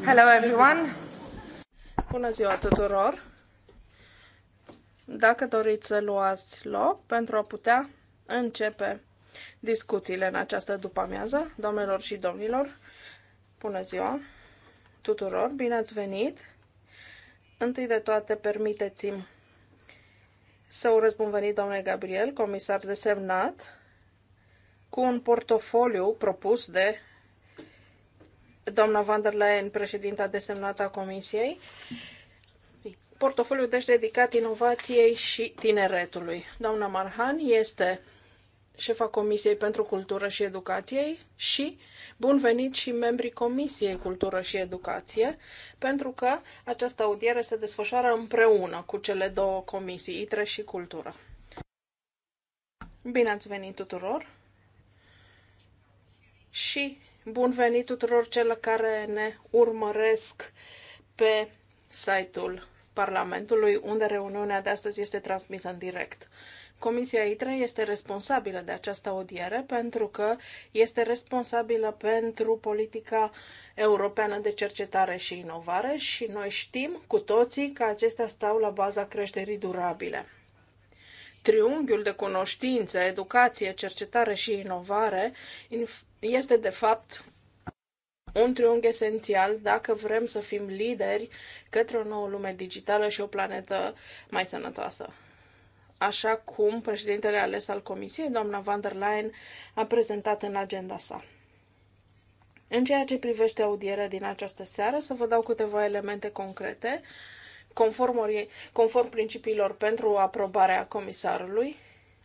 Hello everyone! Bună ziua tuturor! Dacă doriți să luați loc pentru a putea începe discuțiile în această după-amiază, domnilor și domnilor, bună ziua tuturor, bine ați venit! Întâi de toate, permiteți-mi să urez bun venit, domnule Gabriel, comisar desemnat, cu un portofoliu propus de doamna van der Leyen, președinta desemnată a Comisiei. Portofoliul deci dedicat inovației și tineretului. Doamna Marhan este șefa Comisiei pentru Cultură și Educație și bun venit și membrii Comisiei Cultură și Educație, pentru că această audiere se desfășoară împreună cu cele două comisii, ITRE și Cultură. Bine ați venit tuturor! Și Bun venit tuturor celor care ne urmăresc pe site-ul Parlamentului, unde reuniunea de astăzi este transmisă în direct. Comisia ITRE este responsabilă de această audiere pentru că este responsabilă pentru politica europeană de cercetare și inovare și noi știm cu toții că acestea stau la baza creșterii durabile triunghiul de cunoștință, educație, cercetare și inovare este de fapt un triunghi esențial dacă vrem să fim lideri către o nouă lume digitală și o planetă mai sănătoasă. Așa cum președintele ales al Comisiei, doamna van der Leyen, a prezentat în agenda sa. În ceea ce privește audierea din această seară, să vă dau câteva elemente concrete conform, conform principiilor pentru aprobarea comisarului,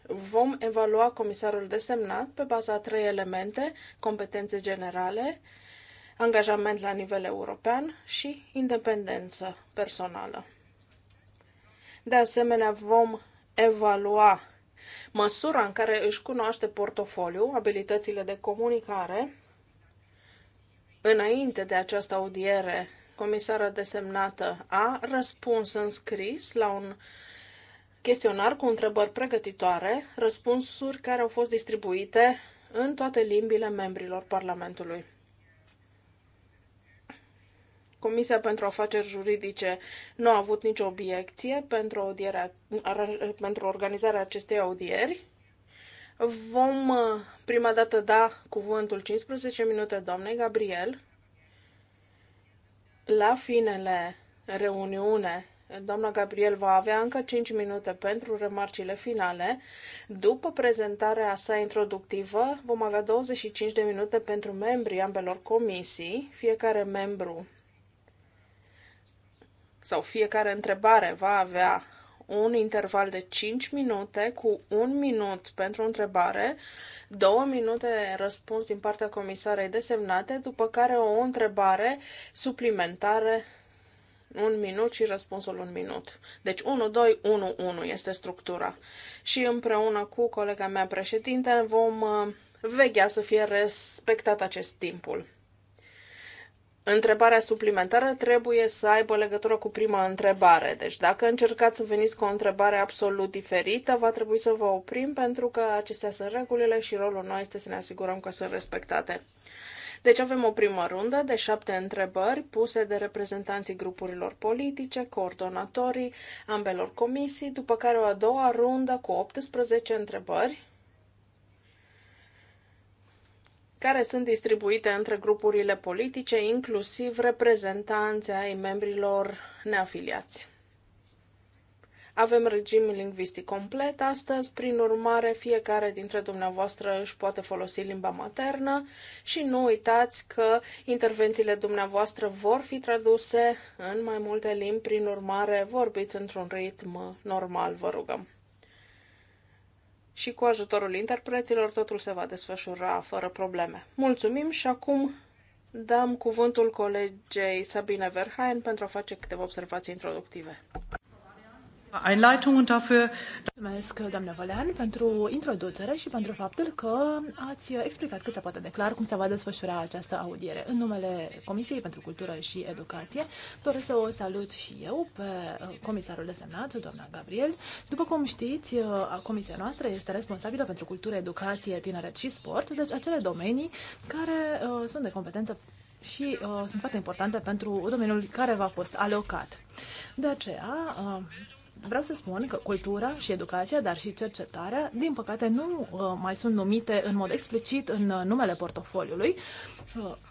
vom evalua comisarul desemnat pe baza a trei elemente, competențe generale, angajament la nivel european și independență personală. De asemenea, vom evalua măsura în care își cunoaște portofoliu, abilitățile de comunicare, înainte de această audiere comisară desemnată a răspuns în scris la un chestionar cu întrebări pregătitoare, răspunsuri care au fost distribuite în toate limbile membrilor Parlamentului. Comisia pentru Afaceri Juridice nu a avut nicio obiecție pentru, audierea, pentru organizarea acestei audieri. Vom prima dată da cuvântul 15 minute doamnei Gabriel, la finele reuniune, doamna Gabriel va avea încă 5 minute pentru remarcile finale. După prezentarea sa introductivă, vom avea 25 de minute pentru membrii ambelor comisii. Fiecare membru sau fiecare întrebare va avea un interval de 5 minute cu un minut pentru întrebare, două minute răspuns din partea comisarei desemnate, după care o întrebare suplimentare un minut și răspunsul un minut. Deci 1-2-1-1 este structura. Și împreună cu colega mea președinte vom uh, veghea să fie respectat acest timpul. Întrebarea suplimentară trebuie să aibă legătură cu prima întrebare. Deci dacă încercați să veniți cu o întrebare absolut diferită, va trebui să vă oprim pentru că acestea sunt regulile și rolul nostru este să ne asigurăm că sunt respectate. Deci avem o primă rundă de șapte întrebări puse de reprezentanții grupurilor politice, coordonatorii ambelor comisii, după care o a doua rundă cu 18 întrebări care sunt distribuite între grupurile politice, inclusiv reprezentanții ai membrilor neafiliați. Avem regim lingvistic complet astăzi, prin urmare fiecare dintre dumneavoastră își poate folosi limba maternă și nu uitați că intervențiile dumneavoastră vor fi traduse în mai multe limbi, prin urmare vorbiți într-un ritm normal, vă rugăm și cu ajutorul interpreților totul se va desfășura fără probleme. Mulțumim și acum dăm cuvântul colegei Sabine Verhaen pentru a face câteva observații introductive. Einleitung und dafür. Mulțumesc, doamna Valean, pentru introducere și pentru faptul că ați explicat cât se poate de clar cum se va desfășura această audiere. În numele Comisiei pentru Cultură și Educație, doresc să o salut și eu pe uh, comisarul desemnat, doamna Gabriel. După cum știți, uh, comisia noastră este responsabilă pentru cultură, educație, tineret și sport, deci acele domenii care uh, sunt de competență și sunt foarte importante pentru domeniul care v-a fost alocat. De aceea, vreau să spun că cultura și educația, dar și cercetarea, din păcate, nu uh, mai sunt numite în mod explicit în uh, numele portofoliului,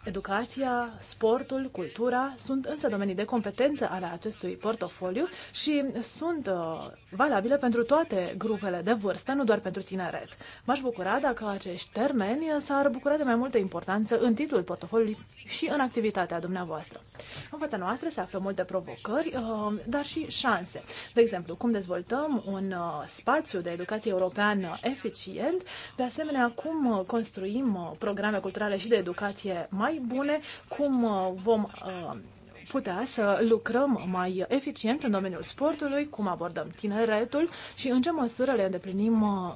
Educația, sportul, cultura sunt însă domenii de competență ale acestui portofoliu și sunt uh, valabile pentru toate grupele de vârstă, nu doar pentru tineret. M-aș bucura dacă acești termeni s-ar bucura de mai multă importanță în titlul portofoliului și în activitatea dumneavoastră. În fața noastră se află multe provocări, uh, dar și șanse. De exemplu, cum dezvoltăm un uh, spațiu de educație european eficient, de asemenea, cum construim programe culturale și de educație mai bune, cum uh, vom uh, putea să lucrăm mai eficient în domeniul sportului, cum abordăm tineretul și în ce măsură le îndeplinim uh,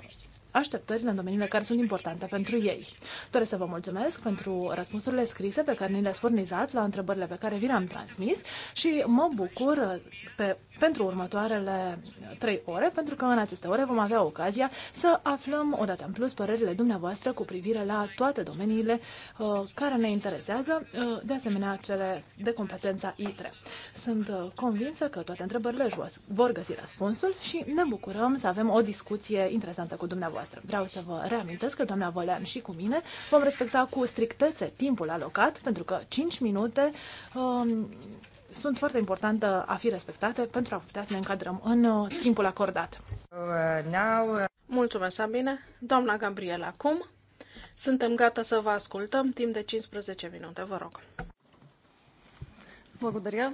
așteptările în domeniile care sunt importante pentru ei. Doresc să vă mulțumesc pentru răspunsurile scrise pe care ni le-ați furnizat la întrebările pe care vi le-am transmis și mă bucur pe pentru următoarele trei ore, pentru că în aceste ore vom avea ocazia să aflăm odată în plus părerile dumneavoastră cu privire la toate domeniile uh, care ne interesează, uh, de asemenea cele de competența ITRE. Sunt uh, convinsă că toate întrebările vor găsi răspunsul și ne bucurăm să avem o discuție interesantă cu dumneavoastră. Vreau să vă reamintesc că doamna Vălean și cu mine vom respecta cu strictețe timpul alocat, pentru că 5 minute um, sunt foarte importantă a fi respectate pentru a putea să ne încadrăm în uh, timpul acordat. Mulțumesc, Sabine. Doamna Gabriela, acum suntem gata să vă ascultăm timp de 15 minute. Vă rog. Благодаря.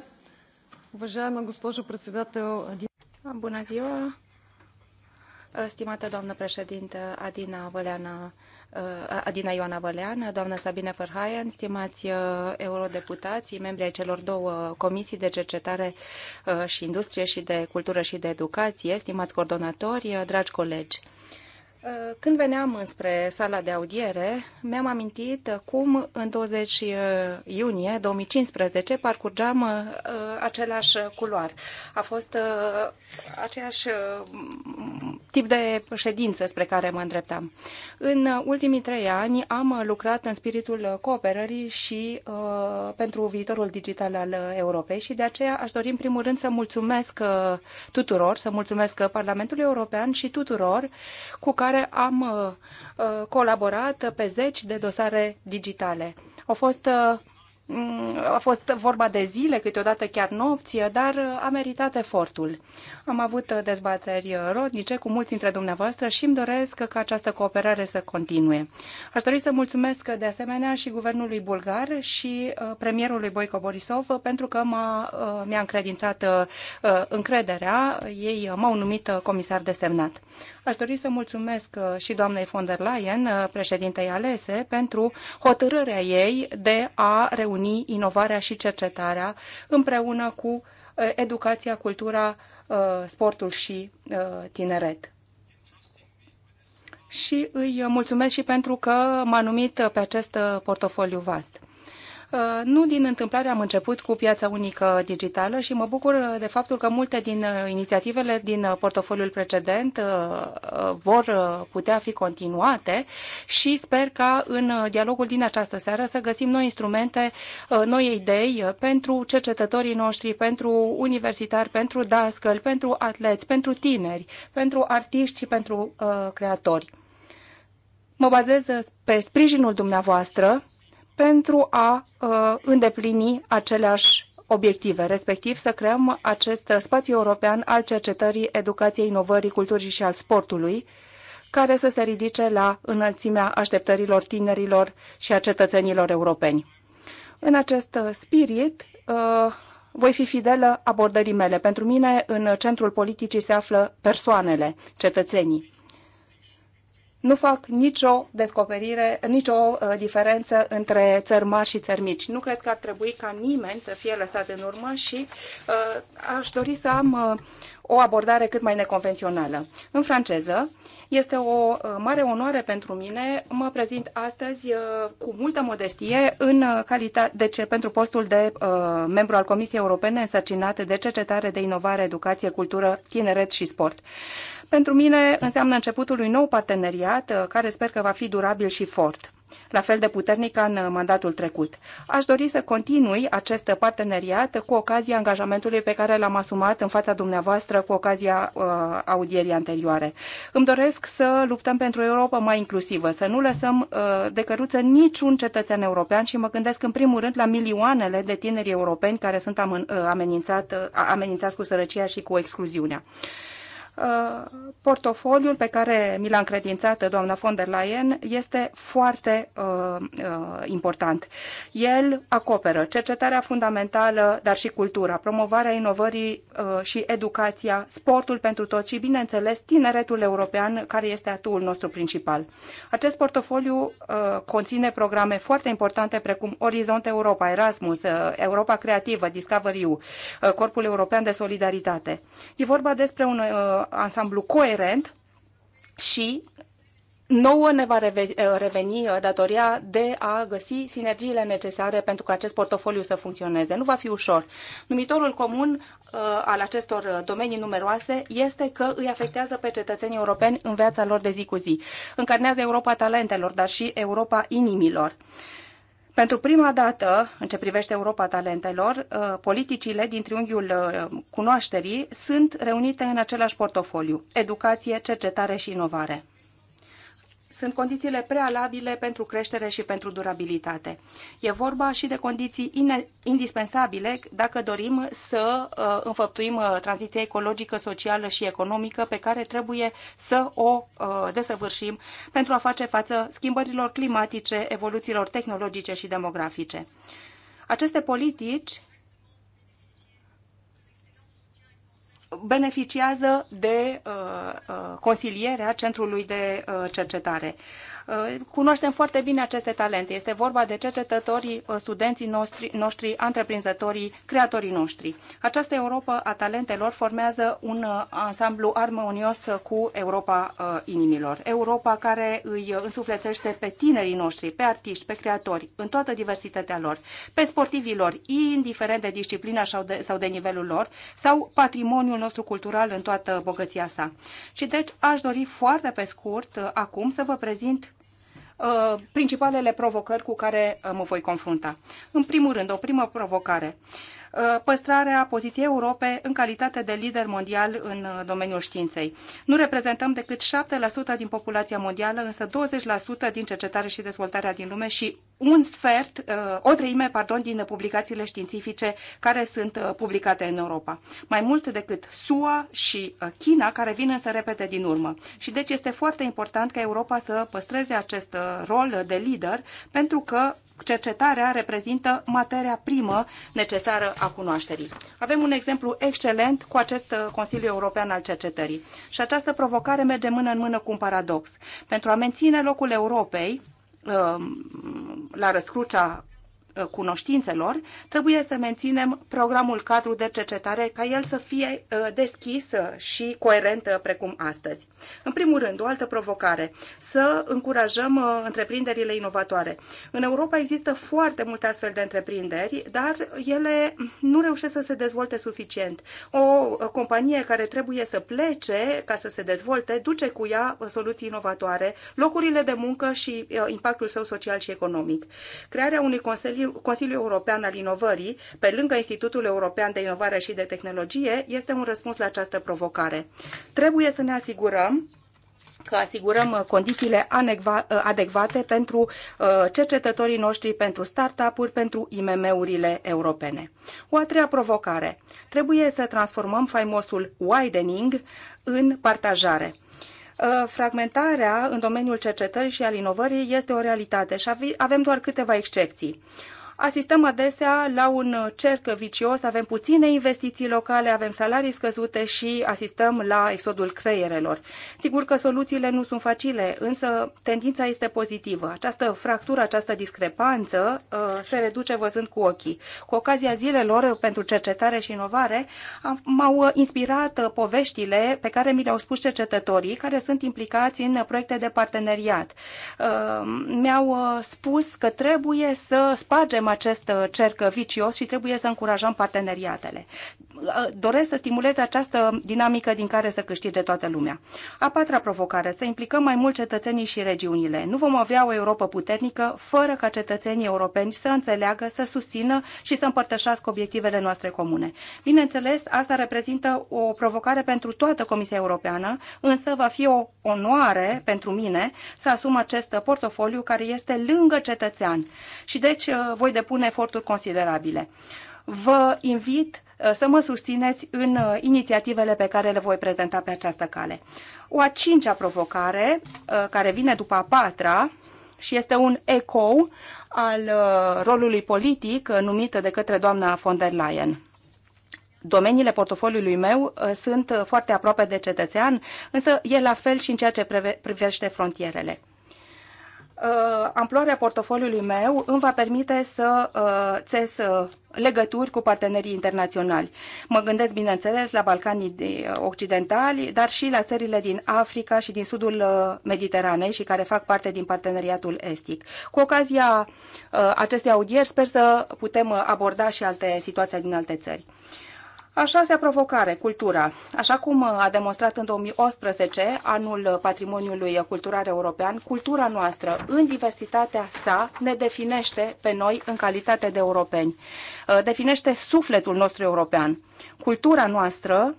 Уважаема госпожо председател, Bună ziua, stimată doamnă președintă Adina Văleana Uh, Adina Ioana Bălean, doamna Sabine Ferhaien, stimați uh, eurodeputații, membri ai celor două comisii de cercetare uh, și industrie și de cultură și de educație, stimați coordonatori, dragi colegi. Uh, când veneam înspre sala de audiere, mi-am amintit cum în 20 uh, iunie 2015 parcurgeam uh, același culoar. A fost aceeași tip de ședință spre care mă îndreptam. În ultimii trei ani am lucrat în spiritul cooperării și pentru viitorul digital al Europei și de aceea aș dori în primul rând să mulțumesc tuturor, să mulțumesc Parlamentului European și tuturor cu care care am uh, uh, colaborat pe zeci de dosare digitale. Au fost uh, mm, a fost vorba de zile, câteodată chiar nopți, dar a meritat efortul. Am avut uh, dezbateri uh, rodnice cu mulți dintre dumneavoastră și îmi doresc ca această cooperare să continue. Aș dori să mulțumesc uh, de asemenea și guvernului bulgar și premierului Boico Borisov pentru că m-a, mi-a încredințat încrederea. Ei m-au numit comisar desemnat. Aș dori să mulțumesc și doamnei von der Leyen, președintei alese, pentru hotărârea ei de a reuni inovarea și cercetarea împreună cu educația, cultura, Uh, sportul și uh, tineret. Și îi mulțumesc și pentru că m-a numit pe acest uh, portofoliu vast. Uh, nu din întâmplare am început cu piața unică digitală și mă bucur de faptul că multe din uh, inițiativele din uh, portofoliul precedent vor putea fi continuate și sper ca în dialogul din această seară să găsim noi instrumente, noi idei pentru cercetătorii noștri, pentru universitari, pentru dascăl, pentru atleți, pentru tineri, pentru artiști și pentru creatori. Mă bazez pe sprijinul dumneavoastră pentru a uh, îndeplini aceleași obiective, respectiv să creăm acest spațiu european al cercetării, educației, inovării, culturii și al sportului, care să se ridice la înălțimea așteptărilor tinerilor și a cetățenilor europeni. În acest spirit, uh, voi fi fidelă abordării mele. Pentru mine, în centrul politicii se află persoanele, cetățenii nu fac nicio descoperire, nicio uh, diferență între țări mari și țări mici. Nu cred că ar trebui ca nimeni să fie lăsat în urmă și uh, aș dori să am uh, o abordare cât mai neconvențională. În franceză, este o uh, mare onoare pentru mine. Mă prezint astăzi uh, cu multă modestie în uh, calitate, deci pentru postul de uh, membru al Comisiei Europene însărcinat de cercetare de inovare, educație, cultură, tineret și sport. Uh, pentru mine înseamnă începutul unui nou parteneriat uh, care sper că va fi durabil și fort la fel de puternic ca în uh, mandatul trecut. Aș dori să continui acest parteneriat cu ocazia angajamentului pe care l-am asumat în fața dumneavoastră cu ocazia uh, audierii anterioare. Îmi doresc să luptăm pentru Europa mai inclusivă, să nu lăsăm uh, de căruță niciun cetățean european și mă gândesc în primul rând la milioanele de tineri europeni care sunt am, uh, amenințat, uh, amenințați cu sărăcia și cu excluziunea. Uh, Uh, portofoliul pe care mi l-a încredințat doamna von der Leyen este foarte uh, uh, important. El acoperă cercetarea fundamentală, dar și cultura, promovarea inovării uh, și educația, sportul pentru toți și, bineînțeles, tineretul european, care este atul nostru principal. Acest portofoliu uh, conține programe foarte importante precum Orizont Europa, Erasmus, uh, Europa Creativă, Discovery U, uh, Corpul European de Solidaritate. E vorba despre un uh, ansamblu coerent și nouă ne va eh, reveni eh, datoria de a găsi sinergiile necesare pentru ca acest portofoliu să funcționeze. Nu va fi ușor. Numitorul comun eh, al acestor domenii numeroase este că îi afectează pe cetățenii europeni în viața lor de zi cu zi. Încarnează Europa talentelor, dar și Europa inimilor. Pentru prima dată, în ce privește Europa Talentelor, uh, politicile din triunghiul uh, cunoașterii sunt reunite în același portofoliu, educație, cercetare și inovare sunt condițiile prealabile pentru creștere și pentru durabilitate. E vorba și de condiții indispensabile dacă dorim să uh, înfăptuim uh, tranziția ecologică, socială și economică pe care trebuie să o uh, desăvârșim pentru a face față schimbărilor climatice, evoluțiilor tehnologice și demografice. Aceste politici beneficiază de uh, uh, consilierea Centrului de uh, Cercetare. Uh, cunoaștem foarte bine aceste talente. Este vorba de cercetătorii, uh, studenții noștri, noștri întreprinzătorii, creatorii noștri. Această Europa a talentelor formează un uh, ansamblu armonios cu Europa inimilor. Europa care îi însuflețește pe tinerii noștri, pe artiști, pe creatori, în toată diversitatea lor, pe sportivilor, indiferent de disciplina sau de, sau de nivelul lor, sau patrimoniul nostru cultural în toată bogăția sa. Și deci aș dori foarte pe scurt acum să vă prezint Uh, principalele provocări cu care uh, mă voi confrunta. În primul rând, o primă provocare. Uh, Uh, păstrarea poziției Europei în calitate de lider mondial în uh, domeniul științei. Nu reprezentăm decât 7% din populația mondială, însă 20% din cercetare și dezvoltarea din lume și un sfert, uh, o treime, pardon, din publicațiile științifice care sunt publicate în Europa. Mai mult decât SUA și China, care vin însă repede din urmă. Și deci este foarte important ca Europa să păstreze acest rol de lider, pentru că cercetarea reprezintă materia primă necesară a cunoașterii. Avem un exemplu excelent cu acest uh, Consiliu European al Cercetării. Și această provocare merge mână în mână cu un paradox. Pentru a menține locul Europei uh, la răscrucea Uh, cunoștințelor, trebuie să menținem programul cadru de cercetare ca el să fie uh, deschis uh, și coerent precum astăzi. În primul rând, o altă provocare, să încurajăm întreprinderile inovatoare. În Europa există foarte multe astfel de întreprinderi, dar ele nu reușesc să se dezvolte suficient. O companie care trebuie să plece ca să se dezvolte, duce cu ea soluții inovatoare, locurile de muncă și impactul său social și economic. Crearea unui consiliu Consiliul European al Inovării, pe lângă Institutul European de Inovare și de Tehnologie, este un răspuns la această provocare. Trebuie să ne asigurăm că asigurăm uh, condițiile uh, adecvate pentru uh, cercetătorii noștri, pentru startup-uri, pentru IMM-urile europene. O a treia provocare. Trebuie să transformăm faimosul widening în partajare. Fragmentarea în domeniul cercetării și al inovării este o realitate și avem doar câteva excepții asistăm adesea la un cerc vicios, avem puține investiții locale, avem salarii scăzute și asistăm la exodul creierelor. Sigur că soluțiile nu sunt facile, însă tendința este pozitivă. Această fractură, această discrepanță uh, se reduce văzând cu ochii. Cu ocazia zilelor pentru cercetare și inovare, m-au inspirat uh, poveștile pe care mi le-au spus cercetătorii care sunt implicați în proiecte de parteneriat. Uh, mi-au spus că trebuie să spargem combatem acest uh, cerc vicios și trebuie să încurajăm parteneriatele. Uh, doresc să stimuleze această dinamică din care să câștige toată lumea. A patra provocare, să implicăm mai mult cetățenii și regiunile. Nu vom avea o Europa puternică fără ca cetățenii europeni să înțeleagă, să susțină și să împărtășească obiectivele noastre comune. Bineînțeles, asta reprezintă o provocare pentru toată Comisia Europeană, însă va fi o onoare pentru mine să asum acest portofoliu care este lângă cetățean. Și deci uh, voi depun eforturi considerabile. Vă invit uh, să mă susțineți în uh, inițiativele pe care le voi prezenta pe această cale. O a cincea provocare, uh, care vine după a patra, și este un eco al rolului politic numit de către doamna von der Leyen. Domeniile portofoliului meu sunt foarte aproape de cetățean, însă e la fel și în ceea ce privește frontierele. Uh, amploarea portofoliului meu îmi va permite să uh, țes uh, legături cu partenerii internaționali. Mă gândesc, bineînțeles, la Balcanii uh, Occidentali, dar și la țările din Africa și din sudul Mediteranei și care fac parte din parteneriatul estic. Cu ocazia acestei audieri sper să putem aborda și alte situații din alte țări. A șasea provocare, cultura. Așa cum a demonstrat în 2018 anul patrimoniului cultural european, cultura noastră, în diversitatea sa, ne definește pe noi în calitate de europeni. Uh, definește sufletul nostru european. Cultura noastră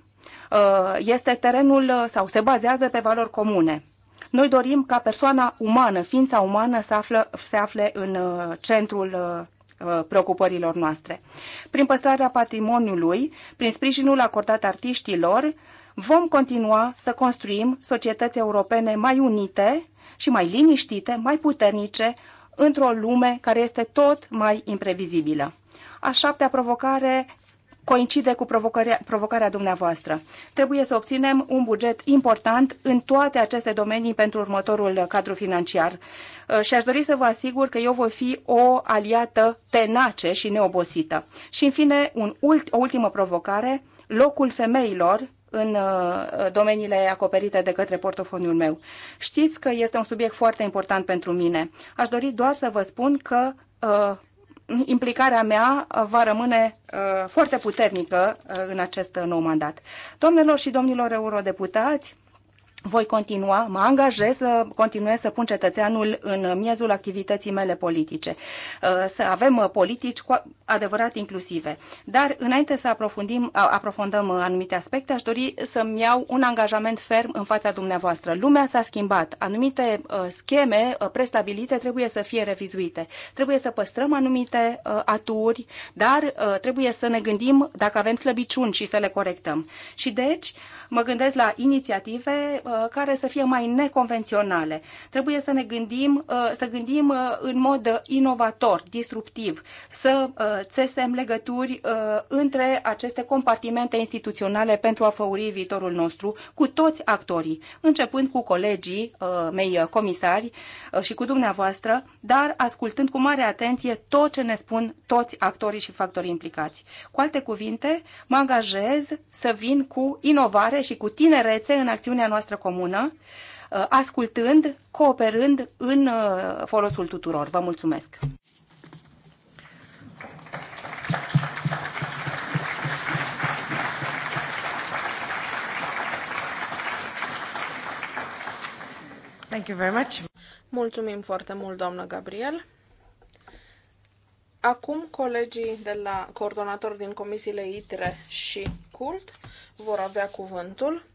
uh, este terenul uh, sau se bazează pe valori comune. Noi dorim ca persoana umană, ființa umană, să află, se afle în centrul Uh, preocupărilor noastre. Prin păstrarea patrimoniului, prin sprijinul acordat artiștilor, vom continua să construim societăți europene mai unite și mai liniștite, mai puternice, într-o lume care este tot mai imprevizibilă. A șaptea provocare coincide cu provocarea, provocarea dumneavoastră. Trebuie să obținem un buget important în toate aceste domenii pentru următorul cadru financiar. Uh, și aș dori să vă asigur că eu voi fi o aliată tenace și neobosită. Și, în fine, un ult, o ultimă provocare, locul femeilor în uh, domeniile acoperite de către portofoliul meu. Știți că este un subiect foarte important pentru mine. Aș dori doar să vă spun că uh, implicarea mea uh, va rămâne uh, foarte puternică uh, în acest nou mandat. Domnilor și domnilor eurodeputați, voi continua, mă angajez să continuez să pun cetățeanul în miezul activității mele politice, uh, să avem uh, politici cu adevărat inclusive. Dar înainte să aprofundim, aprofundăm uh, anumite aspecte, aș dori să-mi iau un angajament ferm în fața dumneavoastră. Lumea s-a schimbat, anumite scheme prestabilite trebuie să fie revizuite, trebuie să păstrăm anumite aturi, dar trebuie să ne gândim dacă avem slăbiciuni și să le corectăm. Și deci, Mă gândesc la inițiative uh, care să fie mai neconvenționale. Trebuie să ne gândim, uh, să gândim uh, în mod inovator, disruptiv, să țesem legături între aceste compartimente instituționale pentru a făuri viitorul nostru cu toți actorii, începând cu colegii mei comisari și cu dumneavoastră, dar ascultând cu mare atenție tot ce ne spun toți actorii și factorii implicați. Cu alte cuvinte, mă angajez să vin cu inovare inovare și cu tinerețe în acțiunea noastră comună, uh, ascultând, cooperând în uh, folosul tuturor. Vă mulțumesc! Thank you very much. Mulțumim foarte mult, doamnă Gabriel. Acum colegii de la coordonator din comisiile ITRE și CULT vor avea cuvântul.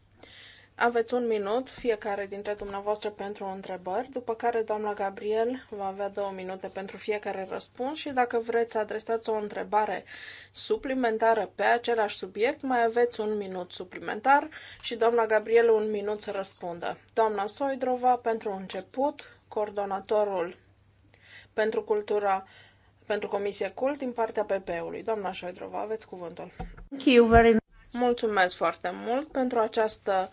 Aveți un minut fiecare dintre dumneavoastră pentru întrebări, după care doamna Gabriel va avea două minute pentru fiecare răspuns și dacă vreți să adresați o întrebare suplimentară pe același subiect, mai aveți un minut suplimentar și doamna Gabriel un minut să răspundă. Doamna Soidrova, pentru început, coordonatorul pentru cultura pentru Comisia CULT din partea PP-ului. Doamna Șoidrova, aveți cuvântul. Thank you very much. Mulțumesc foarte mult pentru această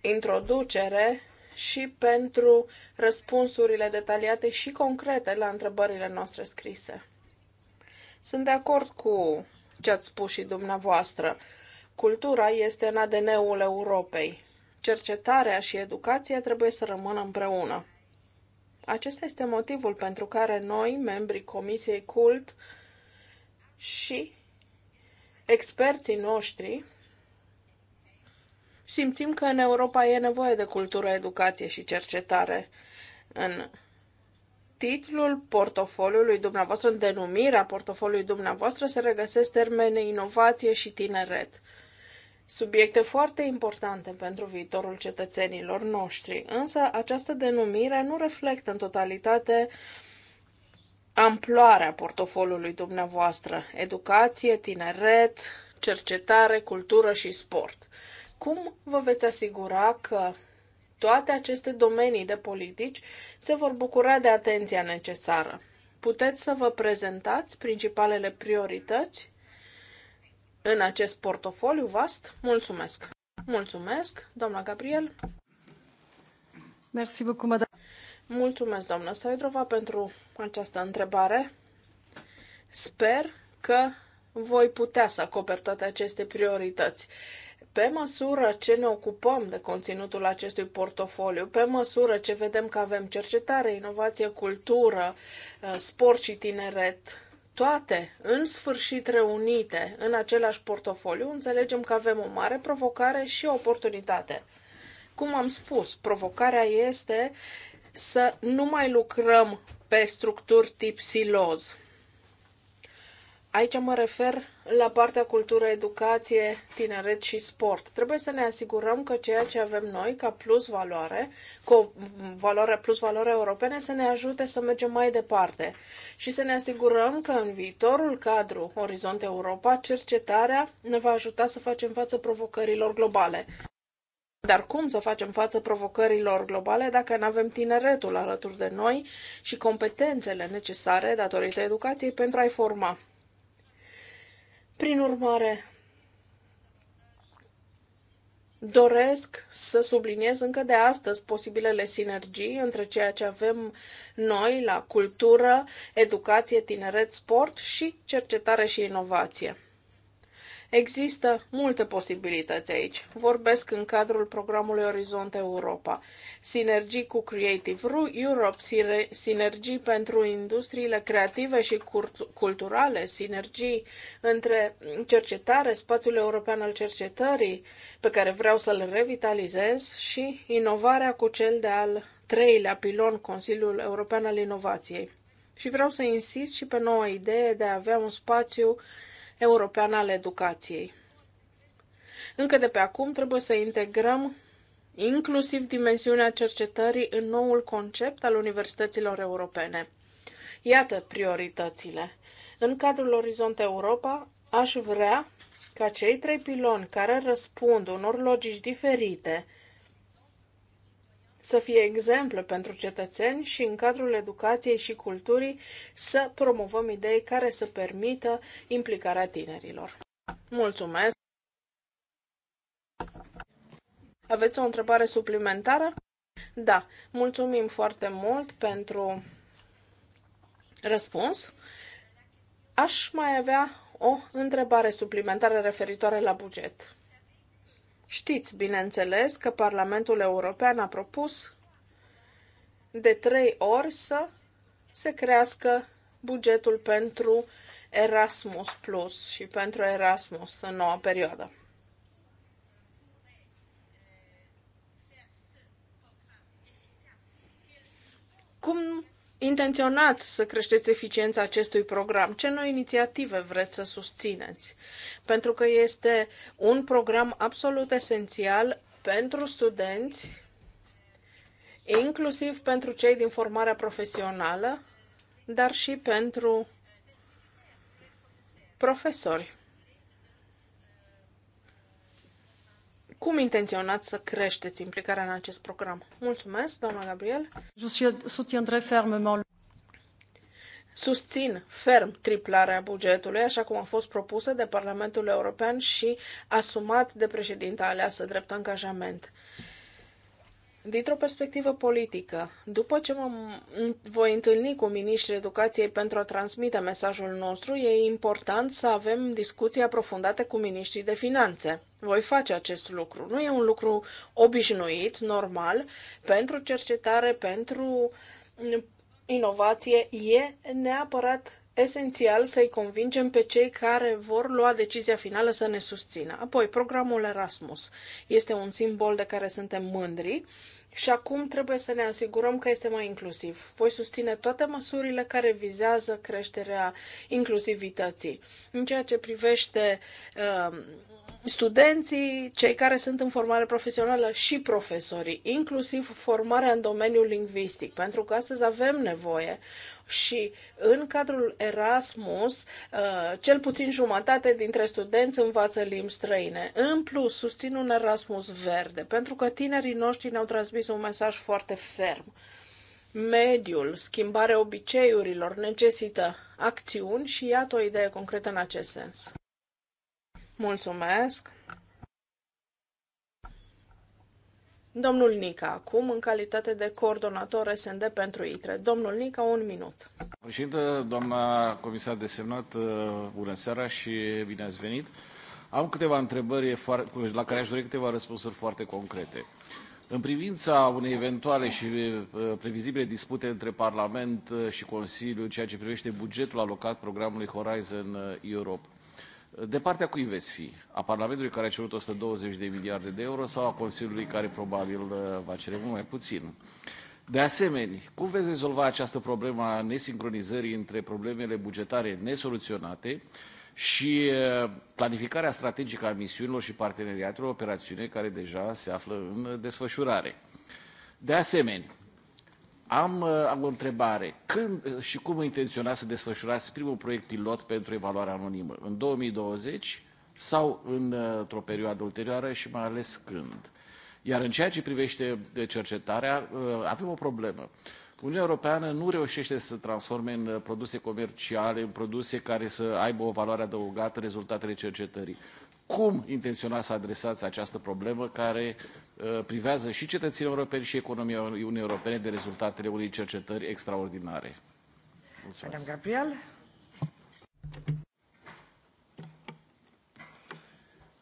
introducere și pentru răspunsurile detaliate și concrete la întrebările noastre scrise. Sunt de acord cu ce ați spus și dumneavoastră. Cultura este în ADN-ul Europei. Cercetarea și educația trebuie să rămână împreună. Acesta este motivul pentru care noi, membrii Comisiei Cult și experții noștri, simțim că în Europa e nevoie de cultură, educație și cercetare. În titlul portofoliului dumneavoastră, în denumirea portofoliului dumneavoastră, se regăsesc termenii inovație și tineret subiecte foarte importante pentru viitorul cetățenilor noștri, însă această denumire nu reflectă în totalitate amploarea portofoliului dumneavoastră, educație, tineret, cercetare, cultură și sport. Cum vă veți asigura că toate aceste domenii de politici se vor bucura de atenția necesară? Puteți să vă prezentați principalele priorități în acest portofoliu vast? Mulțumesc! Mulțumesc, doamna Gabriel! Mersi beaucoup, madame. Mulțumesc, doamna Saidrova, pentru această întrebare. Sper că voi putea să acoper toate aceste priorități. Pe măsură ce ne ocupăm de conținutul acestui portofoliu, pe măsură ce vedem că avem cercetare, inovație, cultură, uh, sport și tineret, toate în sfârșit reunite în același portofoliu, înțelegem că avem o mare provocare și o oportunitate. Cum am spus, provocarea este să nu mai lucrăm pe structuri tip siloz, Aici mă refer la partea cultură, educație, tineret și sport. Trebuie să ne asigurăm că ceea ce avem noi ca plus valoare, cu valoare plus valoare europene, să ne ajute să mergem mai departe și să ne asigurăm că în viitorul cadru Orizont Europa, cercetarea ne va ajuta să facem față provocărilor globale. Dar cum să facem față provocărilor globale dacă nu avem tineretul alături de noi și competențele necesare datorită educației pentru a-i forma? Prin urmare, doresc să subliniez încă de astăzi posibilele sinergii între ceea ce avem noi la cultură, educație, tineret, sport și cercetare și inovație. Există multe posibilități aici. Vorbesc în cadrul programului Orizont Europa. Sinergii cu Creative Europe, sinergii pentru industriile creative și culturale, sinergii între cercetare, spațiul european al cercetării, pe care vreau să-l revitalizez, și inovarea cu cel de-al treilea pilon, Consiliul European al Inovației. Și vreau să insist și pe noua idee de a avea un spațiu European al Educației. Încă de pe acum trebuie să integrăm inclusiv dimensiunea cercetării în noul concept al universităților europene. Iată prioritățile. În cadrul Orizont Europa aș vrea ca cei trei piloni care răspund unor logici diferite să fie exemplu pentru cetățeni și în cadrul educației și culturii să promovăm idei care să permită implicarea tinerilor. Mulțumesc! Aveți o întrebare suplimentară? Da, mulțumim foarte mult pentru răspuns. Aș mai avea o întrebare suplimentară referitoare la buget. Știți, bineînțeles, că Parlamentul European a propus de trei ori să se crească bugetul pentru Erasmus Plus și pentru Erasmus în noua perioadă. Cum intenționați să creșteți eficiența acestui program? Ce noi inițiative vreți să susțineți? Pentru că este un program absolut esențial pentru studenți, inclusiv pentru cei din formarea profesională, dar și pentru profesori. Cum intenționați să creșteți implicarea în acest program? Mulțumesc, doamna Gabriel. Susțin ferm triplarea bugetului, așa cum a fost propusă de Parlamentul European și asumat de președinta aleasă drept angajament dintr-o perspectivă politică. După ce mă voi întâlni cu miniștrii educației pentru a transmite mesajul nostru, e important să avem discuții aprofundate cu miniștrii de finanțe. Voi face acest lucru. Nu e un lucru obișnuit, normal, pentru cercetare, pentru mm, inovație, e neapărat esențial să-i convingem pe cei care vor lua decizia finală să ne susțină. Apoi, programul Erasmus este un simbol de care suntem mândri și acum trebuie să ne asigurăm că este mai inclusiv. Voi susține toate măsurile care vizează creșterea inclusivității. În ceea ce privește uh, studenții, cei care sunt în formare profesională și profesorii, inclusiv formarea în domeniul lingvistic, pentru că astăzi avem nevoie și în cadrul Erasmus, uh, cel puțin jumătate dintre studenți învață limbi străine. În plus, susțin un Erasmus verde, pentru că tinerii noștri ne-au transmis un mesaj foarte ferm mediul, schimbarea obiceiurilor necesită acțiuni și iată o idee concretă în acest sens. Mulțumesc! Domnul Nica, acum, în calitate de coordonator SND pentru ITRE. Domnul Nica, un minut. Președintă, doamna comisar de semnat, uh, bună seara și bine ați venit. Am câteva întrebări la care aș dori câteva răspunsuri foarte concrete. În privința unei eventuale și uh, previzibile dispute între Parlament uh, și Consiliu, ceea ce privește bugetul alocat programului Horizon Europe, de partea cui veți fi? A Parlamentului care a cerut 120 de miliarde de euro sau a Consiliului care probabil uh, va cere mult mai puțin? De asemenea, cum veți rezolva această problemă a nesincronizării între problemele bugetare nesoluționate și uh, planificarea strategică a misiunilor și parteneriatelor operațiune care deja se află în desfășurare? De asemenea, am, uh, am o întrebare. Când uh, și cum intenționați să desfășurați primul proiect pilot pentru evaluare anonimă? În 2020 sau uh, într-o perioadă ulterioară și mai ales când? Iar în ceea ce privește cercetarea, avem o problemă. Uniunea Europeană nu reușește să se transforme în produse comerciale, în produse care să aibă o valoare adăugată rezultatele cercetării cum intenționați să adresați această problemă care uh, privează și cetățenii europeni și economia Uniunii Europene de rezultatele unei cercetări extraordinare. Mulțumesc. Gabriel.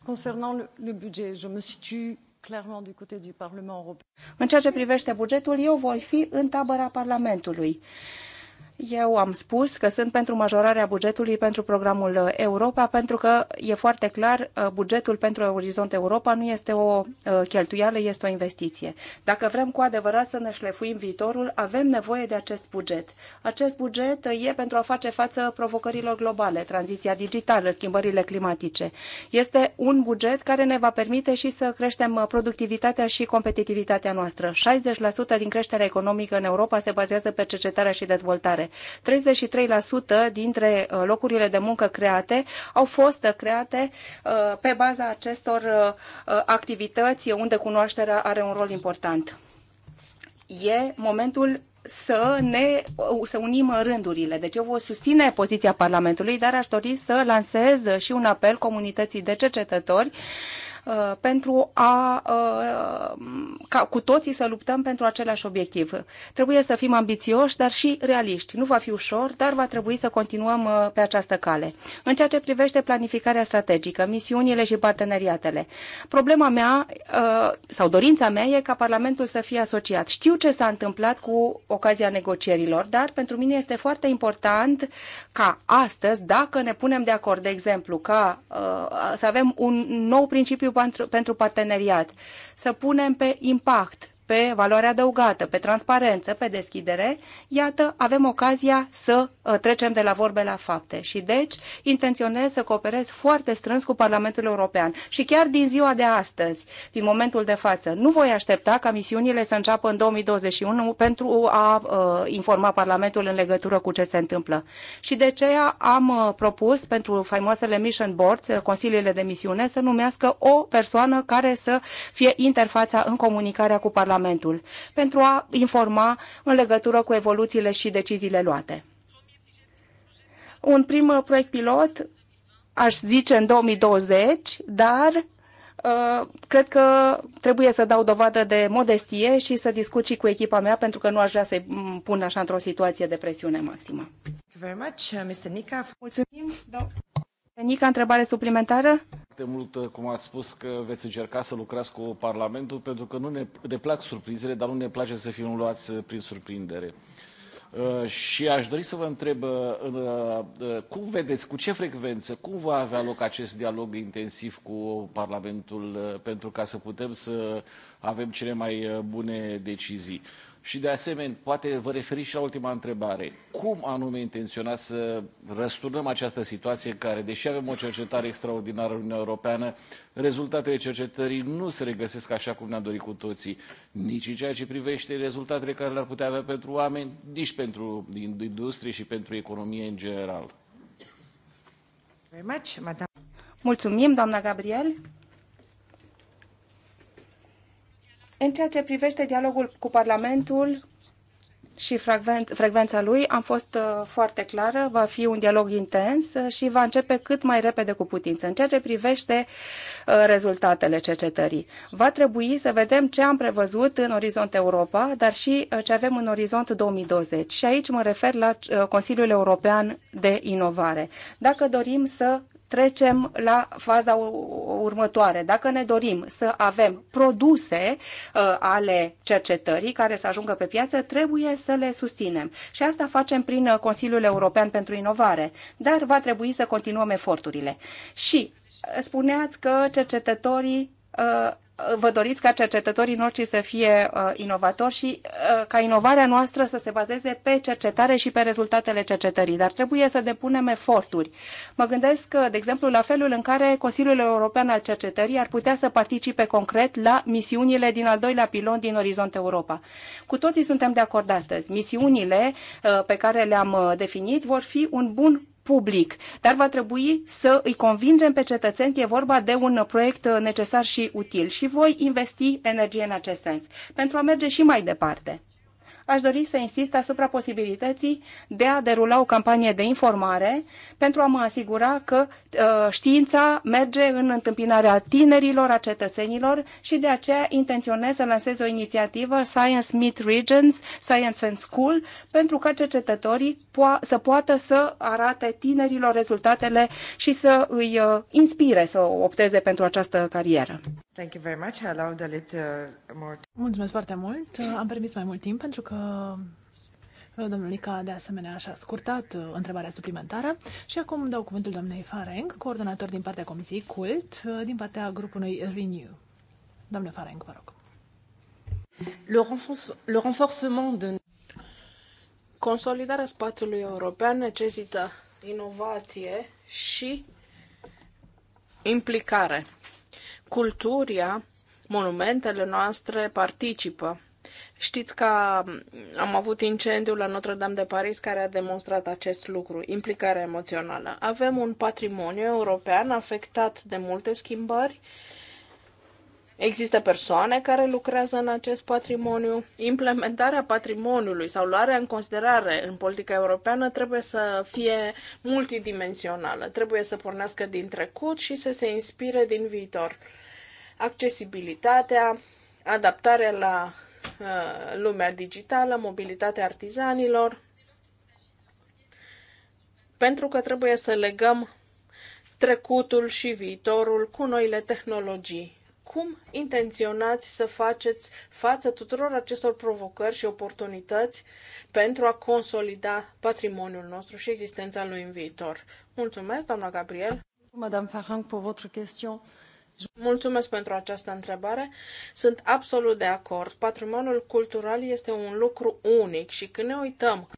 Concernant le budget, je me situe clairement du côté du Parlement européen. În ceea ce privește bugetul, eu voi fi în tabăra Parlamentului. Eu am spus că sunt pentru majorarea bugetului pentru programul uh, Europa, pentru că e foarte clar, uh, bugetul pentru Orizont Europa nu este o uh, cheltuială, este o investiție. Dacă vrem cu adevărat să ne șlefuim viitorul, avem nevoie de acest buget. Acest buget e pentru a face față provocărilor globale, tranziția digitală, schimbările climatice. Este un buget care ne va permite și să creștem productivitatea și competitivitatea noastră. 60% din creșterea economică în Europa se bazează pe cercetare și dezvoltare. 33% dintre uh, locurile de muncă create au fost create uh, pe baza acestor uh, activități unde cunoașterea are un rol important. E momentul să ne să unim rândurile. Deci eu voi susține poziția Parlamentului, dar aș dori să lansez și un apel comunității de cercetători uh, Uh, pentru a uh, ca cu toții să luptăm pentru același obiectiv. Trebuie să fim ambițioși, dar și realiști. Nu va fi ușor, dar va trebui să continuăm uh, pe această cale. În ceea ce privește planificarea strategică, misiunile și parteneriatele, problema mea sau dorința mea e ca Parlamentul să fie asociat. Știu ce s-a întâmplat cu ocazia negocierilor, dar pentru mine este foarte important ca astăzi, dacă ne punem de acord, de exemplu, ca să avem un nou principiu pentru parteneriat, să punem pe impact pe valoare adăugată, pe transparență, pe deschidere, iată, avem ocazia să uh, trecem de la vorbe la fapte. Și deci intenționez să cooperez foarte strâns cu Parlamentul European. Și chiar din ziua de astăzi, din momentul de față, nu voi aștepta ca misiunile să înceapă în 2021 pentru a uh, informa Parlamentul în legătură cu ce se întâmplă. Și de aceea am uh, propus pentru faimoasele mission boards, uh, consiliile de misiune, să numească o persoană care să fie interfața în comunicarea cu Parlamentul Parlamentul pentru a informa în legătură cu evoluțiile și deciziile luate. Un prim uh, proiect pilot, aș zice în 2020, dar uh, cred că trebuie să dau dovadă de modestie și să discut și cu echipa mea, pentru că nu aș vrea să-i mm, pun așa într-o situație de presiune maximă. Uh, Mulțumim, Nica, întrebare suplimentară? De mult, uh, cum ați spus, că veți încerca să lucrați cu Parlamentul, pentru că nu ne, ne plac surprizele, dar nu ne place să fim luați uh, prin surprindere. Uh, și aș dori să vă întreb, uh, uh, uh, cum vedeți, cu ce frecvență, cum va avea loc acest dialog intensiv cu Parlamentul pentru ca să putem să avem cele mai bune decizii? Și de asemenea, poate vă referiți și la ultima întrebare. Cum anume intenționați să răsturnăm această situație în care, deși avem o cercetare extraordinară în Uniunea Europeană, rezultatele cercetării nu se regăsesc așa cum ne-am dorit cu toții, nici în ceea ce privește rezultatele care le-ar putea avea pentru oameni, nici pentru industrie și pentru economie în general. Mulțumim, doamna Gabriel. În ceea ce privește dialogul cu Parlamentul și frecvența lui, am fost uh, foarte clară, va fi un dialog intens uh, și va începe cât mai repede cu putință. În ceea ce privește uh, rezultatele cercetării, va trebui să vedem ce am prevăzut în Orizont Europa, dar și ce avem în Orizont 2020. Și aici mă refer la Consiliul European de Inovare. Dacă dorim să trecem la faza următoare. Dacă ne dorim să avem produse uh, ale cercetării care să ajungă pe piață, trebuie să le susținem. Și asta facem prin uh, Consiliul European pentru Inovare. Dar va trebui să continuăm eforturile. Și uh, spuneați că cercetătorii uh, vă doriți ca cercetătorii noștri să fie uh, inovatori și uh, ca inovarea noastră să se bazeze pe cercetare și pe rezultatele cercetării, dar trebuie să depunem eforturi. Mă gândesc, de exemplu, la felul în care Consiliul European al Cercetării ar putea să participe concret la misiunile din al doilea pilon din Orizont Europa. Cu toții suntem de acord astăzi. Misiunile uh, pe care le-am uh, definit vor fi un bun public, dar va trebui să îi convingem pe cetățeni că e vorba de un proiect uh, necesar și util și voi investi energie în acest sens pentru a merge și mai departe aș dori să insist asupra posibilității de a derula o campanie de informare pentru a mă asigura că ă, știința merge în întâmpinarea tinerilor, a cetățenilor și de aceea intenționez să lansez o inițiativă Science Meet Regions, Science and School, pentru ca cercetătorii po- să poată să arate tinerilor rezultatele și să îi ă, inspire să opteze pentru această carieră. Thank you very much. a little uh, more... Mulțumesc foarte mult. Am permis mai mult timp pentru că domnul Ica de asemenea și-a scurtat uh, întrebarea suplimentară și acum dau cuvântul doamnei Fareng, coordonator din partea Comisiei CULT, uh, din partea grupului Renew. Doamne Fareng, vă rog. Le, le renforcement de... Consolidarea spațiului european necesită inovație și implicare culturia, monumentele noastre participă. Știți că am avut incendiul la Notre-Dame de Paris care a demonstrat acest lucru, implicarea emoțională. Avem un patrimoniu european afectat de multe schimbări. Există persoane care lucrează în acest patrimoniu. Implementarea patrimoniului sau luarea în considerare în politica europeană trebuie să fie multidimensională, trebuie să pornească din trecut și să se inspire din viitor accesibilitatea, adaptarea la uh, lumea digitală, mobilitatea artizanilor, pentru că trebuie să legăm trecutul și viitorul cu noile tehnologii. Cum intenționați să faceți față tuturor acestor provocări și oportunități pentru a consolida patrimoniul nostru și existența lui în viitor? Mulțumesc, doamna Gabriel. Madame Farhang, pentru votre question. Mulțumesc pentru această întrebare. Sunt absolut de acord. Patrimoniul cultural este un lucru unic și când ne uităm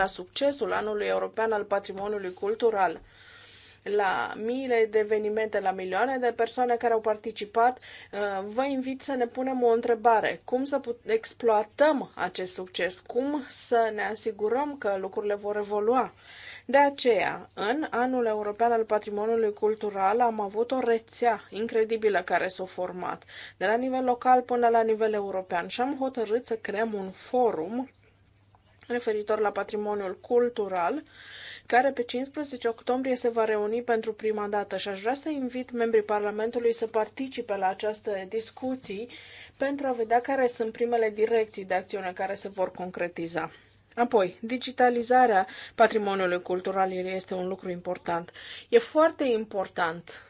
la succesul anului european al patrimoniului cultural, la miile de evenimente, la milioane de persoane care au participat, uh, vă invit să ne punem o întrebare. Cum să exploatăm acest succes? Cum să ne asigurăm că lucrurile vor evolua? De aceea, în anul european al patrimoniului cultural am avut o rețea incredibilă care s-a format, de la nivel local până la nivel european și am hotărât să creăm un forum referitor la patrimoniul cultural, care pe 15 octombrie se va reuni pentru prima dată și aș vrea să invit membrii Parlamentului să participe la această discuții pentru a vedea care sunt primele direcții de acțiune care se vor concretiza. Apoi, digitalizarea patrimoniului cultural este un lucru important. E foarte important.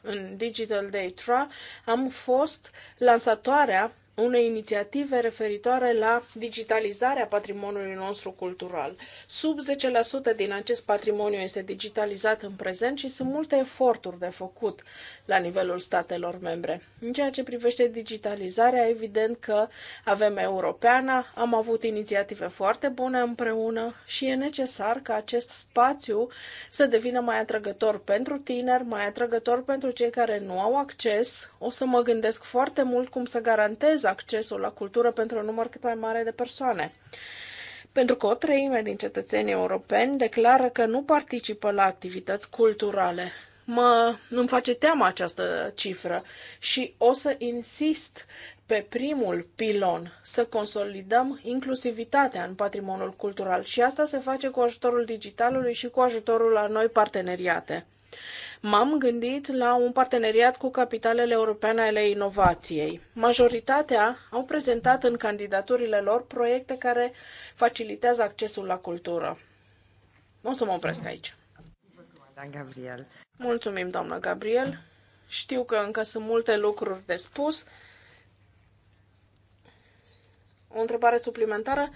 În Digital Day Tra am fost lansatoarea unei inițiative referitoare la digitalizarea patrimoniului nostru cultural. Sub 10% din acest patrimoniu este digitalizat în prezent și sunt multe eforturi de făcut la nivelul statelor membre. În ceea ce privește digitalizarea, evident că avem Europeana, am avut inițiative foarte bune împreună și e necesar ca acest spațiu să devină mai atrăgător pentru tineri, mai atrăgător pentru cei care nu au acces. O să mă gândesc foarte mult cum să garantez accesul la cultură pentru un număr cât mai mare de persoane. Pentru că o treime din cetățenii europeni declară că nu participă la activități culturale. Mă, îmi face teamă această cifră și o să insist pe primul pilon, să consolidăm inclusivitatea în patrimoniul cultural și asta se face cu ajutorul digitalului și cu ajutorul la noi parteneriate. M-am gândit la un parteneriat cu capitalele europene ale inovației. Majoritatea au prezentat în candidaturile lor proiecte care facilitează accesul la cultură. O să mă opresc aici. Gabriel. Mulțumim, doamnă Gabriel. Știu că încă sunt multe lucruri de spus. O întrebare suplimentară?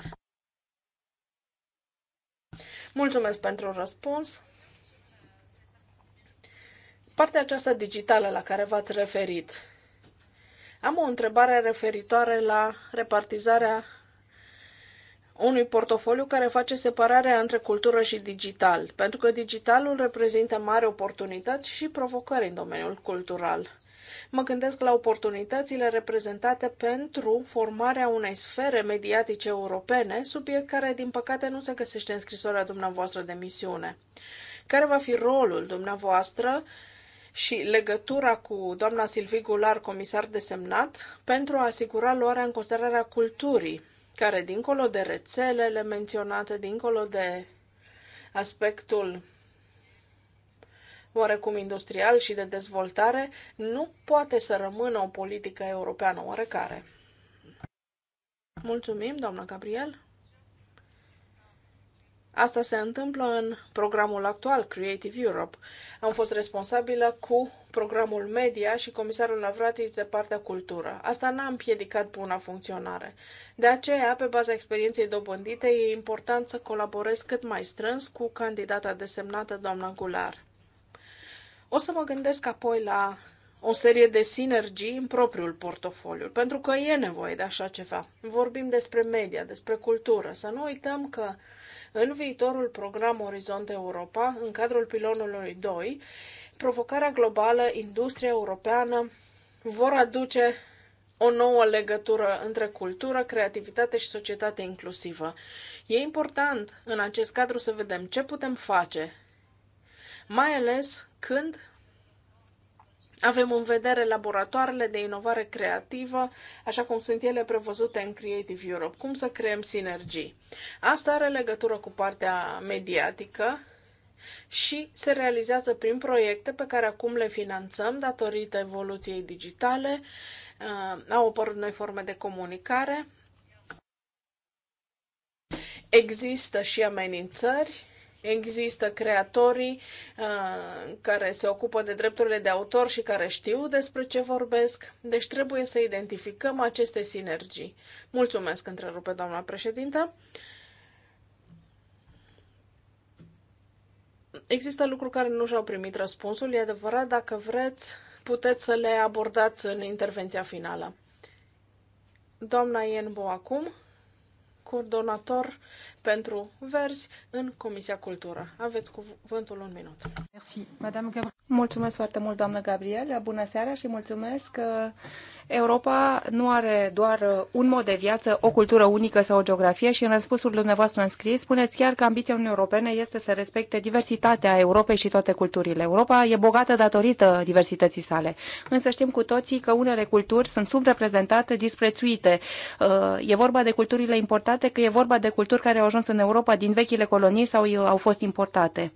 Mulțumesc pentru răspuns. Partea aceasta digitală la care v-ați referit. Am o întrebare referitoare la repartizarea unui portofoliu care face separarea între cultură și digital, pentru că digitalul reprezintă mari oportunități și provocări în domeniul cultural. Mă gândesc la oportunitățile reprezentate pentru formarea unei sfere mediatice europene, subiect care, din păcate, nu se găsește în scrisoarea dumneavoastră de misiune. Care va fi rolul dumneavoastră și legătura cu doamna Silvi Gular, comisar desemnat, pentru a asigura luarea în considerare a culturii, care, dincolo de rețelele menționate, dincolo de aspectul oarecum industrial și de dezvoltare, nu poate să rămână o politică europeană oarecare. Mulțumim, doamna Gabriel. Asta se întâmplă în programul actual, Creative Europe. Am fost responsabilă cu programul media și comisarul Navratis de partea cultură. Asta n-a împiedicat buna funcționare. De aceea, pe baza experienței dobândite, e important să colaborez cât mai strâns cu candidata desemnată, doamna Gular. O să mă gândesc apoi la o serie de sinergii în propriul portofoliu, pentru că e nevoie de așa ceva. Vorbim despre media, despre cultură. Să nu uităm că în viitorul program Orizont Europa, în cadrul pilonului 2, provocarea globală, industria europeană vor aduce o nouă legătură între cultură, creativitate și societate inclusivă. E important în acest cadru să vedem ce putem face, mai ales când avem în vedere laboratoarele de inovare creativă, așa cum sunt ele prevăzute în Creative Europe. Cum să creăm sinergii? Asta are legătură cu partea mediatică și se realizează prin proiecte pe care acum le finanțăm datorită evoluției digitale. Uh, au apărut noi forme de comunicare. Există și amenințări Există creatorii uh, care se ocupă de drepturile de autor și care știu despre ce vorbesc, deci trebuie să identificăm aceste sinergii. Mulțumesc, întrerupe doamna președintă. Există lucruri care nu și-au primit răspunsul, e adevărat, dacă vreți, puteți să le abordați în intervenția finală. Doamna Ienbo acum coordonator pentru verzi în Comisia Cultură. Aveți cuvântul un minut. Mulțumesc foarte mult, doamnă Gabriela. Bună seara și mulțumesc uh, Europa nu are doar uh, un mod de viață, o cultură unică sau o geografie și în răspunsul dumneavoastră scris spuneți chiar că ambiția Uniunii Europene este să respecte diversitatea Europei și toate culturile. Europa e bogată datorită diversității sale, însă știm cu toții că unele culturi sunt subreprezentate, disprețuite. Uh, e vorba de culturile importate, că e vorba de culturi care au ajuns în Europa din vechile colonii sau au fost importate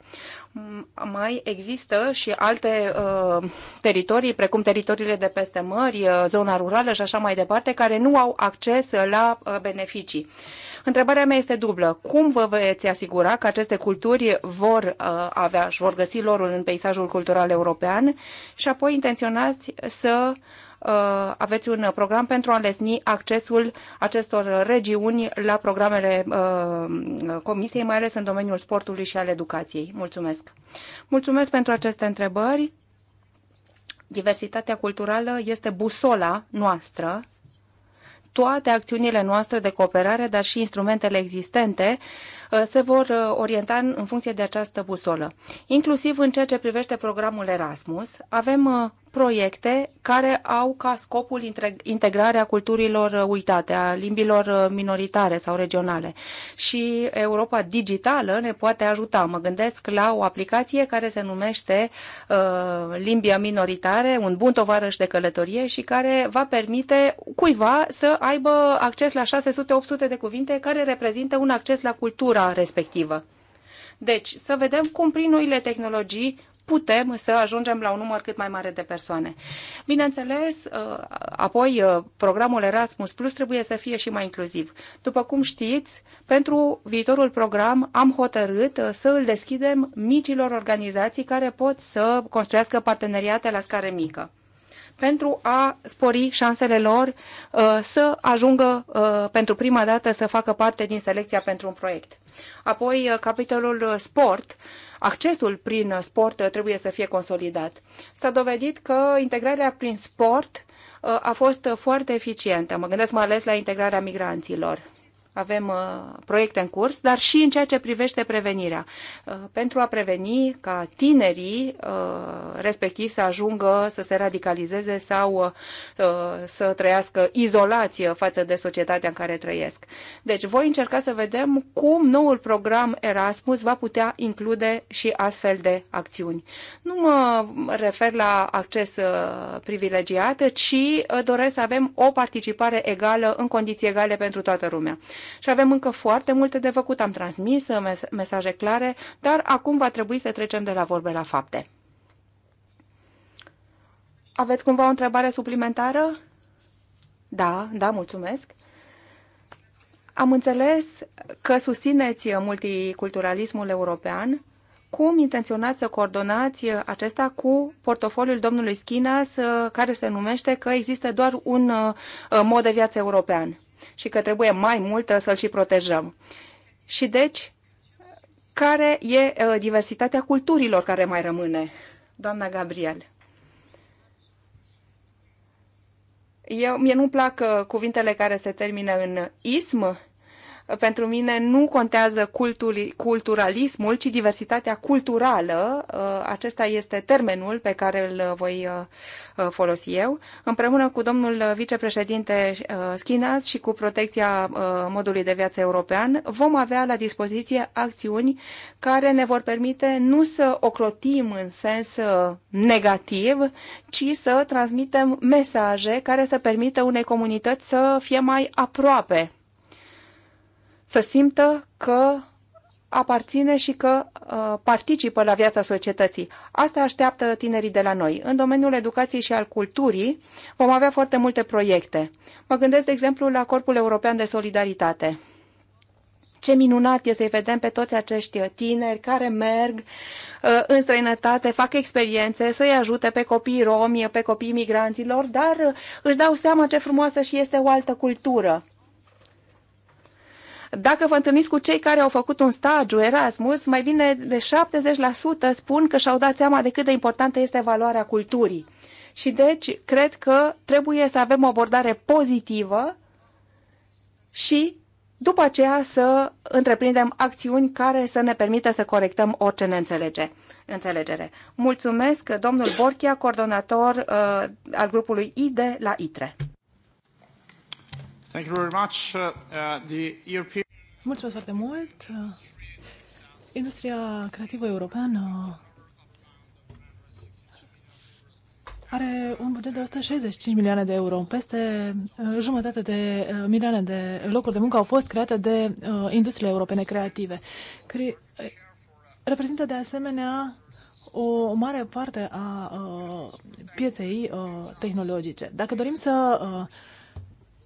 mai există și alte uh, teritorii, precum teritoriile de peste mări, uh, zona rurală și așa mai departe, care nu au acces la uh, beneficii. Întrebarea mea este dublă. Cum vă veți asigura că aceste culturi vor uh, avea și vor găsi lorul în peisajul cultural european și apoi intenționați să uh, Uh, aveți un program pentru a lesni accesul acestor regiuni la programele uh, Comisiei, mai ales în domeniul sportului și al educației. Mulțumesc! Mulțumesc pentru aceste întrebări. Diversitatea culturală este busola noastră toate acțiunile noastre de cooperare, dar și instrumentele existente, uh, se vor orienta în funcție de această busolă. Inclusiv în ceea ce privește programul Erasmus, avem proiecte care au ca scopul integrarea culturilor uh, uitate, a limbilor uh, minoritare sau regionale. Și Europa Digitală ne poate ajuta. Mă gândesc la o aplicație care se numește uh, Limbia Minoritare, un bun tovarăș de călătorie și care va permite cuiva să aibă acces la 600-800 de cuvinte care reprezintă un acces la cultura respectivă. Deci, să vedem cum prin noile tehnologii putem să ajungem la un număr cât mai mare de persoane. Bineînțeles, uh, apoi uh, programul Erasmus Plus trebuie să fie și mai inclusiv. După cum știți, pentru viitorul program am hotărât uh, să îl deschidem micilor organizații care pot să construiască parteneriate la scară mică pentru a spori șansele lor uh, să ajungă uh, pentru prima dată să facă parte din selecția pentru un proiect. Apoi, uh, capitolul sport accesul prin sport trebuie să fie consolidat. S-a dovedit că integrarea prin sport uh, a fost foarte eficientă. Mă gândesc mai ales la integrarea migranților avem uh, proiecte în curs, dar și în ceea ce privește prevenirea. Uh, pentru a preveni ca tinerii uh, respectiv să ajungă să se radicalizeze sau să trăiască izolație față de societatea în care trăiesc. Deci voi încerca să vedem cum noul program Erasmus va putea include și astfel de acțiuni. Nu mă refer la acces privilegiat, ci doresc să avem o participare egală în condiții egale pentru toată lumea și avem încă foarte multe de făcut. Am transmis uh, mesaje clare, dar acum va trebui să trecem de la vorbe la fapte. Aveți cumva o întrebare suplimentară? Da, da, mulțumesc. Am înțeles că susțineți multiculturalismul european. Cum intenționați să coordonați acesta cu portofoliul domnului Schinas, uh, care se numește că există doar un uh, mod de viață european? și că trebuie mai mult uh, să-l și protejăm. Și deci, care e uh, diversitatea culturilor care mai rămâne? Doamna Gabriel. Eu, mie nu-mi plac uh, cuvintele care se termină în ism, pentru mine nu contează cultul, culturalismul, ci diversitatea culturală. Uh, acesta este termenul pe care îl voi uh, uh, folosi eu. Împreună cu domnul vicepreședinte Schinas și cu protecția modului de viață european, vom avea la dispoziție acțiuni care ne vor permite nu să ocrotim în sens negativ, ci să transmitem mesaje care să permită unei comunități să fie mai aproape să simtă că aparține și că uh, participă la viața societății. Asta așteaptă tinerii de la noi. În domeniul educației și al culturii vom avea foarte multe proiecte. Mă gândesc, de exemplu, la Corpul European de Solidaritate. Ce minunat e să-i vedem pe toți acești tineri care merg uh, în străinătate, fac experiențe, să-i ajute pe copiii romi, pe copiii migranților, dar uh, își dau seama ce frumoasă și este o altă cultură dacă vă întâlniți cu cei care au făcut un stagiu Erasmus, mai bine de 70% spun că și-au dat seama de cât de importantă este valoarea culturii. Și deci, cred că trebuie să avem o abordare pozitivă și după aceea să întreprindem acțiuni care să ne permită să corectăm orice neînțelege. Înțelegere. Mulțumesc, domnul Borchia, coordonator uh, al grupului IDE la ITRE. Thank you very much. Uh, uh the European... Mulțumesc foarte mult! Industria creativă europeană are un buget de 165 milioane de euro. Peste uh, jumătate de uh, milioane de locuri de muncă au fost create de uh, industriile europene creative. reprezintă de asemenea o mare parte a pieței tehnologice. Dacă dorim să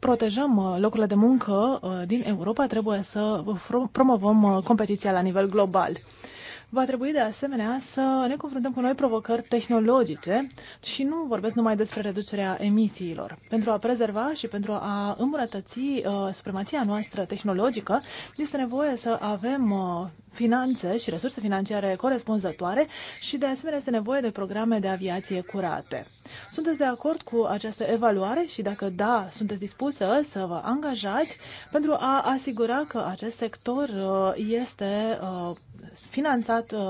protejăm uh, locurile de muncă uh, din Europa, trebuie să promovăm uh, competiția la nivel global. Va trebui de asemenea să ne confruntăm cu noi provocări tehnologice și nu vorbesc numai despre reducerea emisiilor. Pentru a prezerva și pentru a îmbunătăți uh, supremația noastră tehnologică, este nevoie să avem uh, finanțe și resurse financiare corespunzătoare și de asemenea este nevoie de programe de aviație curate. Sunteți de acord cu această evaluare și dacă da, sunteți dispusă să vă angajați pentru a asigura că acest sector uh, este uh, finanțat uh,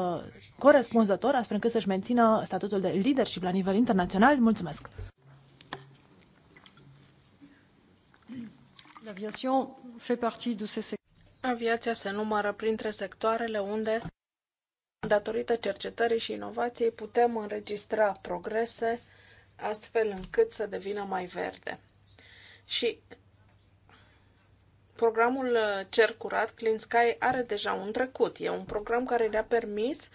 corespunzător astfel încât să-și mențină statutul de leadership la nivel internațional? Mulțumesc! L'aviation fait partie de ces secteurs. Aviația se numără printre sectoarele unde, datorită cercetării și inovației, putem înregistra progrese astfel încât să devină mai verde. Și programul Cer Curat, Clean Sky, are deja un trecut. E un program care le-a permis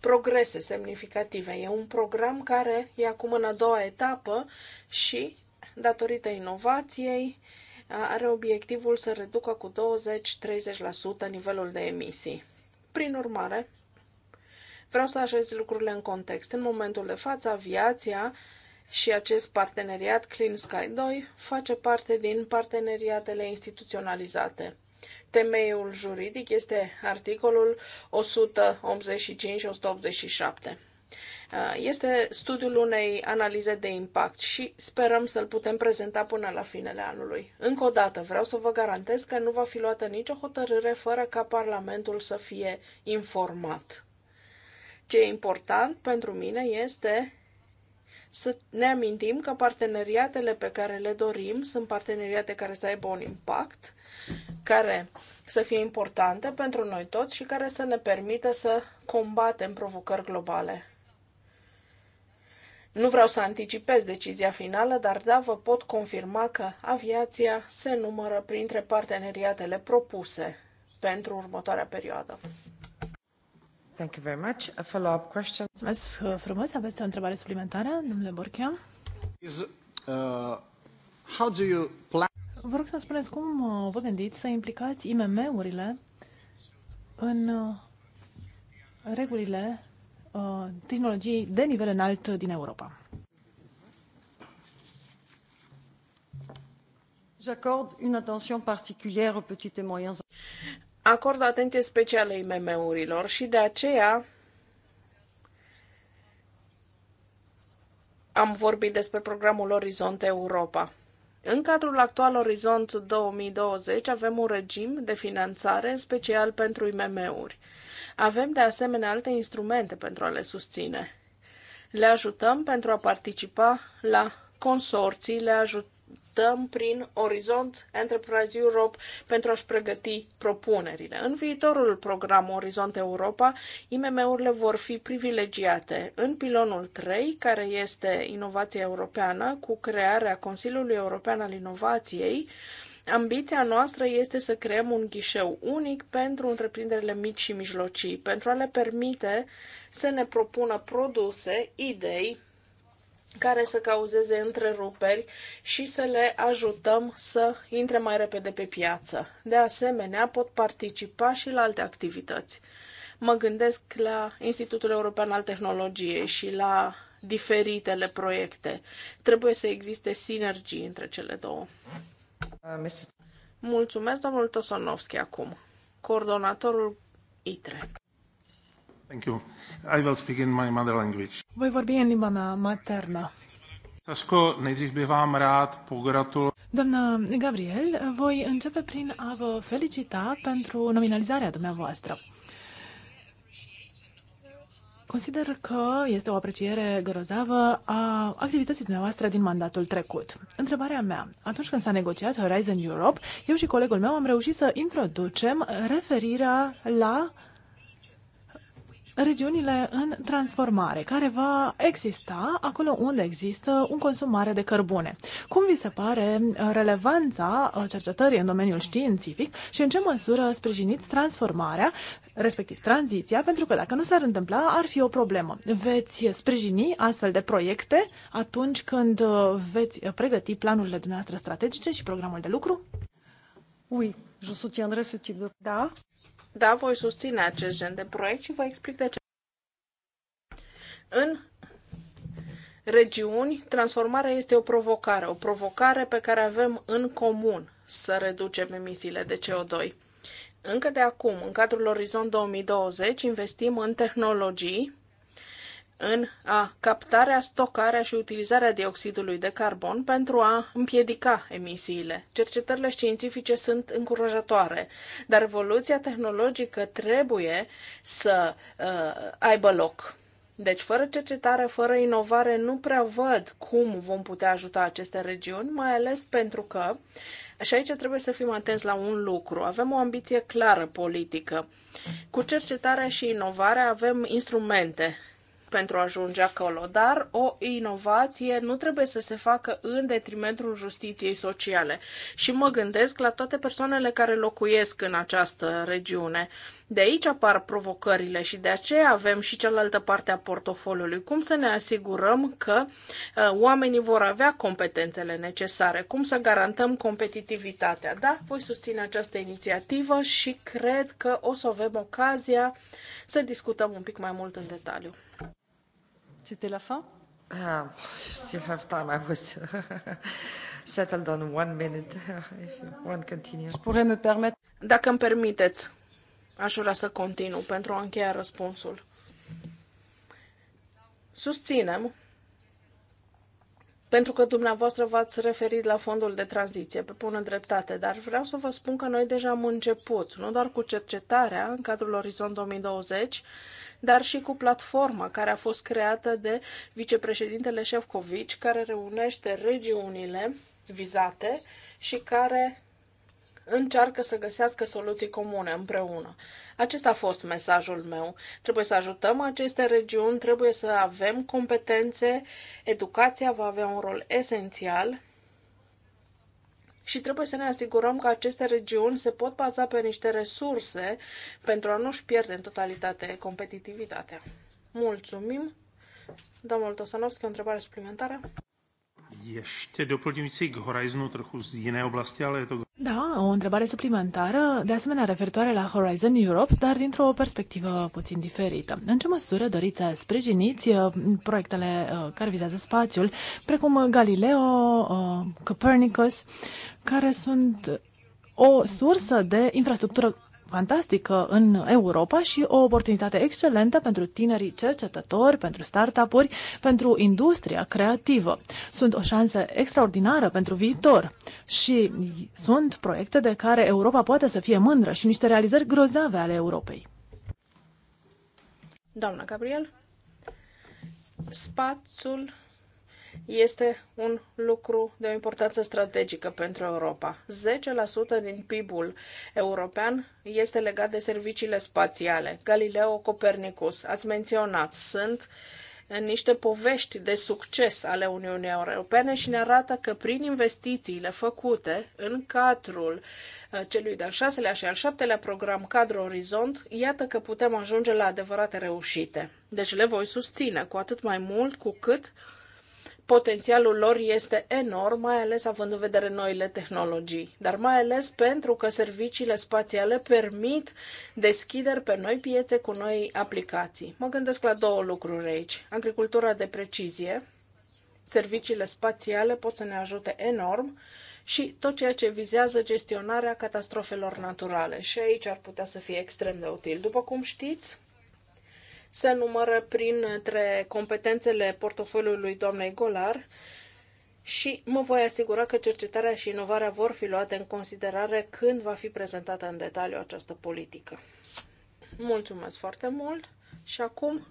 progrese semnificative. E un program care e acum în a doua etapă și, datorită inovației, are obiectivul să reducă cu 20-30% nivelul de emisii. Prin urmare, vreau să așez lucrurile în context. În momentul de față, aviația și acest parteneriat Clean Sky 2 face parte din parteneriatele instituționalizate. Temeiul juridic este articolul 185 187. Uh, este studiul unei analize de impact și sperăm să-l putem prezenta până la finele anului. Încă o dată, vreau să vă garantez că nu va fi luată nicio hotărâre fără ca Parlamentul să fie informat. Ce e important pentru mine este să ne amintim că parteneriatele pe care le dorim sunt parteneriate care să aibă un impact, care să fie importante pentru noi toți și care să ne permită să combatem provocări globale. Nu vreau să anticipez decizia finală, dar da, vă pot confirma că aviația se numără printre parteneriatele propuse pentru următoarea perioadă. Thank you very much. A follow-up question. Mulțumesc frumos. Aveți o întrebare suplimentară, domnule Borchia? Is, uh, how do you plan... Vă rog să spuneți cum uh, vă gândiți să implicați IMM-urile în uh, regulile Uh, tehnologii de nivel înalt din Europa. J'accorde une attention particulière aux petites et moyennes. Acord atenție specială IMM-urilor și de aceea am vorbit despre programul Orizont Europa. În cadrul actual Orizont 2020 avem un regim de finanțare special pentru IMM-uri avem de asemenea alte instrumente pentru a le susține. Le ajutăm pentru a participa la consorții, le ajutăm prin Orizont Enterprise Europe pentru a-și pregăti propunerile. În viitorul program Orizont Europa, IMM-urile vor fi privilegiate în pilonul 3, care este inovația europeană, cu crearea Consiliului European al Inovației, Ambiția noastră este să creăm un ghișeu unic pentru întreprinderile mici și mijlocii, pentru a le permite să ne propună produse, idei care să cauzeze întreruperi și să le ajutăm să intre mai repede pe piață. De asemenea, pot participa și la alte activități. Mă gândesc la Institutul European al Tehnologiei și la diferitele proiecte. Trebuie să existe sinergii între cele două. Uh, Mulțumesc, domnul Tosonovski, acum. Coordonatorul ITRE. Thank you. I will speak in my mother language. Voi vorbi în limba mea maternă. Sașco, nejdřív bych vám rád pogratulovat. Doamna Gabriel, voi începe prin a vă felicita pentru nominalizarea dumneavoastră. Consider că este o apreciere grozavă a activității dumneavoastră din mandatul trecut. Întrebarea mea, atunci când s-a negociat Horizon Europe, eu și colegul meu am reușit să introducem referirea la regiunile în transformare, care va exista acolo unde există un consum mare de cărbune. Cum vi se pare uh, relevanța uh, cercetării în domeniul științific și în ce măsură sprijiniți transformarea, respectiv tranziția, pentru că dacă nu s-ar întâmpla, ar fi o problemă. Veți sprijini astfel de proiecte atunci când uh, veți pregăti planurile dumneavoastră strategice și programul de lucru? Ui, je soutiendrai ce tip de... Da, da, voi susține acest gen de proiect și vă explic de ce. În regiuni, transformarea este o provocare, o provocare pe care avem în comun să reducem emisiile de CO2. Încă de acum, în cadrul Orizont 2020, investim în tehnologii în a captarea, stocarea și utilizarea dioxidului de carbon pentru a împiedica emisiile. Cercetările științifice sunt încurajatoare, dar evoluția tehnologică trebuie să uh, aibă loc. Deci, fără cercetare, fără inovare, nu prea văd cum vom putea ajuta aceste regiuni, mai ales pentru că, și aici trebuie să fim atenți la un lucru, avem o ambiție clară politică. Cu cercetarea și inovarea avem instrumente pentru a ajunge acolo, dar o inovație nu trebuie să se facă în detrimentul justiției sociale. Și mă gândesc la toate persoanele care locuiesc în această regiune. De aici apar provocările și de aceea avem și cealaltă parte a portofoliului. Cum să ne asigurăm că uh, oamenii vor avea competențele necesare? Cum să garantăm competitivitatea? Da, voi susține această inițiativă și cred că o să avem ocazia să discutăm un pic mai mult în detaliu. C'était la fin? Um, still have time. I was settled on one minute. If you want continue. Dacă îmi permiteți, aș vrea să continu pentru a încheia răspunsul. Susținem pentru că dumneavoastră v-ați referit la fondul de tranziție, pe bună dreptate, dar vreau să vă spun că noi deja am început, nu doar cu cercetarea în cadrul Orizont 2020, dar și cu platforma care a fost creată de vicepreședintele Șefcovici, care reunește regiunile vizate și care încearcă să găsească soluții comune împreună. Acesta a fost mesajul meu. Trebuie să ajutăm aceste regiuni, trebuie să avem competențe, educația va avea un rol esențial și trebuie să ne asigurăm că aceste regiuni se pot baza pe niște resurse pentru a nu-și pierde în totalitate competitivitatea. Mulțumim! Domnul Tosanovski, o întrebare suplimentară? ještě doplňující k Horizonu trochu z jiné oblasti, ale je to... Da, o întrebare suplimentară, de asemenea referitoare la Horizon Europe, dar dintr-o perspectivă puțin diferită. În ce măsură doriți să sprijiniți uh, proiectele uh, care vizează spațiul, precum Galileo, uh, Copernicus, care sunt o sursă de infrastructură fantastică în Europa și o oportunitate excelentă pentru tinerii cercetători, pentru startup-uri, pentru industria creativă. Sunt o șansă extraordinară pentru viitor și sunt proiecte de care Europa poate să fie mândră și niște realizări grozave ale Europei. Doamna Gabriel, spațiul este un lucru de o importanță strategică pentru Europa. 10% din PIB-ul european este legat de serviciile spațiale. Galileo Copernicus, ați menționat, sunt niște povești de succes ale Uniunii Europene și ne arată că prin investițiile făcute în cadrul uh, celui de-al șaselea și al șaptelea program Cadru Orizont, iată că putem ajunge la adevărate reușite. Deci le voi susține cu atât mai mult cu cât uh, potențialul lor este enorm, mai ales având în vedere noile tehnologii, dar mai ales pentru că serviciile spațiale permit deschideri pe noi piețe cu noi aplicații. Mă gândesc la două lucruri aici. Agricultura de precizie, serviciile spațiale pot să ne ajute enorm și tot ceea ce vizează gestionarea catastrofelor naturale. Și aici ar putea să fie extrem de util. După cum știți, se numără printre competențele portofoliului doamnei Golar și mă voi asigura că cercetarea și inovarea vor fi luate în considerare când va fi prezentată în detaliu această politică. Mulțumesc foarte mult și acum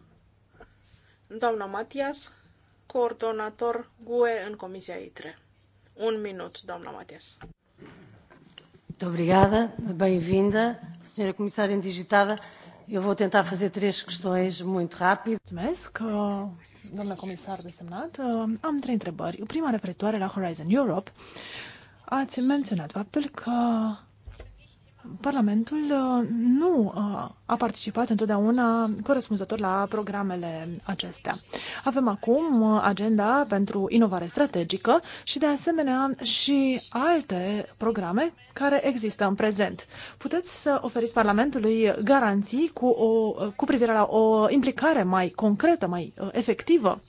doamna Matias, coordonator GUE în Comisia ITRE. Un minut, doamna Matias. Muito obrigada, bem-vinda, senhora comissária indigitada. Eu vou tentar fazer três questões muito rápido. Mulțumesc, doamna comisar desemnat. Am trei întrebări. Prima referitoare la Horizon Europe. Ați menționat faptul că Parlamentul uh, nu uh, a participat întotdeauna corespunzător la programele acestea. Avem acum uh, agenda pentru inovare strategică și, de asemenea, și alte programe care există în prezent. Puteți să oferiți Parlamentului garanții cu, o, cu privire la o implicare mai concretă, mai efectivă?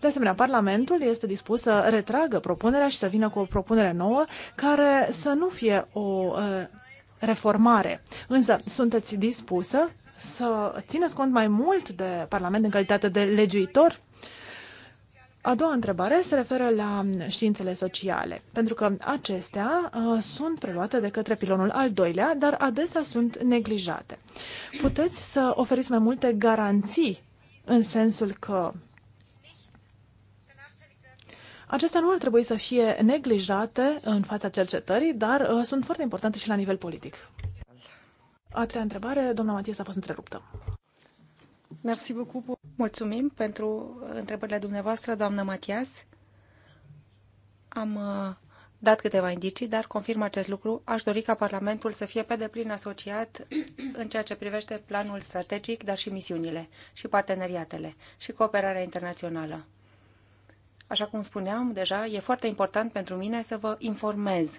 De asemenea, Parlamentul este dispus să retragă propunerea și să vină cu o propunere nouă care să nu fie o reformare. Însă, sunteți dispusă să țineți cont mai mult de Parlament în calitate de legiuitor? A doua întrebare se referă la științele sociale, pentru că acestea uh, sunt preluate de către pilonul al doilea, dar adesea sunt neglijate. Puteți să oferiți mai multe garanții în sensul că Acestea nu ar trebui să fie neglijate în fața cercetării, dar uh, sunt foarte importante și la nivel politic. A treia întrebare, doamna Matias a fost întreruptă. Merci beaucoup. Mulțumim pentru uh, întrebările dumneavoastră, doamna Matias. Am uh, dat câteva indicii, dar confirm acest lucru. Aș dori ca Parlamentul să fie pe deplin asociat în ceea ce privește planul strategic, dar și misiunile și parteneriatele și cooperarea internațională. Așa cum spuneam deja, e foarte important pentru mine să vă informez.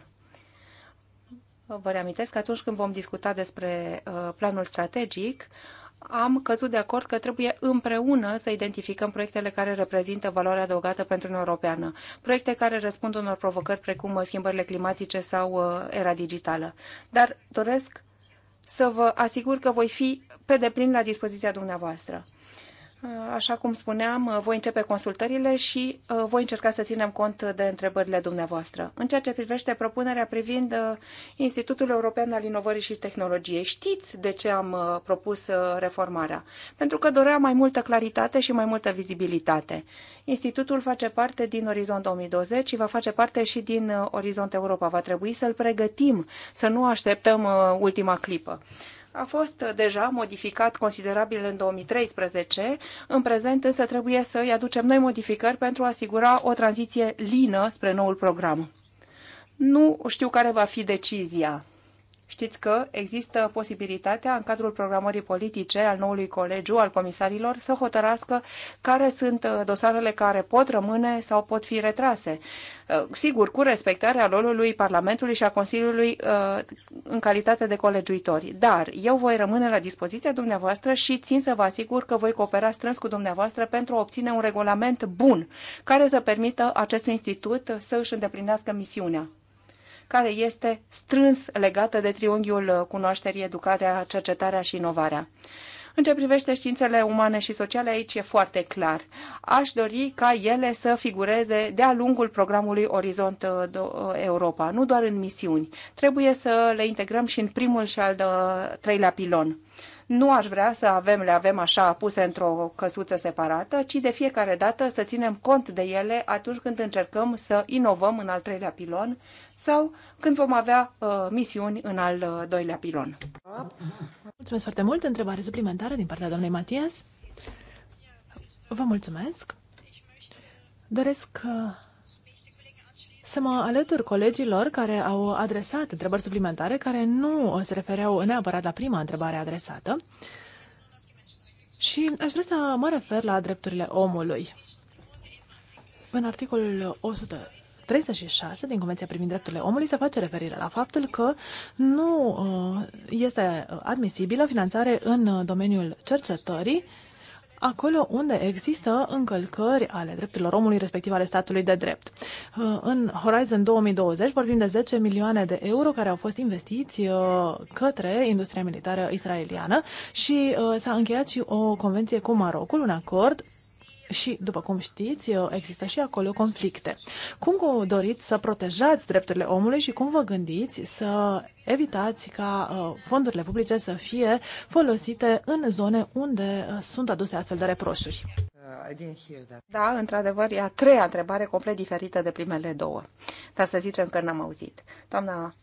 Vă reamintesc că atunci când vom discuta despre uh, planul strategic, am căzut de acord că trebuie împreună să identificăm proiectele care reprezintă valoare adăugată pentru Uniunea Europeană, proiecte care răspund unor provocări precum uh, schimbările climatice sau uh, era digitală. Dar doresc să vă asigur că voi fi pe deplin la dispoziția dumneavoastră. Uh, așa cum spuneam, uh, voi începe consultările și uh, voi încerca să ținem cont de întrebările dumneavoastră. În ceea ce privește propunerea privind Institutul European al Inovării și Tehnologiei, știți de ce am propus reformarea? Pentru că dorea mai multă claritate și mai multă vizibilitate. Institutul face parte din Orizont 2020 și va face parte și din Orizont Europa. Va trebui să-l pregătim, să nu așteptăm ultima clipă a fost deja modificat considerabil în 2013. În prezent însă trebuie să îi aducem noi modificări pentru a asigura o tranziție lină spre noul program. Nu știu care va fi decizia Știți că există posibilitatea, în cadrul programării politice al noului colegiu al comisarilor, să hotărască care sunt uh, dosarele care pot rămâne sau pot fi retrase. Uh, sigur, cu respectarea rolului Parlamentului și a Consiliului uh, în calitate de colegiuitori. Dar eu voi rămâne la dispoziția dumneavoastră și țin să vă asigur că voi coopera strâns cu dumneavoastră pentru a obține un regulament bun care să permită acestui institut să își îndeplinească misiunea care este strâns legată de triunghiul uh, cunoașterii, educarea, cercetarea și inovarea. În ce privește științele umane și sociale, aici e foarte clar. Aș dori ca ele să figureze de-a lungul programului Orizont uh, uh, Europa, nu doar în misiuni. Trebuie să le integrăm și în primul și al treilea pilon. Nu aș vrea să avem, le avem așa puse într-o căsuță separată, ci de fiecare dată să ținem cont de ele atunci când încercăm să inovăm în al treilea pilon sau când vom avea uh, misiuni în al uh, doilea pilon. Mulțumesc foarte mult. Întrebare suplimentară din partea doamnei Matias. Vă mulțumesc. Doresc uh, să mă alătur colegilor care au adresat întrebări suplimentare care nu se refereau neapărat la prima întrebare adresată. Și aș vrea să mă refer la drepturile omului. În articolul 100 36 din Convenția privind drepturile omului se face referire la faptul că nu uh, este admisibilă finanțare în uh, domeniul cercetării acolo unde există încălcări ale drepturilor omului, respectiv ale statului de drept. Uh, în Horizon 2020 vorbim de 10 milioane de euro care au fost investiți către industria militară israeliană și s-a încheiat și o convenție cu Marocul, un acord și, după cum știți, există și acolo conflicte. Cum vă doriți să protejați drepturile omului și cum vă gândiți să evitați ca uh, fondurile publice să fie folosite în zone unde uh, sunt aduse astfel de reproșuri? Uh, da, într-adevăr, e a treia întrebare complet diferită de primele două. Dar să zicem că n-am auzit. Doamna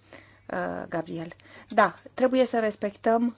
Gabriel, da, trebuie să respectăm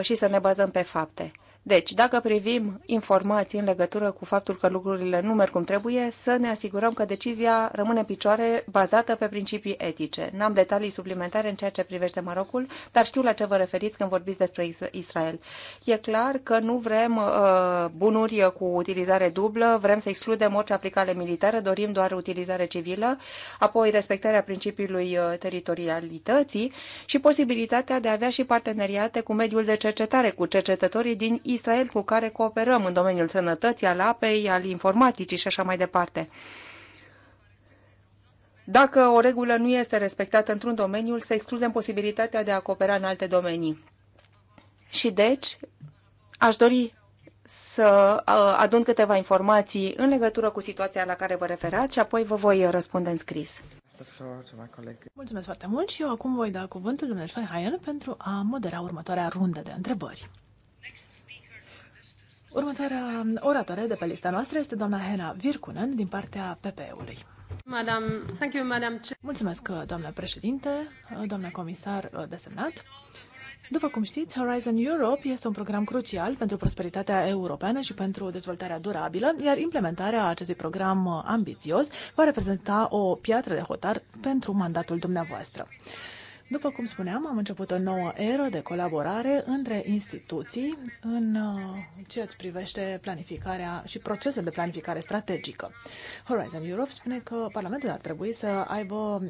și să ne bazăm pe fapte. Deci, dacă privim informații în legătură cu faptul că lucrurile nu merg cum trebuie, să ne asigurăm că decizia rămâne picioare bazată pe principii etice. N-am detalii suplimentare în ceea ce privește Marocul, dar știu la ce vă referiți când vorbiți despre Israel. E clar că nu vrem uh, bunuri cu utilizare dublă, vrem să excludem orice aplicare militară, dorim doar utilizare civilă, apoi respectarea principiului uh, teritorialității și posibilitatea de a avea și parteneriate cu mediul de cercetare, cu cercetătorii din Israel Israel cu care cooperăm în domeniul sănătății, al apei, al informaticii și așa mai departe. Dacă o regulă nu este respectată într-un domeniu, să excludem posibilitatea de a coopera în alte domenii. Și deci, aș dori să uh, adun câteva informații în legătură cu situația la care vă referați și apoi vă voi răspunde în scris. Mulțumesc foarte mult și eu acum voi da cuvântul domnului Schweinheimer pentru a modera următoarea rundă de întrebări. Următoarea oratoare de pe lista noastră este doamna Hena Virkunen din partea PPE-ului. Mulțumesc, doamna președinte, doamna comisar desemnat. După cum știți, Horizon Europe este un program crucial pentru prosperitatea europeană și pentru dezvoltarea durabilă, iar implementarea acestui program ambițios va reprezenta o piatră de hotar pentru mandatul dumneavoastră. După cum spuneam, am început o nouă eră de colaborare între instituții în uh, ceea ce privește planificarea și procesul de planificare strategică. Horizon Europe spune că Parlamentul ar trebui să aibă uh,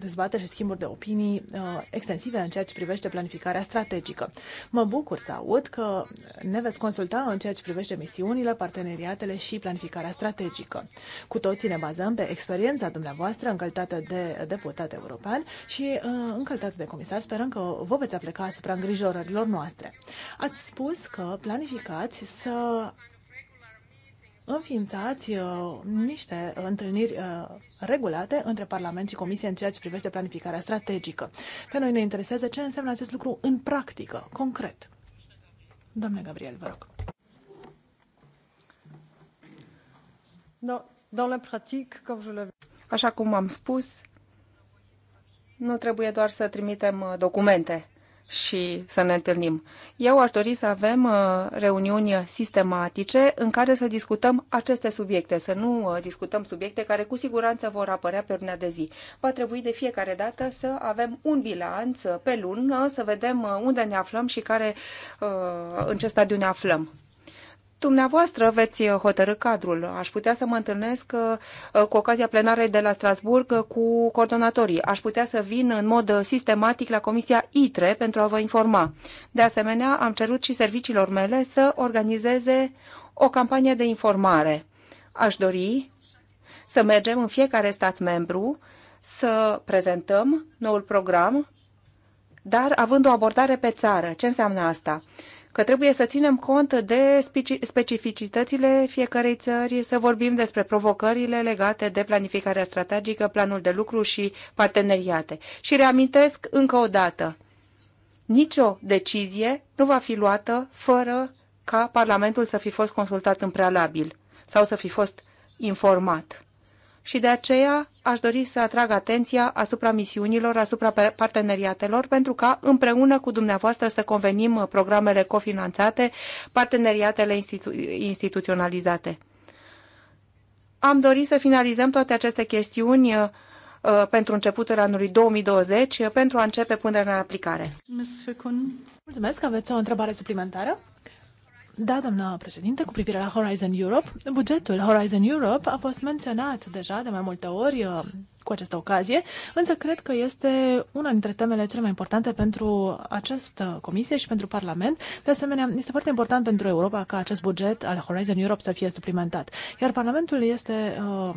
dezbateri și schimburi de opinii uh, extensive în ceea ce privește planificarea strategică. Mă bucur să aud că ne veți consulta în ceea ce privește misiunile, parteneriatele și planificarea strategică. Cu toții ne bazăm pe experiența dumneavoastră în calitate de deputat european și în calitate calitate de comisar, sperăm că vă veți apleca asupra îngrijorărilor noastre. Ați spus că planificați să înființați uh, niște uh, întâlniri uh, regulate între Parlament și Comisie în ceea ce privește planificarea strategică. Pe noi ne interesează ce înseamnă acest lucru în practică, concret. Doamne Gabriel, vă rog. Așa cum am spus, nu trebuie doar să trimitem uh, documente și să ne întâlnim. Eu aș dori să avem uh, reuniuni sistematice în care să discutăm aceste subiecte, să nu uh, discutăm subiecte care cu siguranță vor apărea pe ordinea de zi. Va trebui de fiecare dată să avem un bilanț pe lună, să vedem unde ne aflăm și care, în ce stadiu ne aflăm dumneavoastră veți hotărâ cadrul. Aș putea să mă întâlnesc uh, cu ocazia plenarei de la Strasburg uh, cu coordonatorii. Aș putea să vin în mod sistematic la Comisia ITRE pentru a vă informa. De asemenea, am cerut și serviciilor mele să organizeze o campanie de informare. Aș dori să mergem în fiecare stat membru să prezentăm noul program, dar având o abordare pe țară. Ce înseamnă asta? că trebuie să ținem cont de specificitățile fiecarei țări, să vorbim despre provocările legate de planificarea strategică, planul de lucru și parteneriate. Și reamintesc încă o dată, nicio decizie nu va fi luată fără ca Parlamentul să fi fost consultat în prealabil sau să fi fost informat și de aceea aș dori să atrag atenția asupra misiunilor, asupra parteneriatelor, pentru ca împreună cu dumneavoastră să convenim uh, programele cofinanțate, parteneriatele institu instituționalizate. Am dorit să finalizăm toate aceste chestiuni uh, uh, pentru începutul anului 2020, pentru a începe punerea în aplicare. Mulțumesc. Aveți o întrebare suplimentară? Da, doamna președinte, cu privire la Horizon Europe, bugetul Horizon Europe a fost menționat deja de mai multe ori uh, cu această ocazie, însă cred că este una dintre temele cele mai importante pentru această comisie și pentru Parlament. De asemenea, este foarte important pentru Europa ca acest buget al Horizon Europe să fie suplimentat. Iar Parlamentul este uh,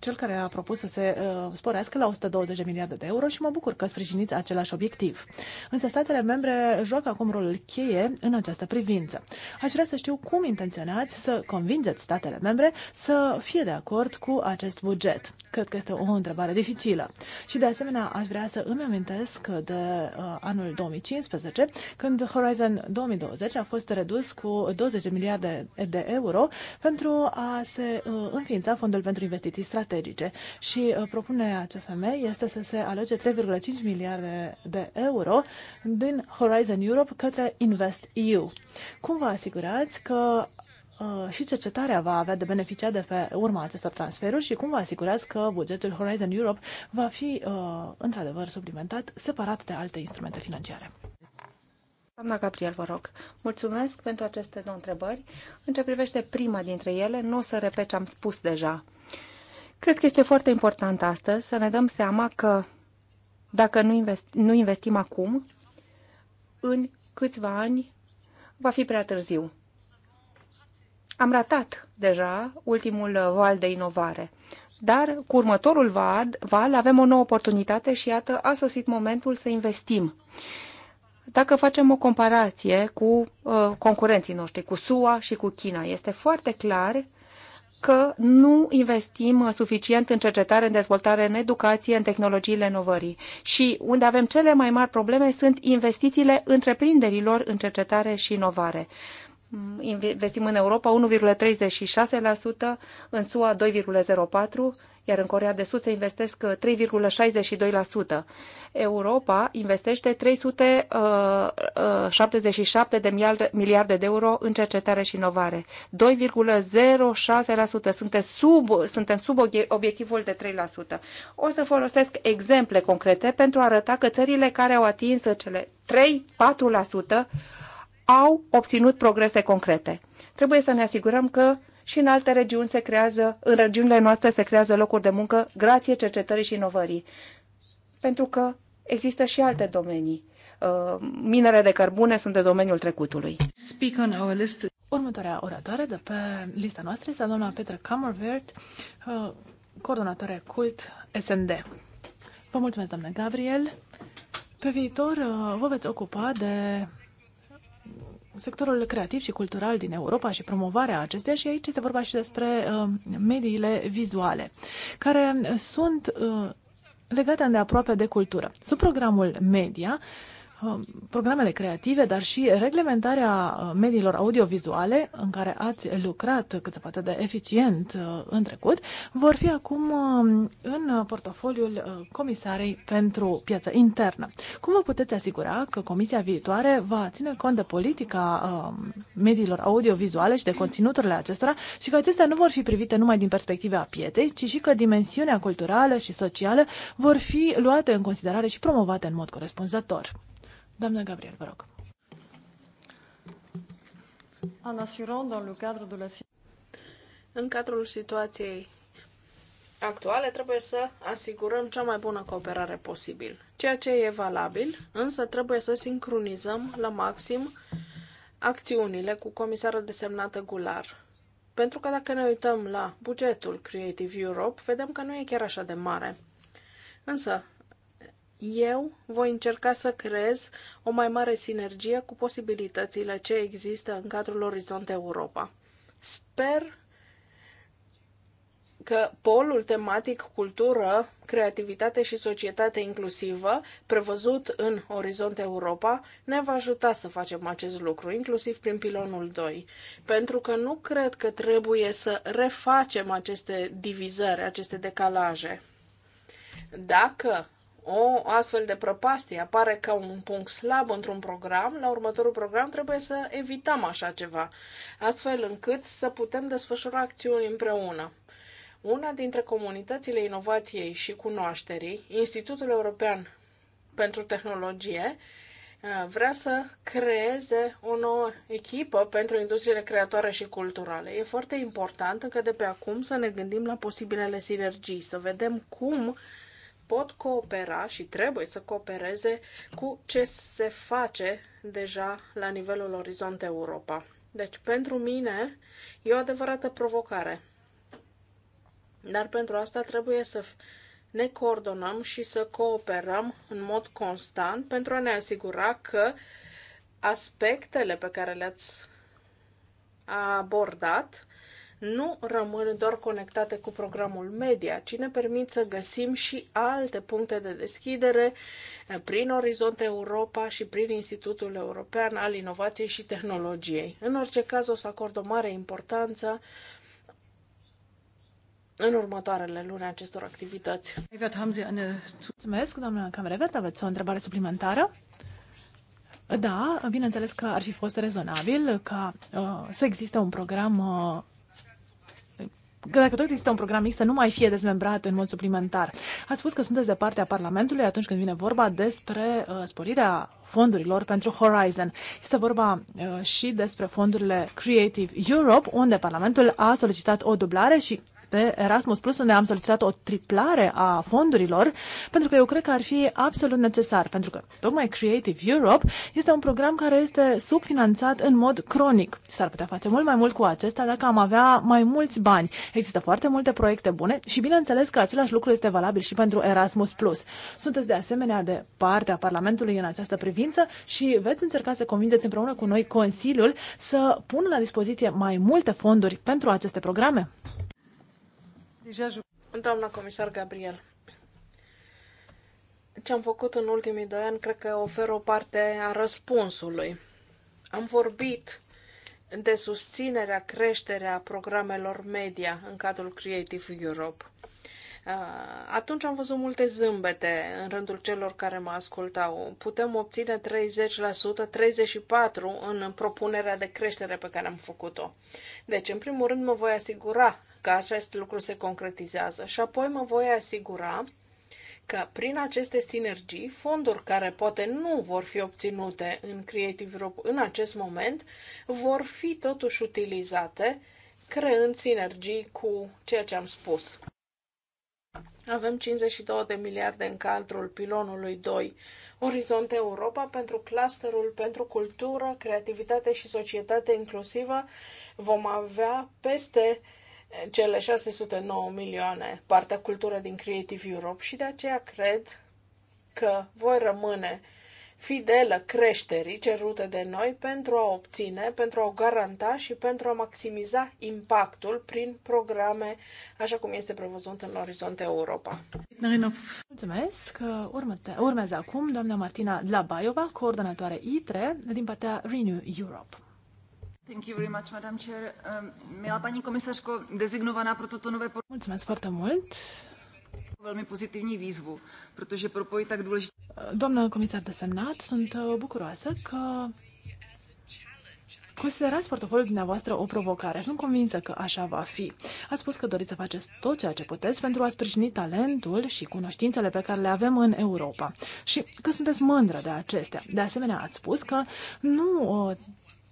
cel care a propus să se uh, sporească la 120 de miliarde de euro și mă bucur că sprijiniți același obiectiv. Însă statele membre joacă acum rolul cheie în această privință. Aș vrea să știu cum intenționați să convingeți statele membre să fie de acord cu acest buget. Cred că este o întrebare dificilă. Și de asemenea, aș vrea să îmi amintesc de uh, anul 2015, când Horizon 2020 a fost redus cu 20 miliarde de euro pentru a se uh, înființa Fondul pentru Investiții Strategice. Și uh, propunerea CFM este să se aloce 3,5 miliarde de euro din Horizon Europe către Invest EU. Cum vă asigurați că Uh, și cercetarea va avea de beneficiat de pe urma acestor transferuri și cum vă asigurați că bugetul Horizon Europe va fi uh, într-adevăr suplimentat separat de alte instrumente financiare? Doamna Gabriel, vă rog, mulțumesc pentru aceste două întrebări. În ce privește prima dintre ele, nu o să repet ce am spus deja. Cred că este foarte important astăzi să ne dăm seama că dacă nu, invest, nu investim acum, în câțiva ani va fi prea târziu. Am ratat deja ultimul uh, val de inovare, dar cu următorul val, val avem o nouă oportunitate și iată a sosit momentul să investim. Dacă facem o comparație cu uh, concurenții noștri, cu SUA și cu China, este foarte clar că nu investim uh, suficient în cercetare, în dezvoltare, în educație, în tehnologiile inovării. Și unde avem cele mai mari probleme sunt investițiile întreprinderilor în cercetare și inovare investim în Europa 1,36%, în SUA 2,04%, iar în Corea de Sud se investesc 3,62%. Uh, Europa investește 377 uh, uh, de miliarde de euro în cercetare și inovare. 2,06% suntem sub, suntem sub obiectivul de 3%. O să folosesc exemple concrete pentru a arăta că țările care au atins cele 3-4% au obținut progrese concrete. Trebuie să ne asigurăm că și în alte regiuni se creează, în regiunile noastre se creează locuri de muncă grație cercetării și inovării. Pentru că există și alte domenii. Uh, minele de cărbune sunt de domeniul trecutului. Speak on our list. Următoarea oratoare de pe lista noastră este doamna Petra Kammervert, uh, coordonatoare cult SND. Vă mulțumesc, doamna Gabriel. Pe viitor uh, vă veți ocupa de sectorul creativ și cultural din Europa și promovarea acestuia și aici este vorba și despre uh, mediile vizuale, care sunt uh, legate îndeaproape de cultură. Sub programul media, uh, Um, programele creative, dar și reglementarea uh, mediilor audiovizuale în care ați lucrat cât se poate de eficient uh, în trecut, vor fi acum um, în portofoliul uh, Comisarei pentru Piața Internă. Cum vă puteți asigura că Comisia viitoare va ține cont de politica um, mediilor audiovizuale și de conținuturile acestora și că acestea nu vor fi privite numai din perspectiva pieței, ci și că dimensiunea culturală și socială vor fi luate în considerare și promovate în mod corespunzător? Doamna Gabriel, vă rog. În cadrul situației actuale trebuie să asigurăm cea mai bună cooperare posibil, ceea ce e valabil, însă trebuie să sincronizăm la maxim acțiunile cu comisarul desemnată Gular. Pentru că dacă ne uităm la bugetul Creative Europe, vedem că nu e chiar așa de mare. Însă, eu voi încerca să creez o mai mare sinergie cu posibilitățile ce există în cadrul Orizont Europa. Sper că polul tematic cultură, creativitate și societate inclusivă, prevăzut în Orizont Europa, ne va ajuta să facem acest lucru, inclusiv prin pilonul 2. Pentru că nu cred că trebuie să refacem aceste divizări, aceste decalaje. Dacă o astfel de prăpastie apare ca un punct slab într-un program, la următorul program trebuie să evităm așa ceva, astfel încât să putem desfășura acțiuni împreună. Una dintre comunitățile inovației și cunoașterii, Institutul European pentru Tehnologie, vrea să creeze o nouă echipă pentru industriile creatoare și culturale. E foarte important încă de pe acum să ne gândim la posibilele sinergii, să vedem cum uh, pot coopera și trebuie să coopereze cu ce se face deja la nivelul Orizont Europa. Deci, pentru mine, e o adevărată provocare. Dar pentru asta trebuie să ne coordonăm și să cooperăm în mod constant pentru a ne asigura că aspectele pe care le-ați abordat nu rămân doar conectate cu programul media, ci ne permit să găsim și alte puncte de deschidere eh, prin Orizont Europa și prin Institutul European al Inovației și Tehnologiei. În orice caz, o să acord o mare importanță în următoarele luni acestor activități. Mulțumesc, doamna Camerevert. Aveți o întrebare suplimentară? Da, bineînțeles că ar fi fost rezonabil ca uh, să existe un program uh, că dacă tot există un program mix, să nu mai fie dezmembrat în mod suplimentar. Ați spus că sunteți de partea Parlamentului atunci când vine vorba despre uh, sporirea fondurilor pentru Horizon. Este vorba uh, și despre fondurile Creative Europe, unde Parlamentul a solicitat o dublare și pe Erasmus Plus, unde am solicitat o triplare a fondurilor, pentru că eu cred că ar fi absolut necesar, pentru că tocmai Creative Europe este un program care este subfinanțat în mod cronic. S-ar putea face mult mai mult cu acesta dacă am avea mai mulți bani. Există foarte multe proiecte bune și bineînțeles că același lucru este valabil și pentru Erasmus Plus. Sunteți de asemenea de partea Parlamentului în această privință și veți încerca să convingeți împreună cu noi Consiliul să pună la dispoziție mai multe fonduri pentru aceste programe? Doamna comisar Gabriel, ce am făcut în ultimii doi ani cred că oferă o parte a răspunsului. Am vorbit de susținerea, creșterea programelor media în cadrul Creative Europe. Atunci am văzut multe zâmbete în rândul celor care mă ascultau. Putem obține 30%, 34% în propunerea de creștere pe care am făcut-o. Deci, în primul rând, mă voi asigura că acest lucru se concretizează. Și apoi mă voi asigura că prin aceste sinergii, fonduri care poate nu vor fi obținute în Creative Europe în acest moment, vor fi totuși utilizate creând sinergii cu ceea ce am spus. Avem 52 de miliarde în cadrul pilonului 2, Orizont Europa pentru clusterul pentru cultură, creativitate și societate inclusivă. Vom avea peste cele 609 milioane, partea cultură din Creative Europe și de aceea cred că voi rămâne fidelă creșterii cerute de noi pentru a obține, pentru a o garanta și pentru a maximiza impactul prin programe, așa cum este prevăzut în Orizont Europa. Marina. Mulțumesc! urmează acum doamna Martina Labaiova, coordonatoare ITRE din partea Renew Europe. Um, Mulțumesc foarte mult! Velmi pozitivní výzvu, protože propojit tak důležitý... Doamnă comisar semnat, sunt uh, bucuroasă că Considerați portofoliul dumneavoastră o provocare. Sunt convinsă că așa va fi. Ați spus că doriți să faceți tot ceea ce puteți pentru a sprijini talentul și cunoștințele pe care le avem în Europa și că sunteți mândră de acestea. De asemenea, ați spus că nu uh,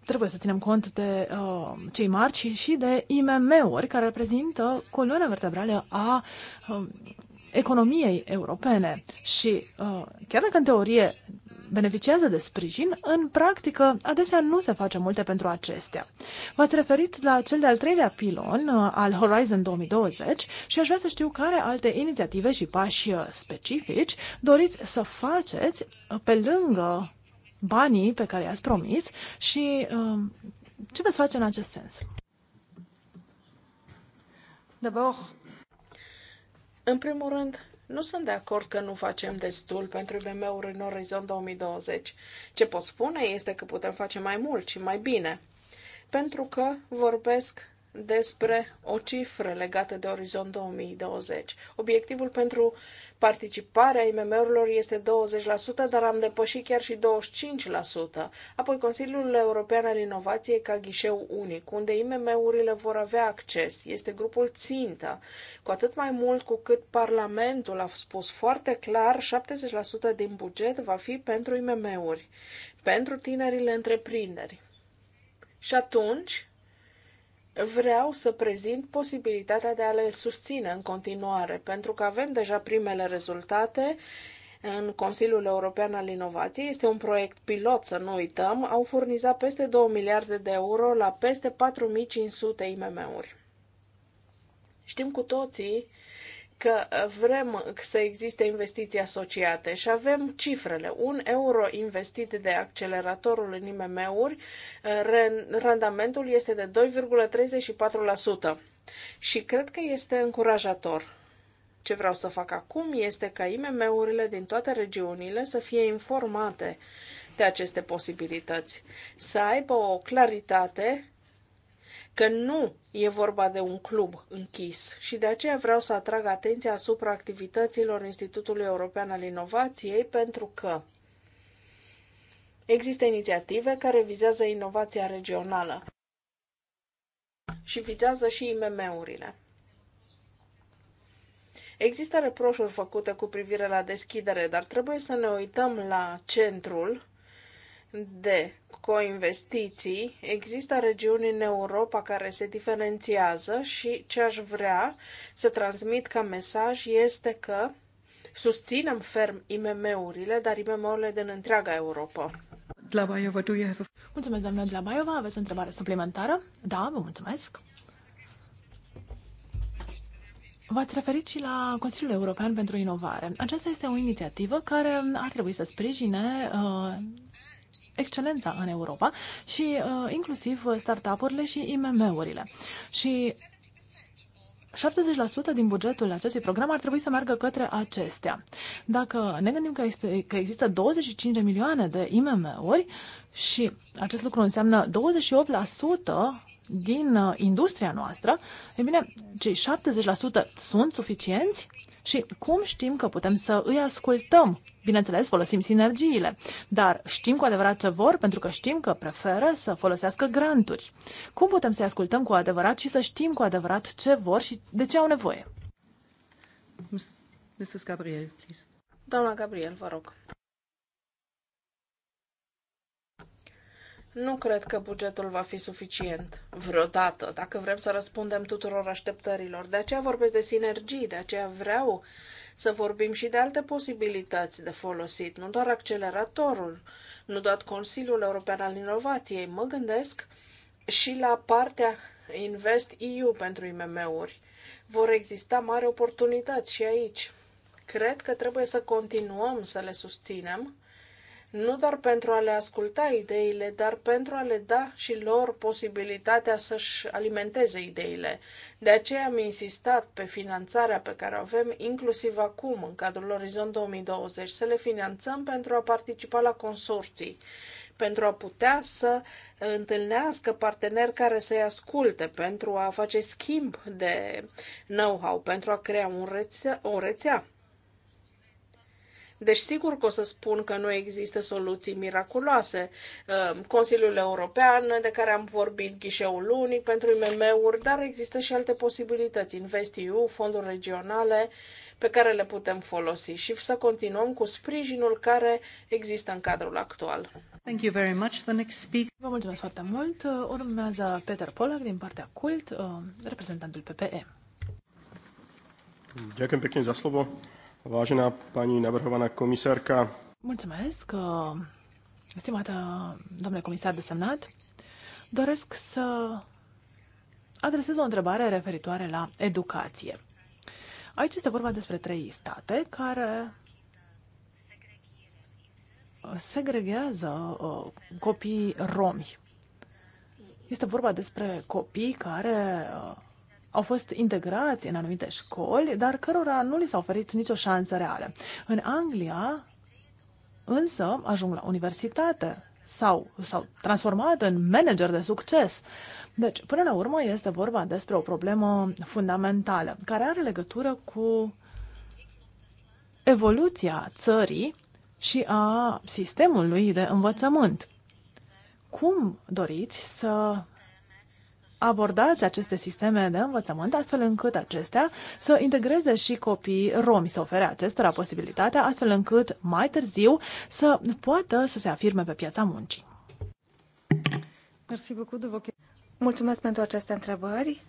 trebuie să ținem cont de uh, cei mari, și, și de IMM-uri, care reprezintă coloana vertebrală a uh, economiei europene. Și uh, chiar dacă în teorie beneficiază de sprijin, în practică adesea nu se face multe pentru acestea. V-ați referit la cel de-al treilea pilon uh, al Horizon 2020 și aș vrea să știu care alte inițiative și pași uh, specifici doriți să faceți uh, pe lângă banii pe care i-ați promis și um, ce veți face în acest sens? D'abord, în primul rând, nu sunt de acord că nu facem destul pentru IMM-uri în orizont 2020. Ce pot spune este că putem face mai mult și mai bine. Pentru că vorbesc despre o cifră legată de Orizont 2020. Obiectivul pentru participarea IMM-urilor este 20%, dar am depășit chiar și 25%. Apoi Consiliul European al Inovației ca ghișeu unic, unde IMM-urile vor avea acces. Este grupul țintă, cu atât mai mult cu cât Parlamentul a spus foarte clar, 70% din buget va fi pentru IMM-uri, pentru tinerile întreprinderi. Și atunci, vreau să prezint posibilitatea de a le susține în continuare, pentru că avem deja primele rezultate în Consiliul European al Inovației. Este un proiect pilot, să nu uităm. Au furnizat peste 2 miliarde de euro la peste 4500 IMM-uri. Știm cu toții că vrem să existe investiții asociate și avem cifrele. Un euro investit de acceleratorul în IMM-uri, randamentul este de 2,34%. Și cred că este încurajator. Ce vreau să fac acum este ca IMM-urile din toate regiunile să fie informate de aceste posibilități, să aibă o claritate că nu e vorba de un club închis și de aceea vreau să atrag atenția asupra activităților Institutului European al Inovației pentru că există inițiative care vizează inovația regională și vizează și IMM-urile. Există reproșuri făcute cu privire la deschidere, dar trebuie să ne uităm la centrul de coinvestiții, există regiuni în Europa care se diferențiază și ce aș vrea să transmit ca mesaj este că susținem ferm IMM-urile, dar IMM-urile din întreaga Europa. Dlabaiova, do you have a... Mulțumesc, doamna Dlabaiova. Aveți o întrebare suplimentară? Da, vă mulțumesc. V-ați referit și la Consiliul European pentru Inovare. Aceasta este o inițiativă care ar trebui să sprijine uh, excelența în Europa și uh, inclusiv startup-urile și IMM-urile. Și 70% din bugetul acestui program ar trebui să meargă către acestea. Dacă ne gândim că, este, că există 25 de milioane de IMM-uri și acest lucru înseamnă 28% din uh, industria noastră, e bine, cei 70% sunt suficienți? Și cum știm că putem să îi ascultăm? Bineînțeles, folosim sinergiile, dar știm cu adevărat ce vor pentru că știm că preferă să folosească granturi. Cum putem să-i ascultăm cu adevărat și să știm cu adevărat ce vor și de ce au nevoie? Mrs. Gabriel, please. Doamna Gabriel, vă rog. Nu cred că bugetul va fi suficient vreodată, dacă vrem să răspundem tuturor așteptărilor. De aceea vorbesc de sinergii, de aceea vreau să vorbim și de alte posibilități de folosit, nu doar acceleratorul, nu doar Consiliul European al Inovației. Mă gândesc și la partea Invest EU pentru IMM-uri. Vor exista mari oportunități și aici. Cred că trebuie să continuăm să le susținem nu doar pentru a le asculta ideile, dar pentru a le da și lor posibilitatea să-și alimenteze ideile. De aceea am insistat pe finanțarea pe care o avem, inclusiv acum, în cadrul Orizont 2020, să le finanțăm pentru a participa la consorții pentru a putea să întâlnească parteneri care să-i asculte, pentru a face schimb de know-how, pentru a crea un rețea, o rețea deci sigur că o să spun că nu există soluții miraculoase. Ehm, Consiliul European, de care am vorbit, ghișeul unic pentru IMM-uri, dar există și alte posibilități, InvestEU, fonduri regionale, pe care le putem folosi și să continuăm cu sprijinul care există în cadrul actual. Thank you very much. The next speaker. Vă mulțumesc foarte mult. Urmează Peter Polak din partea CULT, ehm, reprezentantul PPE. Ďakujem pekne za slovo. Vážená paní navrhovaná komisárka. Mulțumesc, uh, stimată domnule comisar de semnat. Doresc să adresez o întrebare referitoare la educație. Aici este vorba despre trei state care segregează uh, copii romi. Este vorba despre copii care uh, au fost integrați în anumite școli, dar cărora nu li s-a oferit nicio șansă reală. În Anglia, însă, ajung la universitate sau s-au transformat în manager de succes. Deci, până la urmă, este vorba despre o problemă fundamentală care are legătură cu evoluția țării și a sistemului de învățământ. Cum doriți să abordați aceste sisteme de învățământ astfel încât acestea să integreze și copiii romi, să ofere acestora posibilitatea astfel încât mai târziu să poată să se afirme pe piața muncii. Mulțumesc pentru aceste întrebări.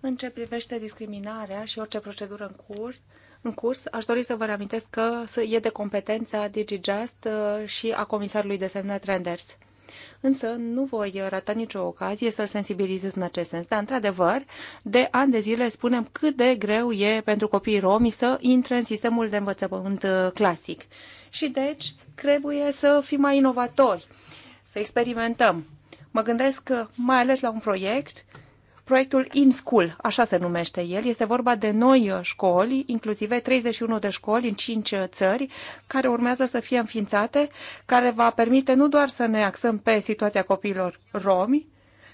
În ce privește discriminarea și orice procedură în curs, în curs, aș dori să vă reamintesc că e de competența DigiJust uh, și a comisarului de desemnat Renders însă nu voi rata nicio ocazie să-l sensibilizez în acest sens. Dar, într-adevăr, de ani de zile spunem cât de greu e pentru copiii romi să intre în sistemul de învățământ uh, clasic. Și deci trebuie să fim mai inovatori, să experimentăm. Mă gândesc uh, mai ales la un proiect Proiectul School, așa se numește el, este vorba de noi școli, inclusive 31 de școli în 5 țări, care urmează să fie înființate, care va permite nu doar să ne axăm pe situația copiilor romi,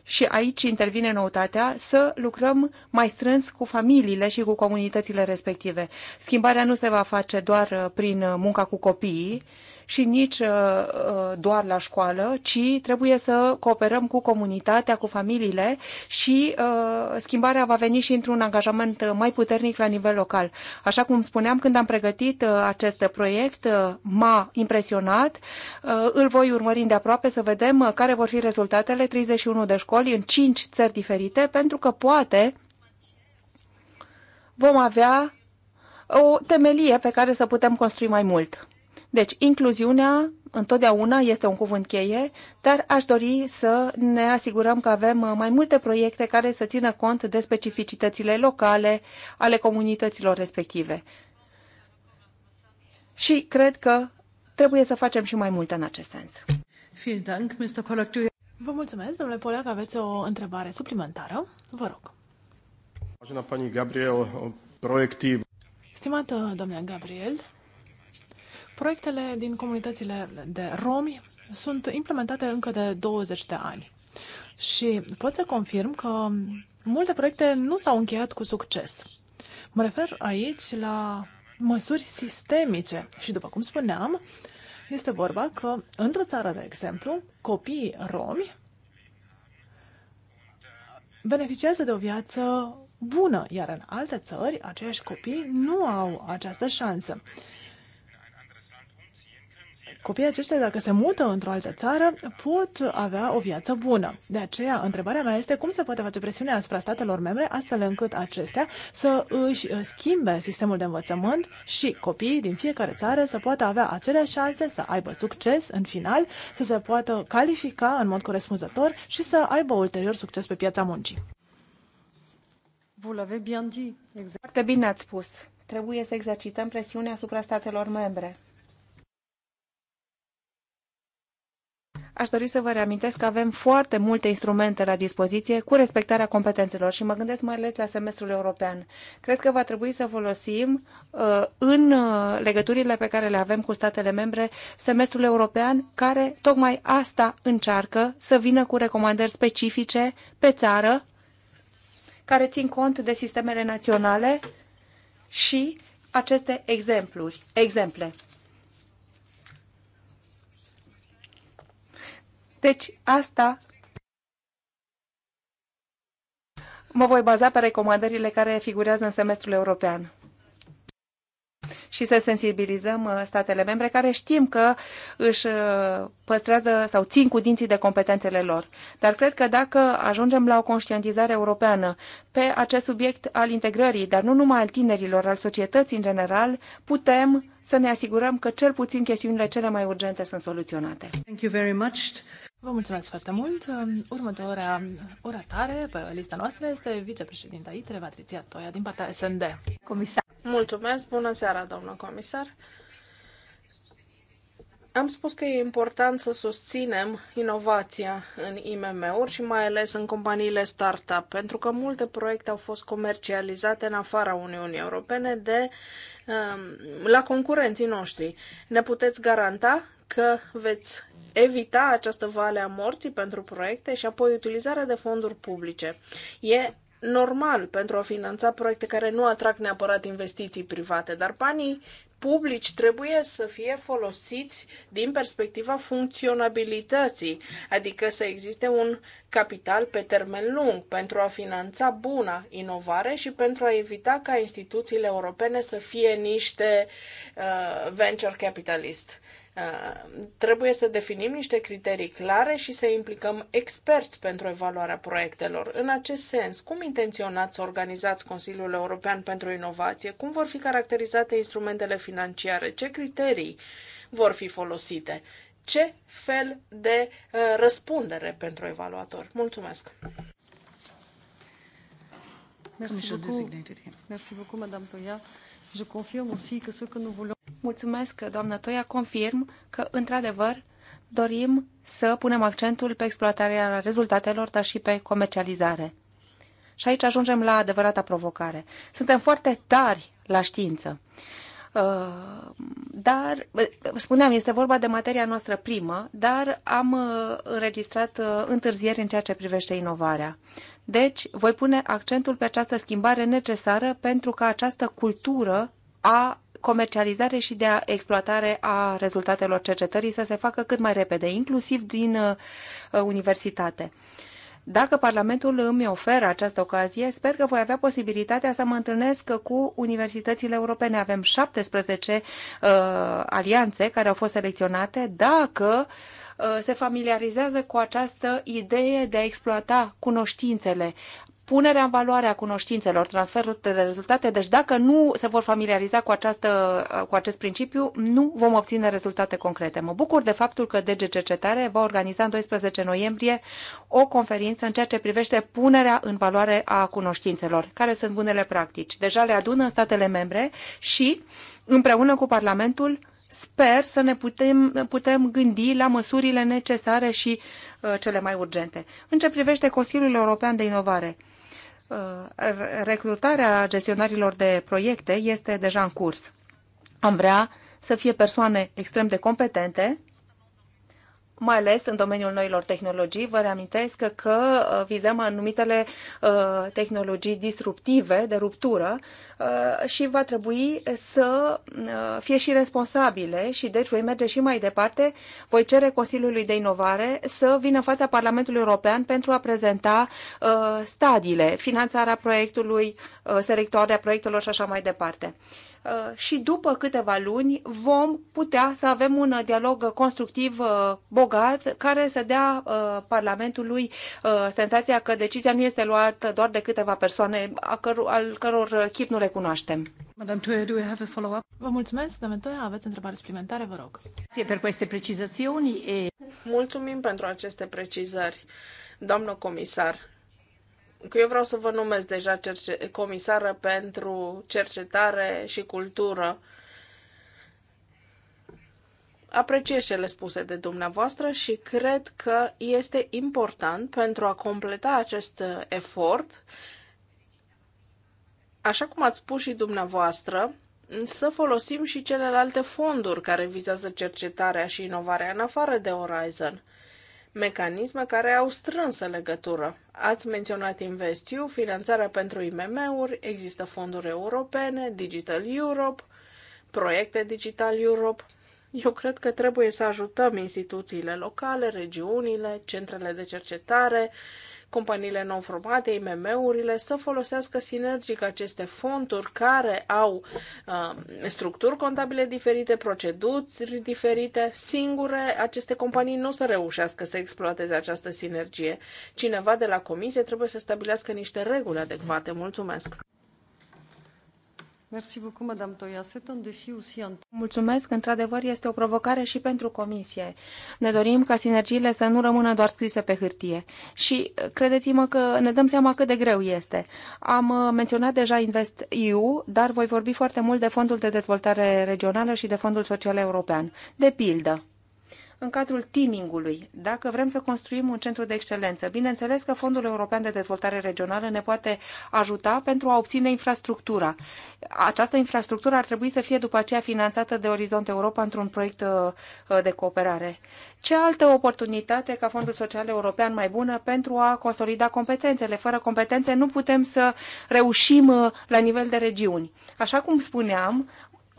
și aici intervine noutatea să lucrăm mai strâns cu familiile și cu comunitățile respective. Schimbarea nu se va face doar uh, prin uh, munca cu copiii, și nici uh, uh, doar la școală, ci trebuie să cooperăm cu comunitatea, cu familiile și uh, schimbarea va veni și într-un angajament mai puternic la nivel local. Așa cum spuneam, când am pregătit acest proiect, m-a impresionat. Îl voi urmări de aproape să vedem care vor fi rezultatele 31 de școli în 5 țări diferite, pentru că poate vom avea o temelie pe care să putem construi mai mult. Deci, incluziunea întotdeauna este un cuvânt cheie, dar aș dori să ne asigurăm că avem mai multe proiecte care să țină cont de specificitățile locale ale comunităților respective. Și cred că trebuie să facem și mai multe în acest sens. Vă mulțumesc, domnule Poleac, aveți o întrebare suplimentară. Vă rog. Pani Gabriel, proiectiv. Stimată doamna Gabriel, Proiectele din comunitățile de romi sunt implementate încă de 20 de ani și pot să confirm că multe proiecte nu s-au încheiat cu succes. Mă refer aici la măsuri sistemice și, după cum spuneam, este vorba că într-o țară, de exemplu, copiii romi beneficiază de o viață bună, iar în alte țări aceiași copii nu au această șansă copiii aceștia, dacă se mută într-o altă țară, pot avea o viață bună. De aceea, întrebarea mea este cum se poate face presiunea asupra statelor membre astfel încât acestea să își uh, schimbe sistemul de învățământ și copiii din fiecare țară să poată avea aceleași șanse, să aibă succes în final, să se poată califica în mod corespunzător și să aibă ulterior succes pe piața muncii. Exact. Foarte bine ați spus. Trebuie să exercităm presiunea asupra statelor membre aș dori să vă reamintesc că avem foarte multe instrumente la dispoziție cu respectarea competențelor și mă gândesc mai ales la semestrul european. Cred că va trebui să folosim uh, în uh, legăturile pe care le avem cu statele membre semestrul european care tocmai asta încearcă să vină cu recomandări specifice pe țară care țin cont de sistemele naționale și aceste exempluri, exemple. Deci asta mă voi baza pe recomandările care figurează în semestrul european și să sensibilizăm uh, statele membre care știm că își uh, păstrează sau țin cu dinții de competențele lor. Dar cred că dacă ajungem la o conștientizare europeană pe acest subiect al integrării, dar nu numai al tinerilor, al societății în general, putem să ne asigurăm că cel puțin chestiunile cele mai urgente sunt soluționate. Thank you very much. Vă mulțumesc foarte mult. Următoarea oratare pe lista noastră este vicepreședinta ITRE, Patricia Toia, din partea SND. Comisar. Mulțumesc. Bună seara, doamnă comisar. Am spus că e important să susținem inovația în IMM-uri și mai ales în companiile startup, pentru că multe proiecte au fost comercializate în afara Uniunii Europene de um, la concurenții noștri. Ne puteți garanta că veți evita această vale a morții pentru proiecte și apoi utilizarea de fonduri publice. E normal pentru a finanța proiecte care nu atrag neapărat investiții private, dar banii publici trebuie să fie folosiți din perspectiva funcționabilității, adică să existe un capital pe termen lung pentru a finanța buna inovare și pentru a evita ca instituțiile europene să fie niște uh, venture capitalist. Uh, trebuie să definim niște criterii clare și să implicăm experți pentru evaluarea proiectelor. În acest sens, cum intenționați să organizați Consiliul European pentru Inovație? Cum vor fi caracterizate instrumentele financiare? Ce criterii vor fi folosite? Ce fel de uh, răspundere pentru evaluator? Mulțumesc! Merci beaucoup. Merci beaucoup, Madame Toia. Mulțumesc, doamnă Toia. Confirm că, într-adevăr, dorim să punem accentul pe exploatarea rezultatelor, dar și pe comercializare. Și aici ajungem la adevărata provocare. Suntem foarte tari la știință. Uh, dar, uh, spuneam, este vorba de materia noastră primă, dar am uh, înregistrat întârzieri în ceea ce privește inovarea. Deci, voi pune accentul pe această schimbare necesară pentru ca această cultură a comercializare și de a exploatare a rezultatelor cercetării să se facă cât mai repede, inclusiv din uh, universitate. Uh, dacă Parlamentul îmi oferă această ocazie, sper că voi avea posibilitatea să mă întâlnesc cu universitățile europene. Avem 17 uh, alianțe care au fost selecționate. Dacă uh, se familiarizează cu această idee de a exploata cunoștințele punerea în valoare a cunoștințelor, transferul de rezultate. Deci dacă nu se vor familiariza cu, această, cu acest principiu, nu vom obține rezultate concrete. Mă bucur de faptul că DG Cercetare va organiza în 12 noiembrie o conferință în ceea ce privește punerea în valoare a cunoștințelor, care sunt bunele practici. Deja le adună în statele membre și, împreună cu Parlamentul, sper să ne putem, putem gândi la măsurile necesare și uh, cele mai urgente. În ce privește Consiliul European de Inovare, uh, Uh, recrutarea gestionarilor de proiecte este deja în curs. Am vrea să fie persoane extrem de competente mai ales în domeniul noilor tehnologii. Vă reamintesc că uh, vizăm anumitele uh, tehnologii disruptive, de ruptură, uh, și va trebui să fie și responsabile și deci voi merge și mai departe. Voi cere Consiliului de Inovare să vină în fața Parlamentului European pentru a prezenta stadiile, finanțarea proiectului, selectoarea proiectelor și așa mai departe și după câteva luni vom putea să avem un dialog constructiv bogat bogat care să dea uh, Parlamentului uh, senzația că decizia nu este luată doar de câteva persoane a al căror chip nu le cunoaștem. Madame Toia, do you have a follow-up? Vă mulțumesc, domnule Toia, aveți întrebare suplimentare, vă rog. Mulțumim pentru aceste precizări, doamnă comisar că eu vreau să vă numesc deja comisară pentru cercetare și cultură apreciez cele spuse de dumneavoastră și cred că este important pentru a completa acest efort, așa cum ați spus și dumneavoastră, să folosim și celelalte fonduri care vizează cercetarea și inovarea în afară de Horizon mecanisme care au strânsă legătură. Ați menționat InvestU, finanțarea pentru IMM-uri, există fonduri europene, Digital Europe, proiecte Digital Europe. Eu cred că trebuie să ajutăm instituțiile locale, regiunile, centrele de cercetare, companiile non-formate, IMM-urile, să folosească sinergic aceste fonduri care au uh, structuri contabile diferite, proceduri diferite. Singure, aceste companii nu o să reușească să exploateze această sinergie. Cineva de la comisie trebuie să stabilească niște reguli adecvate. Mulțumesc! Mulțumesc, într-adevăr este o provocare și pentru comisie. Ne dorim ca sinergiile să nu rămână doar scrise pe hârtie. Și uh, credeți-mă că ne dăm seama cât de greu este. Am uh, menționat deja Invest EU, dar voi vorbi foarte mult de Fondul de Dezvoltare Regională și de Fondul Social European. De pildă, în cadrul teamingului, dacă vrem să construim un centru de excelență. Bineînțeles că Fondul European de Dezvoltare Regională ne poate ajuta pentru a obține infrastructura. Această infrastructură ar trebui să fie după aceea finanțată de Orizont Europa într-un proiect uh, uh, de cooperare. Ce altă oportunitate ca Fondul Social European mai bună pentru a consolida competențele? Fără competențe nu putem să reușim uh, la nivel de regiuni. Așa cum spuneam,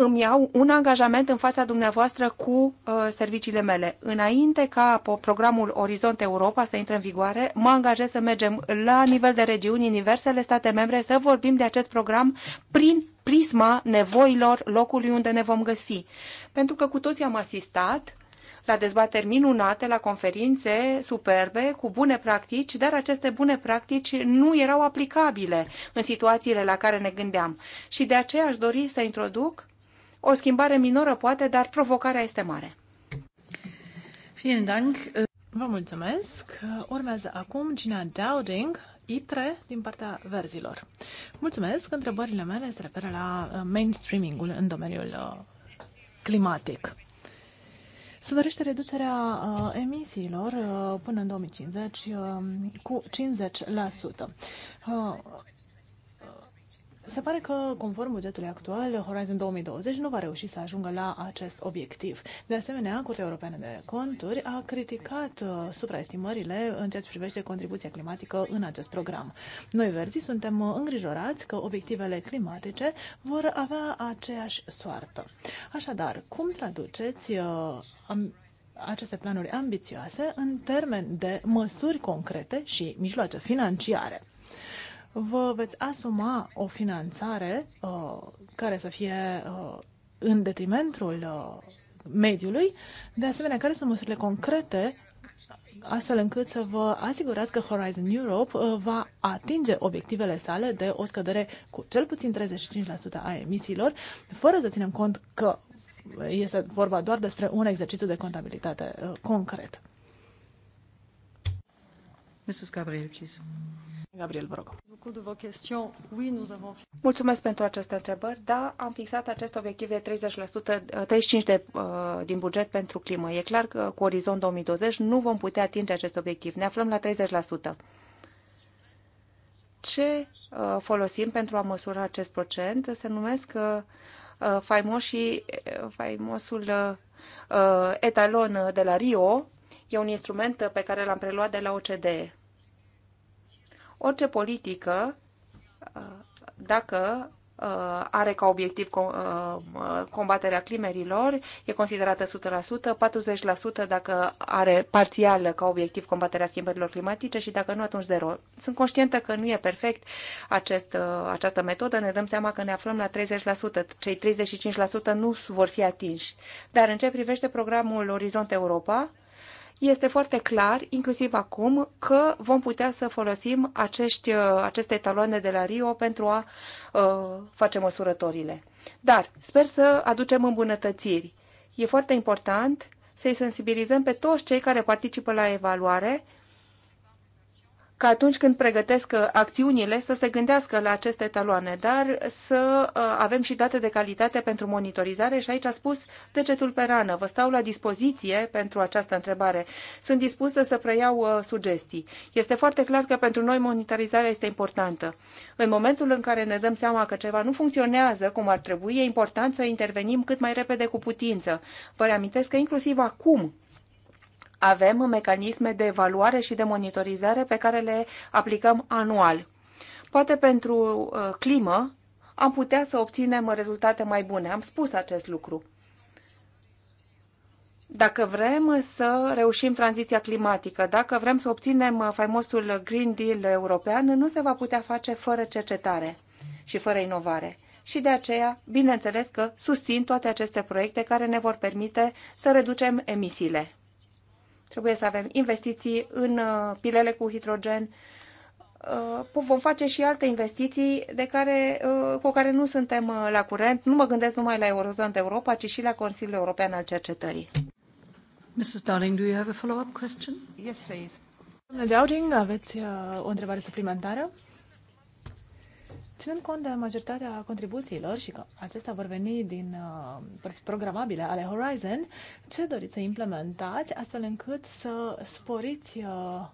îmi iau un angajament în fața dumneavoastră cu uh, serviciile mele. Înainte ca programul Orizont Europa să intre în vigoare, mă angajez să mergem la nivel de regiuni, în diversele state membre, să vorbim de acest program prin prisma nevoilor locului unde ne vom găsi. Pentru că cu toții am asistat la dezbateri minunate, la conferințe superbe, cu bune practici, dar aceste bune practici nu erau aplicabile în situațiile la care ne gândeam. Și de aceea aș dori să introduc o schimbare minoră poate, dar provocarea este mare. Vielen Dank. Vă mulțumesc. Urmează acum Gina Dowding, ITRE, din partea verzilor. Mulțumesc. Întrebările mele se referă la uh, mainstreamingul în domeniul uh, climatic. Se dorește reducerea uh, emisiilor uh, până în 2050 uh, cu 50%. Uh, se pare că, conform bugetului actual, Horizon 2020 nu va reuși să ajungă la acest obiectiv. De asemenea, Curtea Europeană de Conturi a criticat uh, supraestimările în ceea ce privește contribuția climatică în acest program. Noi, Verzi, suntem uh, îngrijorați că obiectivele climatice vor avea aceeași soartă. Așadar, cum traduceți uh, aceste planuri ambițioase în termen de măsuri concrete și mijloace financiare? vă veți asuma o finanțare uh, care să fie uh, în detrimentul uh, mediului. De asemenea, care sunt măsurile concrete astfel încât să vă asigurați că Horizon Europe uh, va atinge obiectivele sale de o scădere cu cel puțin 35% a emisiilor, fără să ținem cont că este vorba doar despre un exercițiu de contabilitate uh, concret. Mrs. Gabriel, please. Gabriel, vă rog. Mulțumesc pentru aceste întrebări. Da, am fixat acest obiectiv de 30%, 35% de, uh, din buget pentru climă. E clar că cu orizont 2020 nu vom putea atinge acest obiectiv. Ne aflăm la 30%. Ce uh, folosim pentru a măsura acest procent? Se numesc uh, faimoșii, faimosul etalon de la Rio. E un instrument pe care l-am preluat de la OCDE Orice politică, uh, dacă uh, are ca obiectiv uh, combaterea climerilor, e considerată 100%, 40% dacă are parțial ca obiectiv combaterea schimbărilor climatice și dacă nu, atunci zero. Sunt conștientă că nu e perfect acest, această metodă, ne dăm seama că ne aflăm la 30%, cei 35% nu vor fi atinși. Dar în ce privește programul Orizont Europa, este foarte clar, inclusiv acum, că vom putea să folosim acești, uh, aceste taloane de la Rio pentru a uh, face măsurătorile. Dar sper să aducem îmbunătățiri. E foarte important să-i sensibilizăm pe toți cei care participă la evaluare ca atunci când pregătesc uh, acțiunile să se gândească la aceste taloane, dar să uh, avem și date de calitate pentru monitorizare și aici a spus degetul pe rană. Vă stau la dispoziție pentru această întrebare. Sunt dispusă să preiau uh, sugestii. Este foarte clar că pentru noi monitorizarea este importantă. În momentul în care ne dăm seama că ceva nu funcționează cum ar trebui, e important să intervenim cât mai repede cu putință. Vă reamintesc că inclusiv acum avem mecanisme de evaluare și de monitorizare pe care le aplicăm anual. Poate pentru uh, climă am putea să obținem rezultate mai bune. Am spus acest lucru. Dacă vrem să reușim tranziția climatică, dacă vrem să obținem uh, faimosul Green Deal european, nu se va putea face fără cercetare și fără inovare și de aceea, bineînțeles că susțin toate aceste proiecte care ne vor permite să reducem emisiile. Trebuie să avem investiții în uh, pilele cu hidrogen. Uh, vom face și alte investiții de care, uh, cu care nu suntem la curent. Nu mă gândesc numai la Eurozont Europa, ci și la Consiliul European al Cercetării. Mrs. Darling, do you have a follow-up question? Yes, please. Doamna Dowding, aveți o întrebare suplimentară? Ținând cont de majoritatea contribuțiilor și că acestea vor veni din uh, părți programabile ale Horizon, ce doriți să implementați astfel încât să sporiți uh,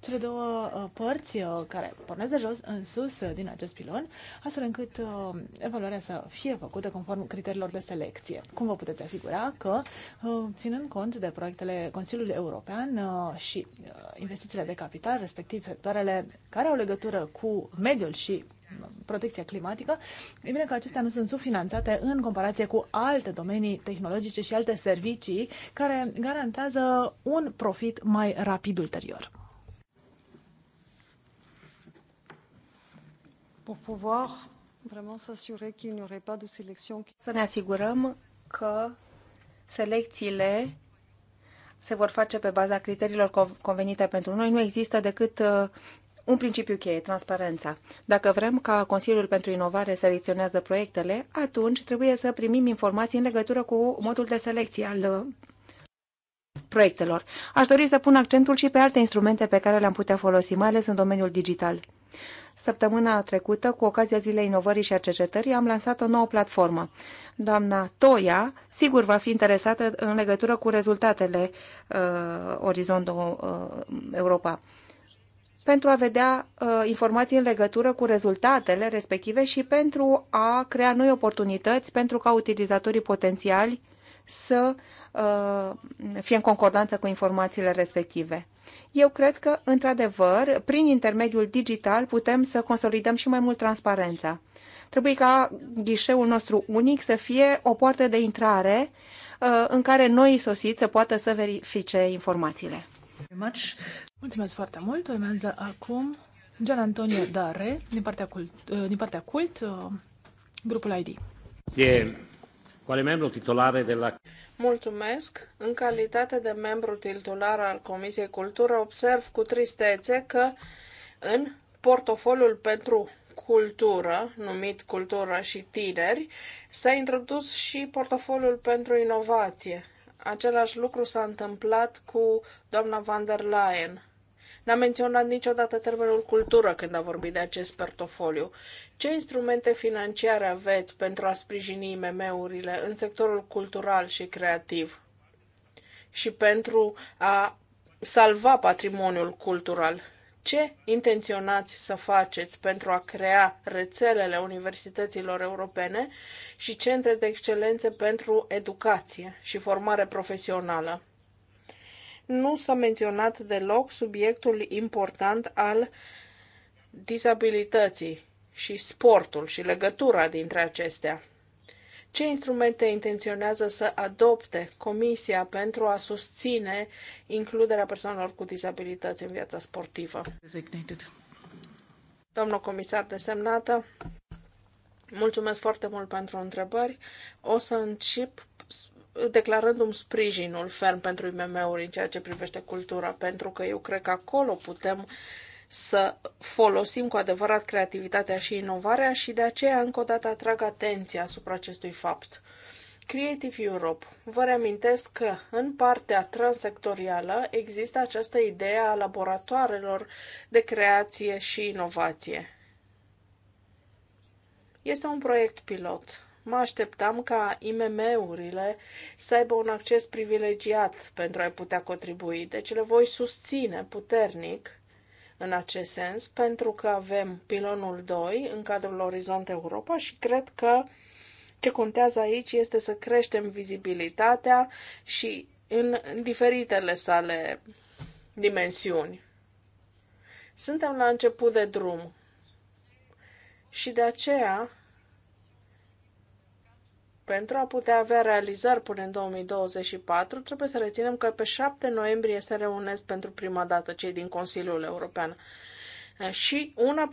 cele două uh, părți care pornesc de jos în sus din acest pilon, astfel încât evaluarea să fie făcută conform criteriilor de selecție. Cum vă puteți asigura că, ținând cont de proiectele Consiliului European și investițiile de capital, respectiv sectoarele care au legătură cu mediul și protecția climatică, e bine că acestea nu sunt subfinanțate în comparație cu alte domenii tehnologice și alte servicii care garantează un profit mai rapid ulterior. Să ne asigurăm că selecțiile se vor face pe baza criteriilor convenite pentru noi. Nu există decât uh, un principiu cheie, transparența. Dacă vrem ca Consiliul pentru Inovare selecționează proiectele, atunci trebuie să primim informații în legătură cu modul de selecție al uh, proiectelor. Aș dori să pun accentul și pe alte instrumente pe care le-am putea folosi, mai ales în domeniul digital. Săptămâna trecută, cu ocazia Zilei Inovării și a Cercetării, am lansat o nouă platformă. Doamna Toia, sigur, va fi interesată în legătură cu rezultatele uh, Orizont uh, Europa pentru a vedea uh, informații în legătură cu rezultatele respective și pentru a crea noi oportunități pentru ca utilizatorii potențiali să uh, fie în concordanță cu informațiile respective. Eu cred că, într-adevăr, prin intermediul digital putem să consolidăm și mai mult transparența. Trebuie ca ghișeul nostru unic să fie o poartă de intrare uh, în care noi sosiți să poată să verifice informațiile. Mulțumesc foarte mult. Urmează acum Gian Antonio Dare, din partea Cult, eh, din partea cult eh, grupul ID. E, quale membru titolare de la... Mulțumesc. În calitate de membru titular al Comisiei Cultură, observ cu tristețe că în portofoliul pentru cultură, numit cultură și tineri, s-a introdus și portofoliul pentru inovație. Același lucru s-a întâmplat cu doamna van der Leyen. N-a menționat niciodată termenul cultură când a vorbit de acest portofoliu. Ce instrumente financiare aveți pentru a sprijini IMM-urile în sectorul cultural și creativ și pentru a salva patrimoniul cultural? Ce intenționați să faceți pentru a crea rețelele universităților europene și centre de excelență pentru educație și formare profesională? Nu s-a menționat deloc subiectul important al disabilității și sportul și legătura dintre acestea. Ce instrumente intenționează să adopte Comisia pentru a susține includerea persoanelor cu dizabilități în viața sportivă? Designated. Domnul comisar desemnată, mulțumesc foarte mult pentru întrebări. O să încep declarându-mi sprijinul ferm pentru IMM-uri în ceea ce privește cultura, pentru că eu cred că acolo putem să folosim cu adevărat creativitatea și inovarea și de aceea încă o dată atrag atenția asupra acestui fapt. Creative Europe. Vă reamintesc că în partea transectorială există această idee a laboratoarelor de creație și inovație. Este un proiect pilot. Mă așteptam ca IMM-urile să aibă un acces privilegiat pentru a putea contribui, deci le voi susține puternic în acest sens, pentru că avem pilonul 2 în cadrul Orizont Europa și cred că ce contează aici este să creștem vizibilitatea și în diferitele sale dimensiuni. Suntem la început de drum și de aceea pentru a putea avea realizări până în 2024, trebuie să reținem că pe 7 noiembrie se reunesc pentru prima dată cei din Consiliul European. Și una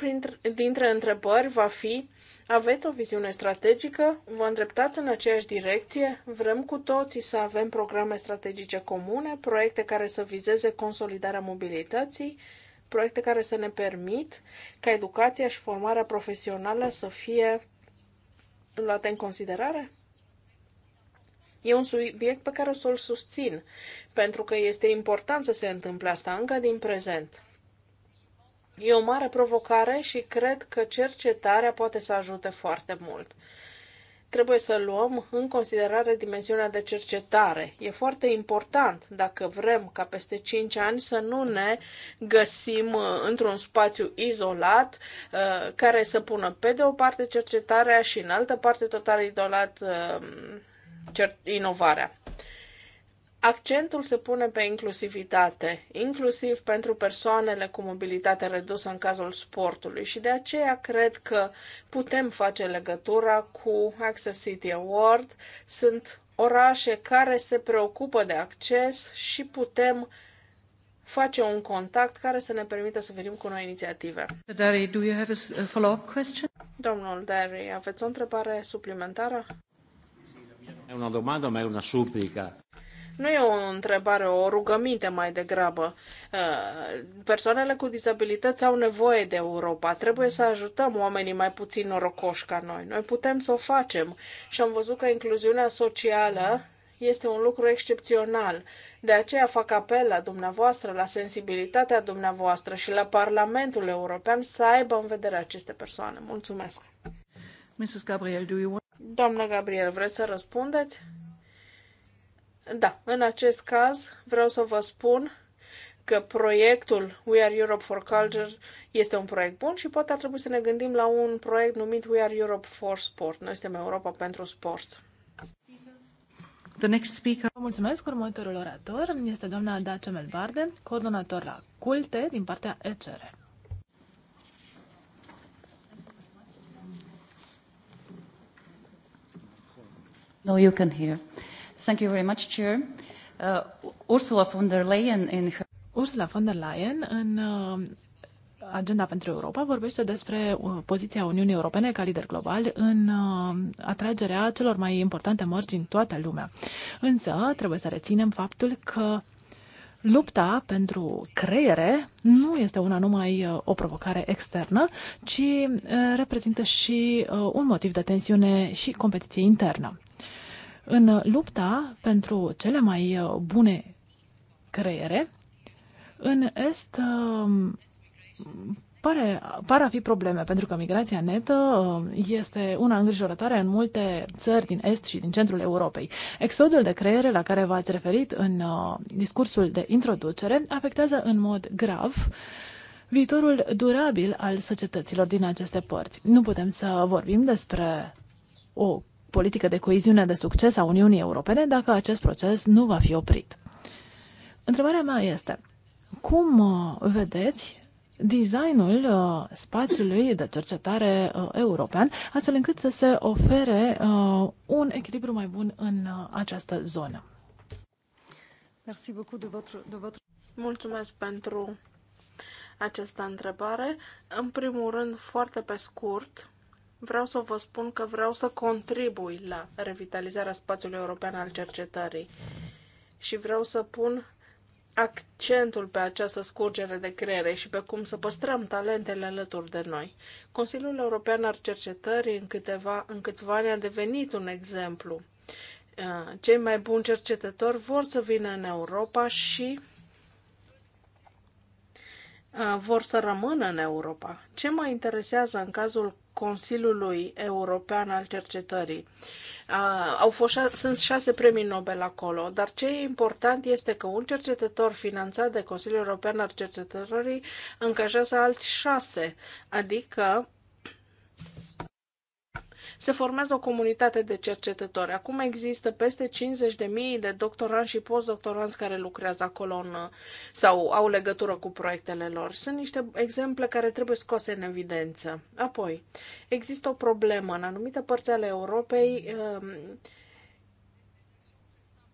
dintre întrebări va fi, aveți o viziune strategică? Vă îndreptați în aceeași direcție? Vrem cu toții să avem programe strategice comune, proiecte care să vizeze consolidarea mobilității, proiecte care să ne permit ca educația și formarea profesională să fie luate în considerare? E un subiect pe care o să-l susțin, pentru că este important să se întâmple asta încă din prezent. E o mare provocare și cred că cercetarea poate să ajute foarte mult. Trebuie să luăm în considerare dimensiunea de cercetare. E foarte important dacă vrem ca peste 5 ani să nu ne găsim uh, într-un spațiu izolat uh, care să pună pe de o parte cercetarea și în altă parte total izolat uh, inovarea. Accentul se pune pe inclusivitate, inclusiv pentru persoanele cu mobilitate redusă în cazul sportului și de aceea cred că putem face legătura cu Access City Award. Sunt orașe care se preocupă de acces și putem face un contact care să ne permită să venim cu noi inițiative. Derry, do you have a follow-up question? Domnul Derry, aveți o întrebare suplimentară? E una domandă, mai una suplică. Nu e o întrebare, o rugăminte mai degrabă. Uh, persoanele cu dizabilități au nevoie de Europa. Trebuie să ajutăm oamenii mai puțin norocoși ca noi. Noi putem să o facem și am văzut că incluziunea socială este un lucru excepțional. De aceea fac apel la dumneavoastră, la sensibilitatea dumneavoastră și la Parlamentul European să aibă în vedere aceste persoane. Mulțumesc! Mrs. Gabriel, do you want... Doamna Gabriel, vreți să răspundeți? Da, în acest caz vreau să vă spun că proiectul We Are Europe for Culture este un proiect bun și poate ar trebui să ne gândim la un proiect numit We Are Europe for Sport. Noi suntem Europa pentru sport. The next speaker. Mulțumesc. Următorul orator este doamna Dacia Melbarde, coordonator la CULTE din partea ECR. No, you can hear. Thank you very much, Chair. Uh, Ursula von der Leyen in her... Ursula von der Leyen în uh, Agenda pentru Europa vorbește despre uh, poziția Uniunii Europene ca lider global în uh, atragerea celor mai importante mărci din toată lumea. Însă, trebuie să reținem faptul că lupta pentru creiere nu este una numai uh, o provocare externă, ci reprezintă și un motiv de tensiune și competiție internă. În lupta pentru cele mai uh, bune creiere, în Est um, pare, par a fi probleme, pentru că migrația netă uh, este una îngrijorătoare în multe țări din Est și din centrul Europei. Exodul de creiere la care v-ați referit în uh, discursul de introducere afectează în mod grav viitorul durabil al societăților din aceste părți. Nu putem să vorbim despre o politică de coeziune de succes a Uniunii Europene dacă acest proces nu va fi oprit. Întrebarea mea este, cum uh, vedeți designul uh, spațiului de cercetare uh, european, astfel încât să se ofere un echilibru mai bun în această zonă. Merci beaucoup de votre, de votre... Mulțumesc pentru această întrebare. În primul rând, foarte pe scurt, Vreau să vă spun că vreau să contribui la revitalizarea spațiului european al cercetării și vreau să pun accentul pe această scurgere de creere și pe cum să păstrăm talentele alături de noi. Consiliul European al Cercetării în, câteva, în câțiva ani a devenit un exemplu. Uh, cei mai buni cercetători vor să vină în Europa și Uh, vor să rămână în Europa. Ce mă interesează în cazul Consiliului European al Cercetării? Uh, au fost, sunt șase premii Nobel acolo, dar ce e important este că un cercetător finanțat de Consiliul European al Cercetării încajează alți șase, adică se formează o comunitate de cercetători. Acum există peste 50.000 de doctoranți și postdoctoranți care lucrează acolo în, sau au legătură cu proiectele lor. Sunt niște exemple care trebuie scoase în evidență. Apoi, există o problemă. În anumite părți ale Europei, um,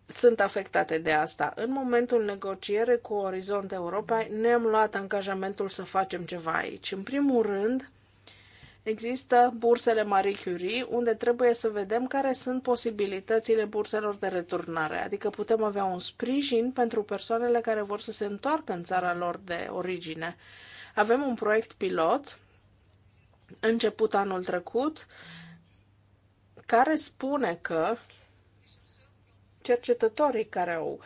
sunt afectate de asta. În momentul negociere cu Orizont Europa ne-am luat angajamentul să facem ceva aici. În primul rând, Există bursele Marie Curie, unde trebuie să vedem care sunt posibilitățile burselor de returnare, adică putem avea un sprijin pentru persoanele care vor să se întoarcă în țara lor de origine. Avem un proiect pilot început anul trecut care spune că cercetătorii care au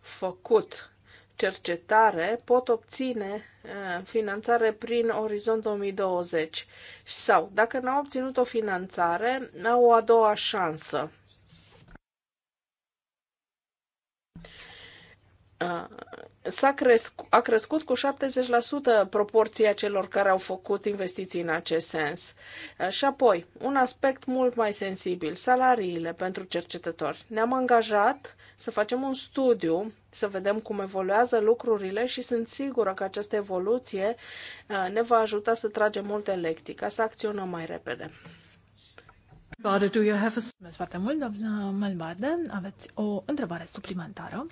făcut cercetare pot obține uh, finanțare prin Orizont 2020 sau, dacă n-au obținut o finanțare, au o a doua șansă S-a crescut, a crescut cu 70% proporția celor care au făcut investiții în acest sens. Și apoi, un aspect mult mai sensibil, salariile pentru cercetători. Ne-am angajat să facem un studiu, să vedem cum evoluează lucrurile și sunt sigură că această evoluție uh, ne va ajuta să tragem multe lecții, ca să acționăm mai repede. Mulțumesc foarte mult, doamna Malbade. Aveți o întrebare suplimentară?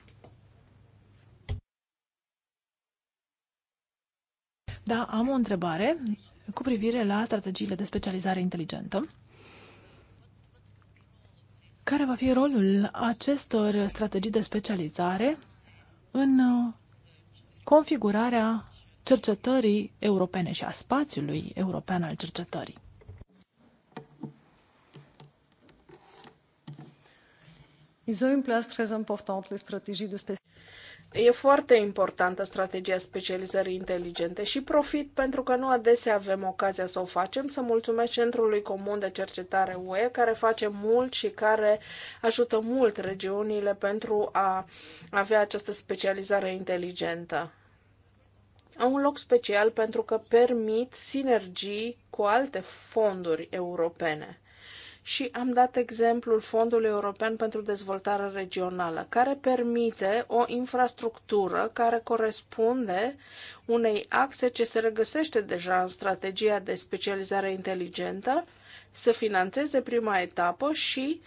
Da, am o întrebare cu privire la strategiile de specializare inteligentă. Care va fi rolul acestor strategii de specializare în uh, configurarea cercetării europene și a spațiului european al cercetării? Ils ont une place très importante, les stratégies de spécialisation. E foarte importantă strategia specializării inteligente și profit pentru că nu adesea avem ocazia să o facem, să mulțumesc Centrului Comun de Cercetare UE care face mult și care ajută mult regiunile pentru a avea această specializare inteligentă. Au un loc special pentru că permit sinergii cu alte fonduri europene și am dat exemplul Fondului European pentru Dezvoltare Regională, care permite o infrastructură care corespunde unei axe ce se regăsește deja în strategia de specializare inteligentă, să financeze prima etapă și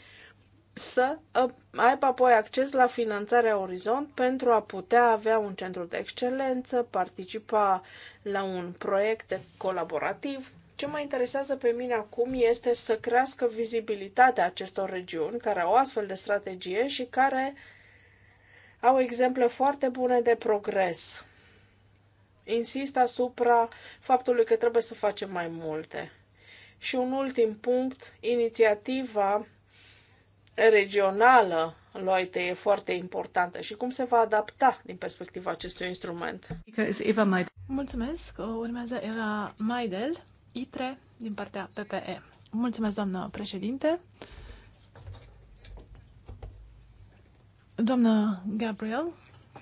să ă, aibă apoi acces la finanțarea Orizont pentru a putea avea un centru de excelență, participa la un proiect colaborativ ce mă interesează pe mine acum este să crească vizibilitatea acestor regiuni care au astfel de strategie și care au exemple foarte bune de progres. Insist asupra faptului că trebuie să facem mai multe. Și un ultim punct, inițiativa regională Loite e foarte importantă și cum se va adapta din perspectiva acestui instrument. Mulțumesc! Urmează era Maidel. ITRE din partea PPE. Mulțumesc, doamnă președinte. Doamnă Gabriel,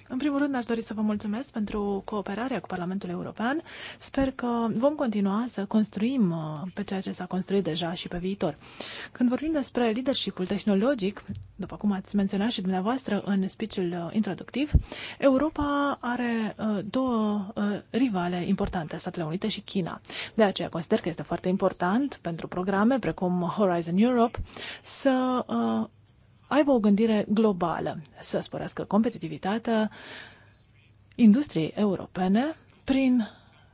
în primul rând, aș dori să vă mulțumesc pentru cooperarea cu Parlamentul European. Sper că vom continua să construim uh, pe ceea ce s-a construit deja și pe viitor. Când vorbim despre leadership tehnologic, după cum ați menționat și dumneavoastră în speech-ul uh, introductiv, Europa are uh, două rivale importante, Statele Unite și China. De aceea consider că este foarte important pentru programe precum Horizon Europe să aibă o gândire globală, să sporească competitivitatea industriei europene prin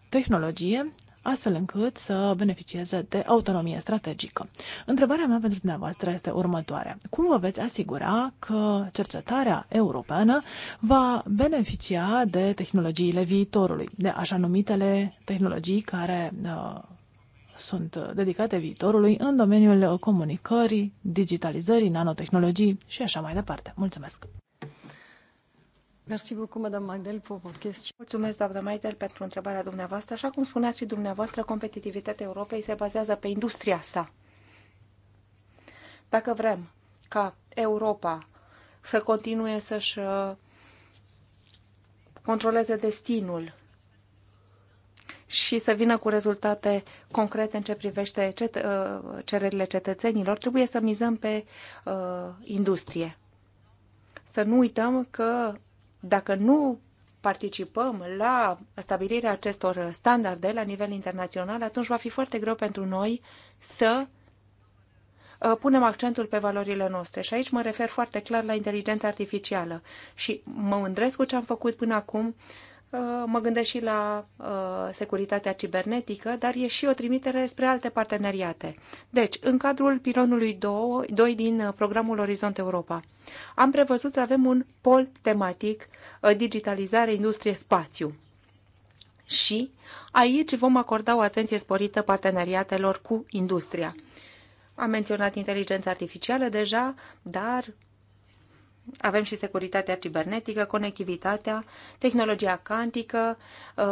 tehnologie, astfel încât să beneficieze de autonomie strategică. Întrebarea mea pentru dumneavoastră este următoarea. Cum vă veți asigura că cercetarea europeană va beneficia de tehnologiile viitorului, de așa numitele tehnologii care uh, sunt uh, dedicate viitorului în domeniul uh, comunicării, digitalizării, nanotehnologii și așa mai departe. Mulțumesc! Merci beaucoup, Madame Magdel, pour votre question. Mulțumesc, doamnă Maidel, pentru întrebarea dumneavoastră. Așa cum spuneați și dumneavoastră, competitivitatea Europei se bazează pe industria sa. Dacă vrem ca Europa să continue să-și uh, controleze destinul și să vină cu rezultate concrete în ce privește cet- uh, cererile cetățenilor, trebuie să mizăm pe uh, industrie. Să nu uităm că dacă nu participăm la stabilirea acestor standarde la nivel internațional, atunci va fi foarte greu pentru noi să uh, punem accentul pe valorile noastre. Și aici mă refer foarte clar la inteligența artificială. Și mă mândresc cu ce am făcut până acum. Uh, Uh, mă gândesc și la uh, securitatea cibernetică, dar e și o trimitere spre alte parteneriate. Deci, în cadrul pilonului 2, din uh, programul Orizont Europa, am prevăzut să avem un pol tematic digitalizare, industrie, spațiu. Și aici vom acorda o atenție sporită parteneriatelor cu industria. Am menționat inteligența artificială deja, dar avem și securitatea cibernetică, conectivitatea, tehnologia cantică, uh,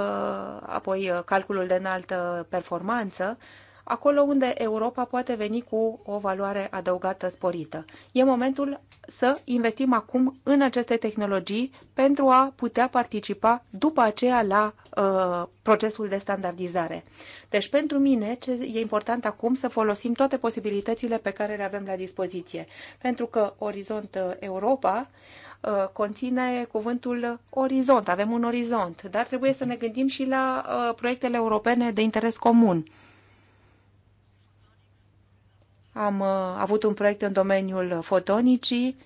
apoi uh, calculul de înaltă performanță acolo unde Europa poate veni cu o valoare adăugată sporită. E momentul să investim acum în aceste tehnologii pentru a putea participa după aceea la uh, procesul de standardizare. Deci pentru mine ce e important acum să folosim toate posibilitățile pe care le avem la dispoziție, pentru că Orizont uh, Europa uh, conține cuvântul orizont, avem un orizont, dar trebuie să ne gândim și la uh, proiectele europene de interes comun am uh, avut un proiect în domeniul fotonicii,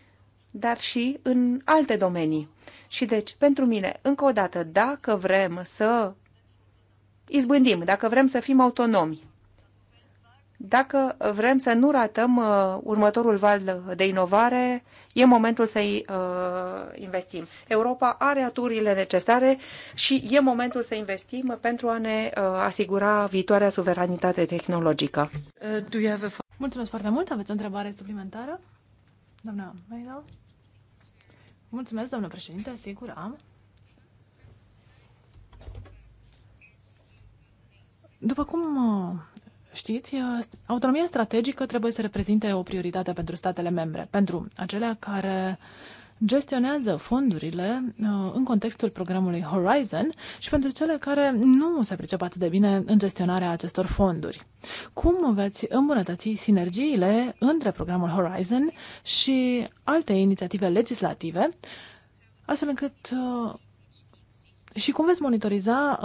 dar și în alte domenii. Și deci, pentru mine, încă o dată, dacă vrem să izbândim, dacă vrem să fim autonomi, dacă vrem să nu ratăm uh, următorul val de inovare, e momentul să-i uh, investim. Europa are aturile necesare și e momentul să investim pentru a ne uh, asigura viitoarea suveranitate tehnologică. Mulțumesc foarte mult. Aveți o întrebare suplimentară? Doamna Maila? Mulțumesc, doamnă președinte, sigur am. După cum știți, autonomia strategică trebuie să reprezinte o prioritate pentru statele membre, pentru acelea care gestionează fondurile în contextul programului Horizon și pentru cele care nu se pricep atât de bine în gestionarea acestor fonduri. Cum veți îmbunătăți sinergiile între programul Horizon și alte inițiative legislative, astfel încât și cum veți monitoriza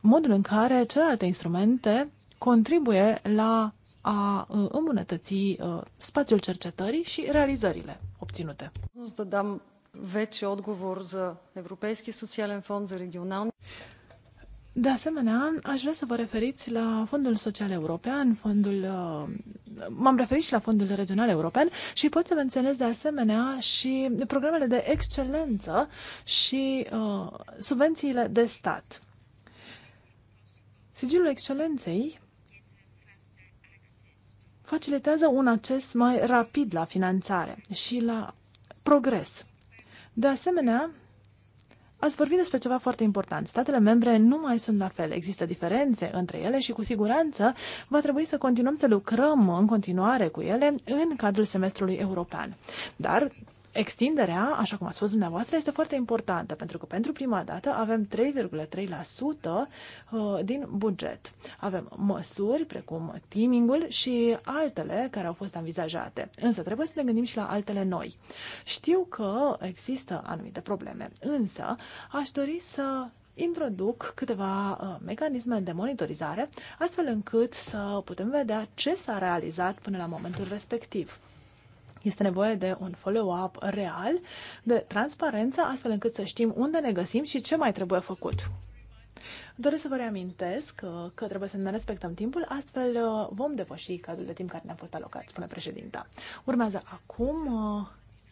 modul în care celelalte instrumente contribuie la a uh, îmbunătăți uh, spațiul cercetării și realizările obținute. Să vechi odgovor za De asemenea, aș vrea să vă referiți la Fondul Social European, fondul, uh, m-am referit și la Fondul Regional European și pot să menționez de asemenea și programele de excelență și uh, subvențiile de stat. Sigilul excelenței facilitează un acces mai rapid la finanțare și la progres. De asemenea, Ați vorbit despre ceva foarte important. Statele membre nu mai sunt la fel. Există diferențe între ele și cu siguranță va trebui să continuăm să lucrăm în continuare cu ele în cadrul semestrului european. Dar Extinderea, așa cum a spus dumneavoastră, este foarte importantă, pentru că pentru prima dată avem 3,3% uh, din buget. Avem măsuri precum timingul și altele care au fost anvizajate, însă trebuie să ne gândim și la altele noi. Știu că există anumite probleme, însă aș dori să introduc câteva uh, mecanisme de monitorizare, astfel încât să putem vedea ce s-a realizat până la momentul respectiv. Este nevoie de un follow-up real, de transparență, astfel încât să știm unde ne găsim și ce mai trebuie făcut. Doresc să vă reamintesc că trebuie să ne respectăm timpul, astfel uh, vom depăși cadrul de timp care ne-a fost alocat, spune președinta. Urmează acum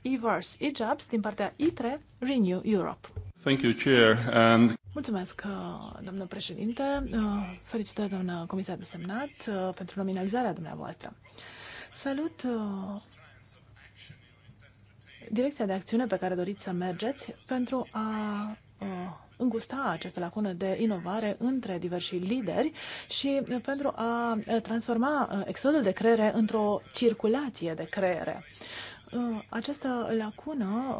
Evers uh, Ijabs din partea ITRE Renew Europe. Thank you, Chair. And... Mulțumesc, uh, doamnă președinte. Felicitări, doamnă comisar desemnat, pentru nominalizarea dumneavoastră. Salut direcția de acțiune pe care doriți să mergeți pentru a uh, îngusta această lacună de inovare între diversi lideri și pentru a uh, transforma uh, exodul de creere într-o circulație de creere. Această lacună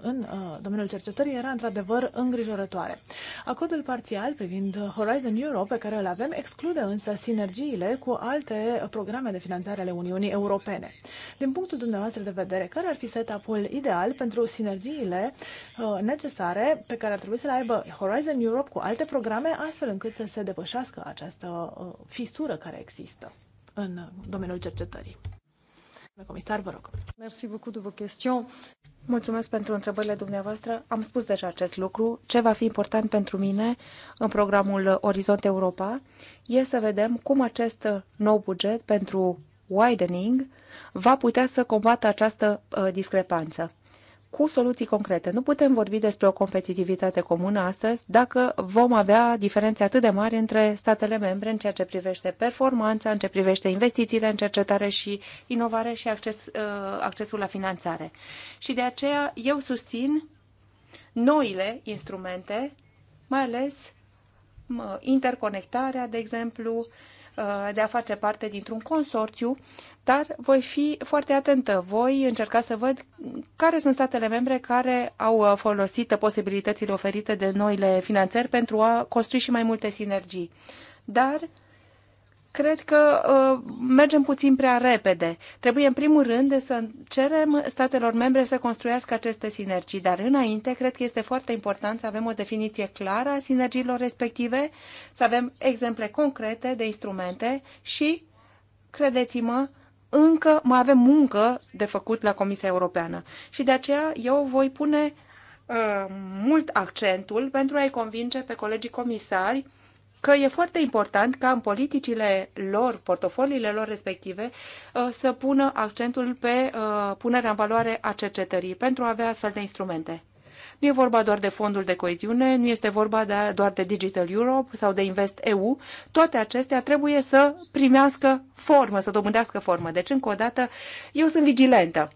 în uh, domeniul cercetării era într-adevăr îngrijorătoare. Acordul parțial privind Horizon Europe, pe care îl avem, exclude însă sinergiile cu alte programe de finanțare ale Uniunii Europene. Din punctul dumneavoastră de vedere, care ar fi setup-ul ideal pentru sinergiile uh, necesare pe care ar trebui să le aibă Horizon Europe cu alte programe, astfel încât să se depășească această uh, fisură care există în domeniul cercetării? Comisar, vă rog. beaucoup de vos questions. Mulțumesc pentru întrebările dumneavoastră. Am spus deja acest lucru. Ce va fi important pentru mine în programul Orizont Europa e să vedem cum acest nou buget pentru widening va putea să combată această uh, discrepanță cu soluții concrete. Nu putem vorbi despre o competitivitate comună astăzi dacă vom avea diferențe atât de mari între statele membre în ceea ce privește performanța, în ce privește investițiile în cercetare și inovare și acces, uh, accesul la finanțare. Și de aceea eu susțin noile instrumente, mai ales interconectarea, de exemplu, Uh, de a face parte dintr-un consorțiu, dar voi fi foarte atentă. Voi încerca să văd care sunt statele membre care au uh, folosit posibilitățile oferite de noile finanțări pentru a construi și mai multe sinergii. Dar cred că uh, mergem puțin prea repede. Trebuie, în primul rând, să cerem statelor membre să construiască aceste sinergii, dar înainte, cred că este foarte important să avem o definiție clară a sinergiilor respective, să avem exemple concrete de instrumente și, credeți-mă, încă mai avem muncă de făcut la Comisia Europeană. Și de aceea eu voi pune uh, mult accentul pentru a-i convinge pe colegii comisari că e foarte important ca în politicile lor, portofoliile lor respective, uh, să pună accentul pe uh, punerea în valoare a cercetării pentru a avea astfel de instrumente. Nu e vorba doar de fondul de coeziune, nu este vorba de, doar de Digital Europe sau de Invest EU. Toate acestea trebuie să primească formă, să dobândească formă. Deci, încă o dată, eu sunt vigilentă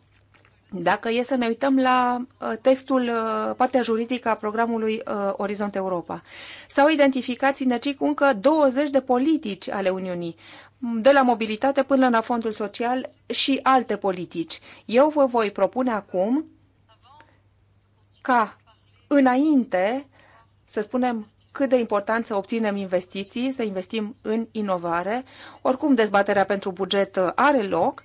dacă e să ne uităm la uh, textul, uh, partea juridică a programului uh, Orizont Europa, s-au identificat cu încă 20 de politici ale Uniunii, de la mobilitate până la fondul social și alte politici. Eu vă voi propune acum ca înainte, să spunem, cât de important să obținem investiții, să investim în inovare. Oricum, dezbaterea pentru buget are loc,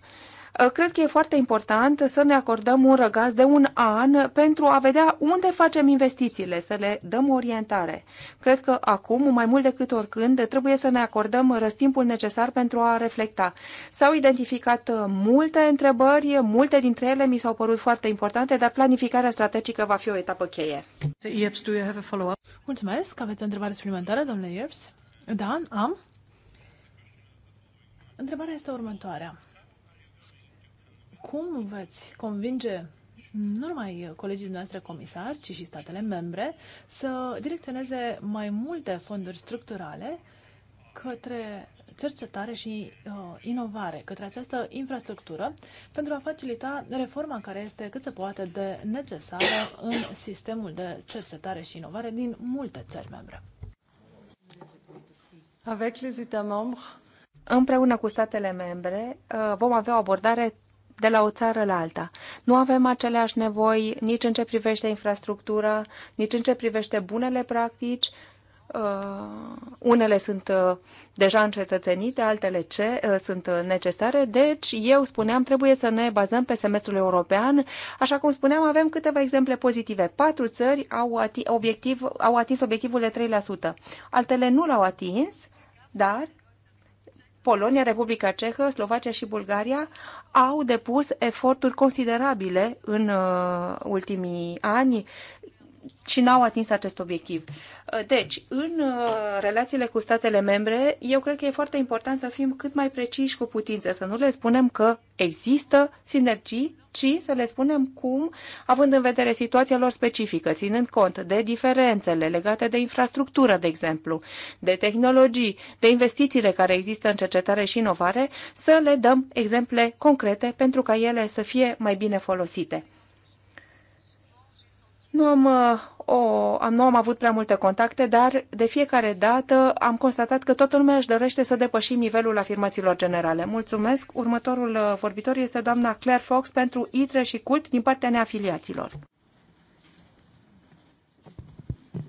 Uh, cred că e foarte important să ne acordăm un răgaz de un an pentru a vedea unde facem investițiile, să le dăm orientare. Cred că acum, mai mult decât oricând, trebuie să ne acordăm răstimpul necesar pentru a reflecta. S-au identificat uh, multe întrebări, multe dintre ele mi s-au părut foarte importante, dar planificarea strategică va fi o etapă cheie. Ieps, do you have a follow-up? Mulțumesc. Aveți o întrebare suplimentară, domnule Ieps? Da, am. Întrebarea este următoarea cum veți convinge nu numai colegii noastre comisari, ci și statele membre să direcționeze mai multe fonduri structurale către cercetare și uh, inovare, către această infrastructură, pentru a facilita reforma care este cât se poate de necesară în sistemul de cercetare și inovare din multe țări membre. Avec les États membres, Împreună cu statele membre uh, vom avea o abordare de la o țară la alta. Nu avem aceleași nevoi nici în ce privește infrastructura, nici în ce privește bunele practici. Uh, unele sunt uh, deja încetățenite, altele ce, uh, sunt uh, necesare. Deci, eu spuneam, trebuie să ne bazăm pe semestrul european. Așa cum spuneam, avem câteva exemple pozitive. Patru țări au, ati- obiectiv, au atins obiectivul de 3%. Altele nu l-au atins, dar Polonia, Republica Cehă, Slovacia și Bulgaria au depus eforturi considerabile în uh, ultimii ani și n-au atins acest obiectiv. Uh, deci, în uh, relațiile cu statele membre, eu cred că e foarte important să fim cât mai preciși cu putință, să nu le spunem că există sinergii, ci să le spunem cum, având în vedere situația lor specifică, ținând cont de diferențele legate de infrastructură, de exemplu, de tehnologii, de investițiile care există în cercetare și inovare, să le dăm exemple concrete pentru ca ele să fie mai bine folosite. Nu am, uh, o, am, nu am avut prea multe contacte, dar de fiecare dată am constatat că toată lumea își dorește să depășim nivelul afirmațiilor generale. Mulțumesc. Următorul uh, vorbitor este doamna Claire Fox pentru ITRE și CULT din partea neafiliaților.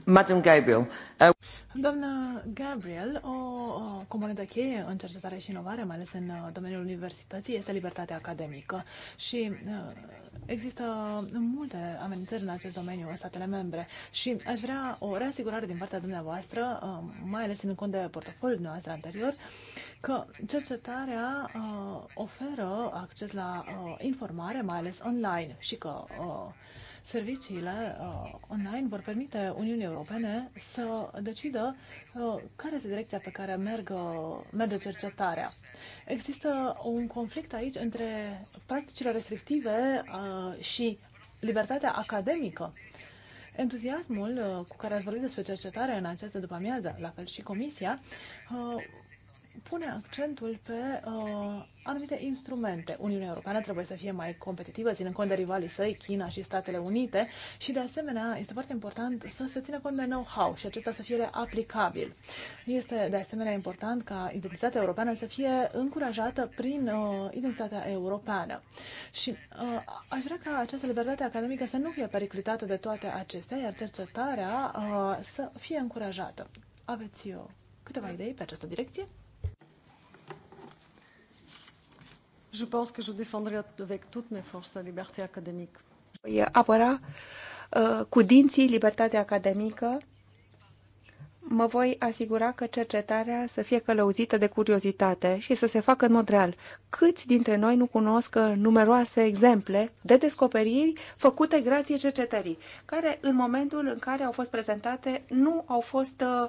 Gabriel. Uh, Doamna Gabriel, o, componentă cheie în cercetare și inovare, mai ales în uh, domeniul universității, este libertatea academică și uh, există multe amenințări în acest domeniu în statele membre și aș vrea o reasigurare din partea dumneavoastră, mai ales în cont de portofoliul noastră anterior, că cercetarea oferă acces la informare, mai ales online și că Serviciile uh, online vor permite Uniunii Europene să decidă uh, care este direcția pe care merg, uh, merge cercetarea. Există un conflict aici între practicile restrictive uh, și libertatea academică. Entuziasmul uh, cu care ați vorbit despre cercetare în această după-amiază, la fel și comisia, uh, pune accentul pe uh, anumite instrumente. Uniunea Europeană trebuie să fie mai competitivă, ținând cont de rivalii săi, China și Statele Unite, și de asemenea este foarte important să se țină cont de know-how și acesta să fie aplicabil. Este de asemenea important ca identitatea europeană să fie încurajată prin uh, identitatea europeană. Și uh, aș vrea ca această libertate academică să nu fie periclitată de toate acestea, iar cercetarea uh, să fie încurajată. Aveți eu uh, câteva idei pe această direcție? Je pense que je défendrai avec toutes mes forces la liberté académique. Voi apăra ă, cu dinții libertatea academică. Mă voi asigura că cercetarea să fie călăuzită de curiozitate și să se facă în mod real. Câți dintre noi nu cunosc numeroase exemple de descoperiri făcute grație cercetării, care în momentul în care au fost prezentate nu au fost uh,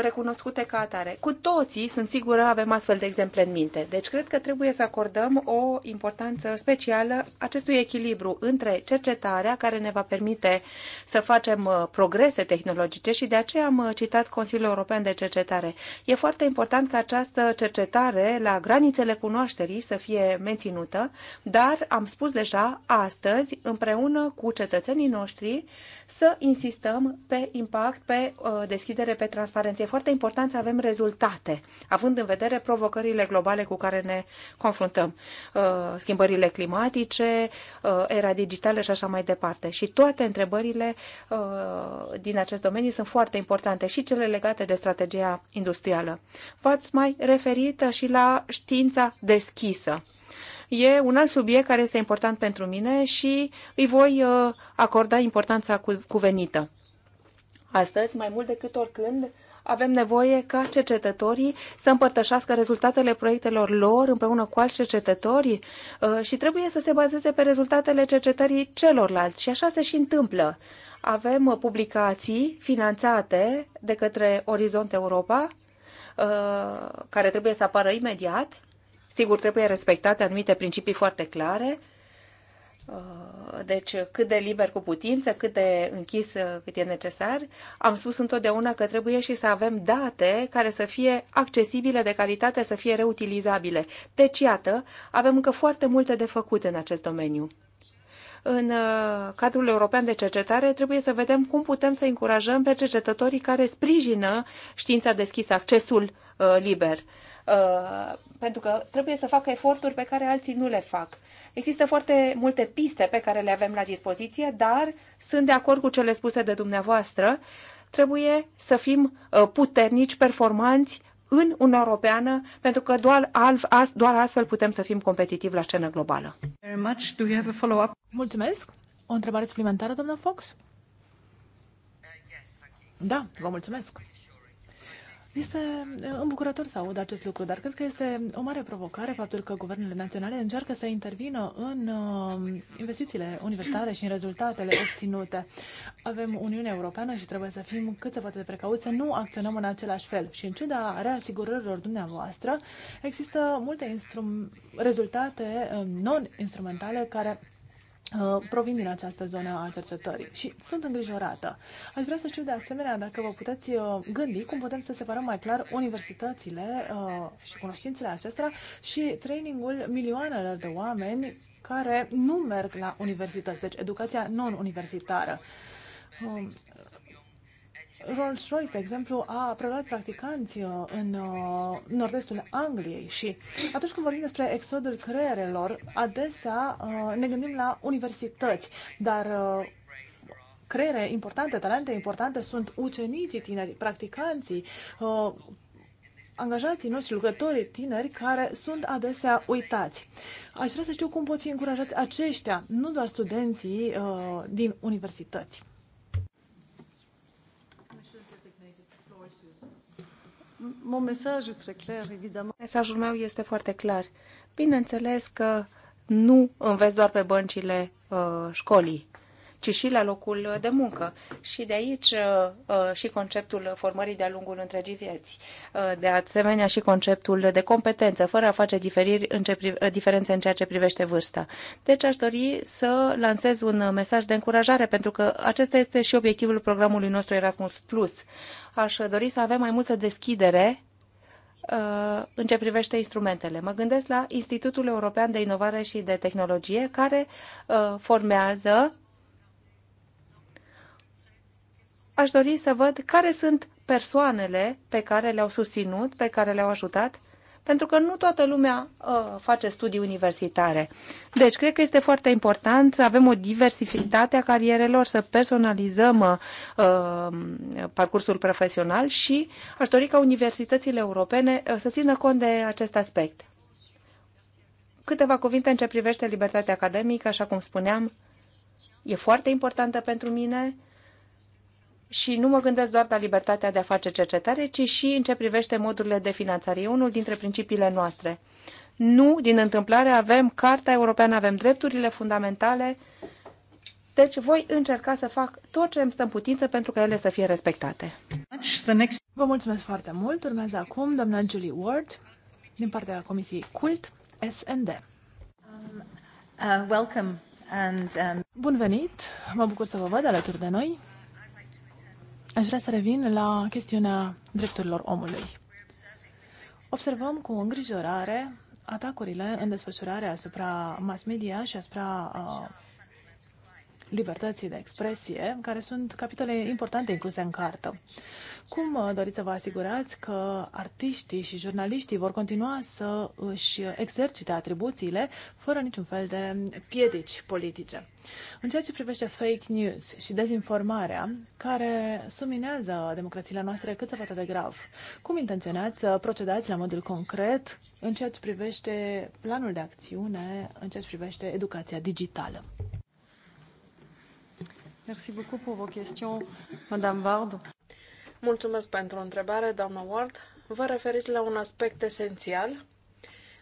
recunoscute ca atare. Cu toții, sunt sigură, avem astfel de exemple în minte. Deci cred că trebuie să acordăm o importanță specială acestui echilibru între cercetarea care ne va permite să facem uh, progrese tehnologice și de aceea am uh, citat Consiliul European de Cercetare. E foarte important ca această cercetare la granițele cunoașterii să fie menținută, dar am spus deja astăzi, împreună cu cetățenii noștri, să insistăm pe impact, pe uh, deschidere, pe transparență E foarte important să avem rezultate, având în vedere provocările globale cu care ne confruntăm, uh, schimbările climatice, uh, era digitală și așa mai departe. Și toate întrebările uh, din acest domeniu sunt foarte importante și cele legate de strategia industrială. V-ați mai referit și la știința deschisă e un alt subiect care este important pentru mine și îi voi acorda importanța cuvenită. Astăzi, mai mult decât oricând, avem nevoie ca cercetătorii să împărtășească rezultatele proiectelor lor împreună cu alți cercetători uh, și trebuie să se bazeze pe rezultatele cercetării celorlalți. Și așa se și întâmplă. Avem uh, publicații finanțate de către Orizont Europa, uh, care trebuie să apară imediat. Sigur, trebuie respectate anumite principii foarte clare, Uh, deci cât de liber cu putință, cât de închis uh, cât e necesar. Am spus întotdeauna că trebuie și să avem date care să fie accesibile, de calitate, să fie reutilizabile. Deci, iată, avem încă foarte multe de făcut în acest domeniu. În uh, cadrul european de cercetare trebuie să vedem cum putem să încurajăm pe cercetătorii care sprijină știința deschisă, accesul uh, liber. Uh, pentru că trebuie să facă eforturi pe care alții nu le fac. Există foarte multe piste pe care le avem la dispoziție, dar sunt de acord cu cele spuse de dumneavoastră. Trebuie să fim uh, puternici, performanți în Uniunea Europeană, pentru că doar, alf, as, doar astfel putem să fim competitivi la scenă globală. Mulțumesc. O întrebare suplimentară, doamna Fox? Uh, da, vă mulțumesc. Este îmbucurător să aud acest lucru, dar cred că este o mare provocare faptul că guvernele naționale încearcă să intervină în investițiile universitare și în rezultatele obținute. Avem Uniunea Europeană și trebuie să fim cât se poate de precauți să nu acționăm în același fel. Și în ciuda reasigurărilor dumneavoastră, există multe rezultate non-instrumentale care Uh, provin din această zonă a cercetării și sunt îngrijorată. Aș vrea să știu de asemenea dacă vă puteți uh, gândi cum putem să separăm mai clar universitățile uh, și cunoștințele acestora și trainingul milioanelor de oameni care nu merg la universități, deci educația non-universitară. Um, Rolls-Royce, de exemplu, a preluat practicanți uh, în uh, nord-estul Angliei și atunci când vorbim despre exodul creierelor, adesea uh, ne gândim la universități, dar creiere importante, talente importante sunt ucenicii tineri, practicanții, angajații noștri, lucrătorii tineri care sunt adesea uitați. Aș vrea să știu cum pot fi încurajați aceștia, nu doar studenții uh, din universități. Mesajul meu este foarte clar. Bineînțeles că nu înveți doar pe băncile uh, școlii ci și la locul de muncă. Și de aici uh, uh, și conceptul formării de-a lungul întregii vieți. Uh, de asemenea și conceptul de competență, fără a face diferiri în ce, diferențe în ceea ce privește vârsta. Deci aș dori să lansez un mesaj de încurajare, pentru că acesta este și obiectivul programului nostru Erasmus+. Plus. Aș dori să avem mai multă deschidere în ce privește instrumentele. Mă gândesc la Institutul European de Inovare și de Tehnologie, care formează aș dori să văd care sunt persoanele pe care le-au susținut, pe care le-au ajutat, pentru că nu toată lumea uh, face studii universitare. Deci, cred că este foarte important să avem o diversitate a carierelor, să personalizăm uh, parcursul profesional și aș dori ca universitățile europene uh, să țină cont de acest aspect. Câteva cuvinte în ce privește libertatea academică, așa cum spuneam, e foarte importantă pentru mine. Uh, și nu mă gândesc doar la libertatea de a face cercetare, ci și în ce privește modurile de finanțare. E unul dintre principiile noastre. Nu, din întâmplare, avem Carta Europeană, avem drepturile fundamentale, deci voi încerca să fac tot ce îmi stă în putință pentru că ele să fie respectate. Vă mulțumesc foarte mult. Urmează acum doamna Julie Ward din partea Comisiei CULT SND. Um, uh, welcome and, um... Bun venit! Mă bucur să vă văd alături de noi. Aș vrea să revin la chestiunea drepturilor omului. Observăm cu îngrijorare atacurile în desfășurare asupra mass media și asupra uh, libertății de expresie, care sunt capitole importante incluse în cartă. Cum uh, doriți să vă asigurați că artiștii și jurnaliștii vor continua să își exercite atribuțiile fără niciun fel de piedici politice? În ceea ce privește fake news și dezinformarea, care suminează democrațiile noastre cât se poate de grav, cum intenționați să procedați la modul concret în ceea ce privește planul de acțiune, în ceea ce privește educația digitală? Merci beaucoup pour vos questions, Madame Ward. Mulțumesc pentru întrebare, doamna Ward. Vă referiți la un aspect esențial.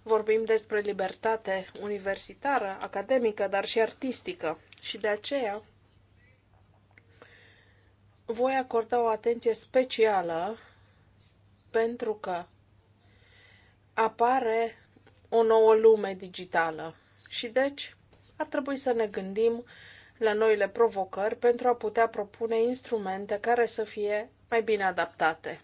Vorbim despre libertate universitară, academică, dar și artistică. Și de aceea voi acorda o atenție specială pentru că apare o nouă lume digitală. Și deci ar trebui să ne gândim uh, la noile provocări pentru a putea propune instrumente care să fie mai bine adaptate.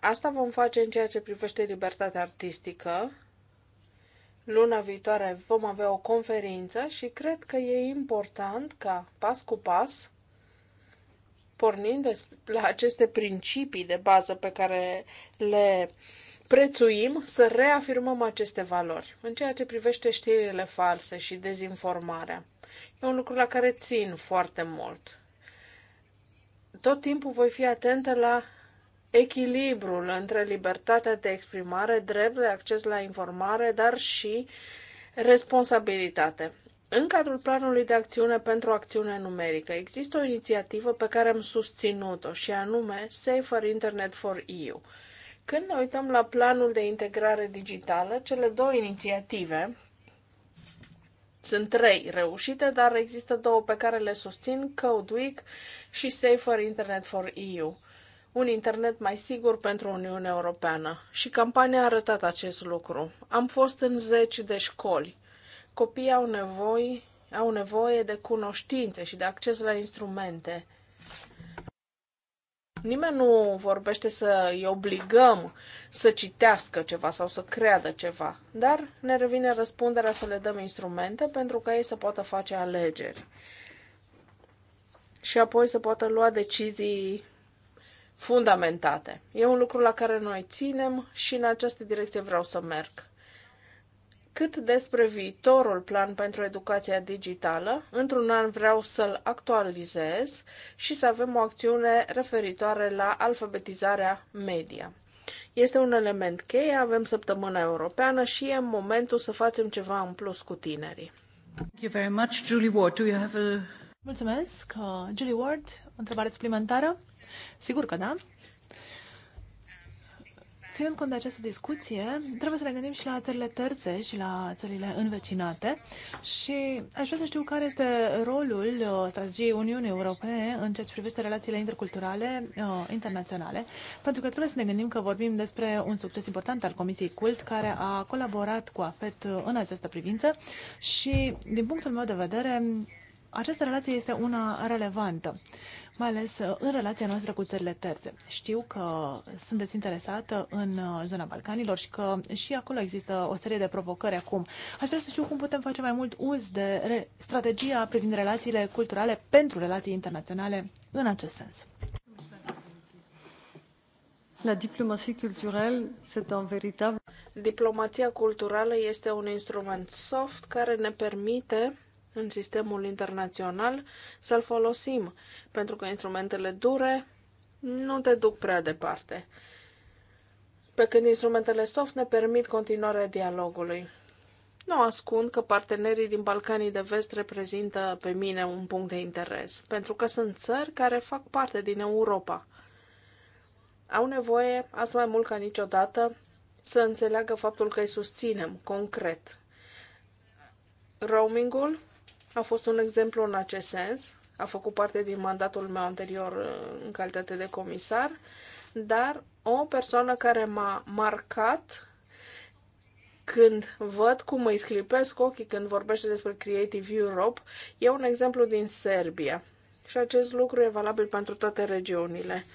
Asta vom face în ceea ce privește libertatea artistică. Luna viitoare vom avea o conferință și cred că e important ca, pas cu pas, pornind de la aceste principii de bază pe care le uh, prețuim să reafirmăm aceste valori. În ceea ce privește știrile false și dezinformarea, e un lucru la care țin foarte mult. Tot timpul voi fi atentă la echilibrul între libertatea de exprimare, drept de acces la informare, dar și responsabilitate. În cadrul planului de acțiune pentru acțiune numerică există o inițiativă pe care am susținut-o și anume Safer Internet for EU când ne uităm la planul de integrare digitală, cele două inițiative sunt trei reușite, dar există două pe care le susțin, Code Week și Safer Internet for EU un internet mai sigur pentru Uniunea Europeană. Și campania a arătat acest lucru. Am fost în zeci de școli. Copiii au nevoie, au nevoie de cunoștințe și de acces la instrumente. Nimeni nu vorbește să îi obligăm să citească ceva sau să creadă ceva, dar ne revine răspunderea să le dăm instrumente pentru ca ei să poată face alegeri și apoi să poată lua decizii fundamentate. E un lucru la care noi ținem și în această direcție vreau să merg cât despre viitorul plan pentru educația digitală, într-un an vreau să-l actualizez și să avem o acțiune referitoare la alfabetizarea media. Este un element cheie, avem săptămâna europeană și e momentul să facem ceva în plus cu tinerii. Thank you very much. Julie Ward, do you have a... Mulțumesc. Uh, Julie Ward, o întrebare suplimentară? Sigur că da. Ținând cont de această discuție, trebuie să ne gândim și la țările terțe și la țările învecinate și aș vrea să știu care este rolul uh, strategiei Uniunii Europene în ceea ce privește relațiile interculturale uh, internaționale, pentru că trebuie să ne gândim că vorbim despre un succes important al Comisiei CULT, care a colaborat cu AFET uh, în această privință și, din punctul meu de vedere, această relație este una relevantă mai ales uh, în relația noastră cu țările terțe. Știu că sunteți interesată în uh, zona Balcanilor și că și acolo există o serie de provocări acum. Aș vrea să știu cum putem face mai mult uz de strategia privind relațiile culturale pentru relații internaționale în acest sens. La diplomatie culturală c'est un veritabil Diplomația culturală este un instrument soft care ne permite în sistemul internațional, să-l folosim, pentru că instrumentele dure nu te duc prea departe. Pe când instrumentele soft ne permit continuarea dialogului. Nu ascund că partenerii din Balcanii de Vest reprezintă pe mine un punct de interes, pentru că sunt țări care fac parte din Europa. Au nevoie, azi mai mult ca niciodată, să înțeleagă faptul că îi susținem concret. Roamingul a fost un exemplu în acest sens. A făcut parte din mandatul meu anterior uh, în calitate de comisar, dar o persoană care m-a marcat când văd cum îi sclipesc ochii când vorbește despre Creative Europe, e un exemplu din Serbia. Și acest lucru e valabil pentru toate regiunile.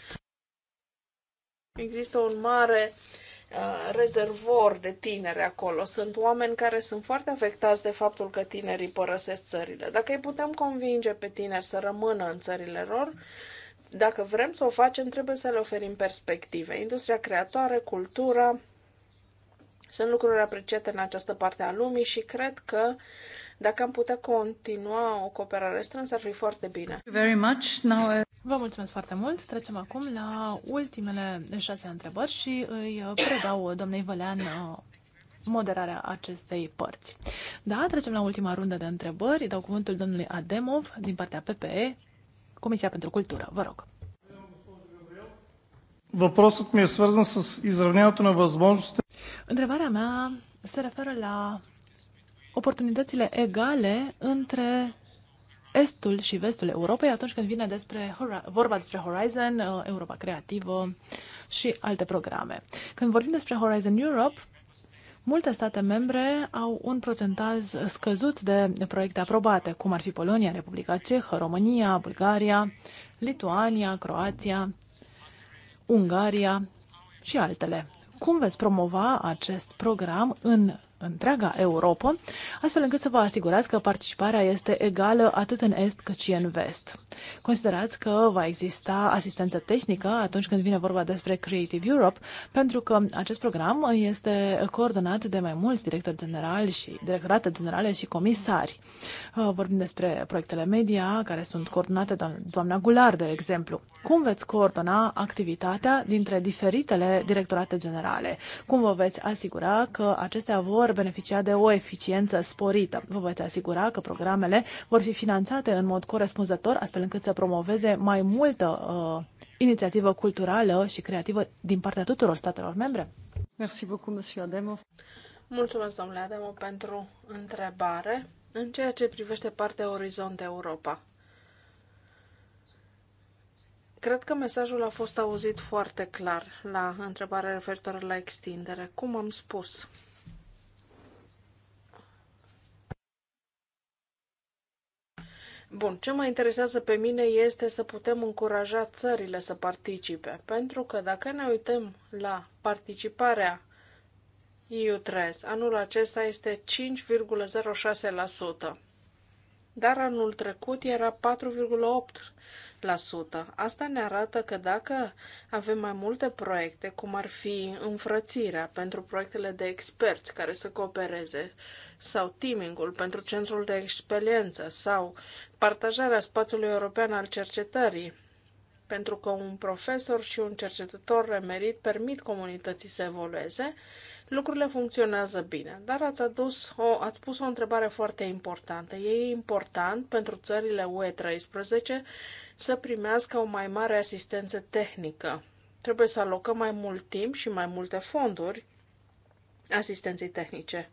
Există un mare uh, Uh, rezervor de tineri acolo. Sunt oameni care sunt foarte afectați de faptul că tinerii părăsesc țările. Dacă îi putem convinge pe tineri să rămână în țările lor, dacă vrem să o facem, trebuie să le oferim perspective. Industria creatoare, cultura, sunt lucruri apreciate în această parte a lumii și cred că dacă am putea continua o cooperare strânsă, ar fi foarte bine. Very much. Now, uh, Vă mulțumesc foarte mult. Trecem acum la ultimele șase întrebări și îi predau domnei Vălean uh, moderarea acestei părți. Da, trecem la ultima rundă de întrebări. dau cuvântul domnului Ademov din partea PPE, Comisia pentru Cultură. Vă rog. Въпросът ми е свързан с изравняването на възможностите. Întrebarea mea se referă la oportunitățile egale între estul și vestul Europei atunci când vine despre, vorba despre Horizon, uh, Europa Creativă și alte programe. Când vorbim despre Horizon Europe, Multe state membre au un procentaj scăzut de proiecte aprobate, cum ar fi Polonia, Republica Cehă, România, Bulgaria, Lituania, Croația, Ungaria și altele. Cum veți promova acest program în întreaga Europa, astfel încât să vă asigurați că participarea este egală atât în Est cât și în Vest. Considerați că va exista asistență tehnică atunci când vine vorba despre Creative Europe, pentru că acest program este coordonat de mai mulți directori generali și directorate generale și comisari. Uh, vorbim despre proiectele media, care sunt coordonate de doamna Gular, de exemplu. Cum veți coordona activitatea dintre diferitele directorate generale? Cum vă veți asigura că acestea vor beneficia de o eficiență sporită. Vă veți asigura că programele vor fi finanțate în mod corespunzător, astfel încât să promoveze mai multă uh, inițiativă culturală și creativă din partea tuturor statelor membre? Merci beaucoup, monsieur Ademov. Mulțumesc, domnule Ademo, pentru întrebare. În ceea ce privește partea Orizont Europa, Cred că mesajul a fost auzit foarte clar la întrebarea referitoare la extindere. Cum am spus, Bun, ce mă interesează pe mine este să putem încuraja țările să participe, pentru că dacă ne uităm la participarea EU3, anul acesta este 5,06%, dar anul trecut era 4,8%. Asta ne arată că dacă avem mai multe proiecte, cum ar fi înfrățirea pentru proiectele de experți care să coopereze, sau teamingul pentru centrul de experiență, sau partajarea spațiului european al cercetării, pentru că un profesor și un cercetător remerit permit comunității să evolueze, lucrurile funcționează bine. Dar ați, adus o, ați pus o întrebare foarte importantă. E important pentru țările UE 13 să primească o mai mare asistență tehnică. Trebuie să alocăm mai mult timp și mai multe fonduri asistenței tehnice.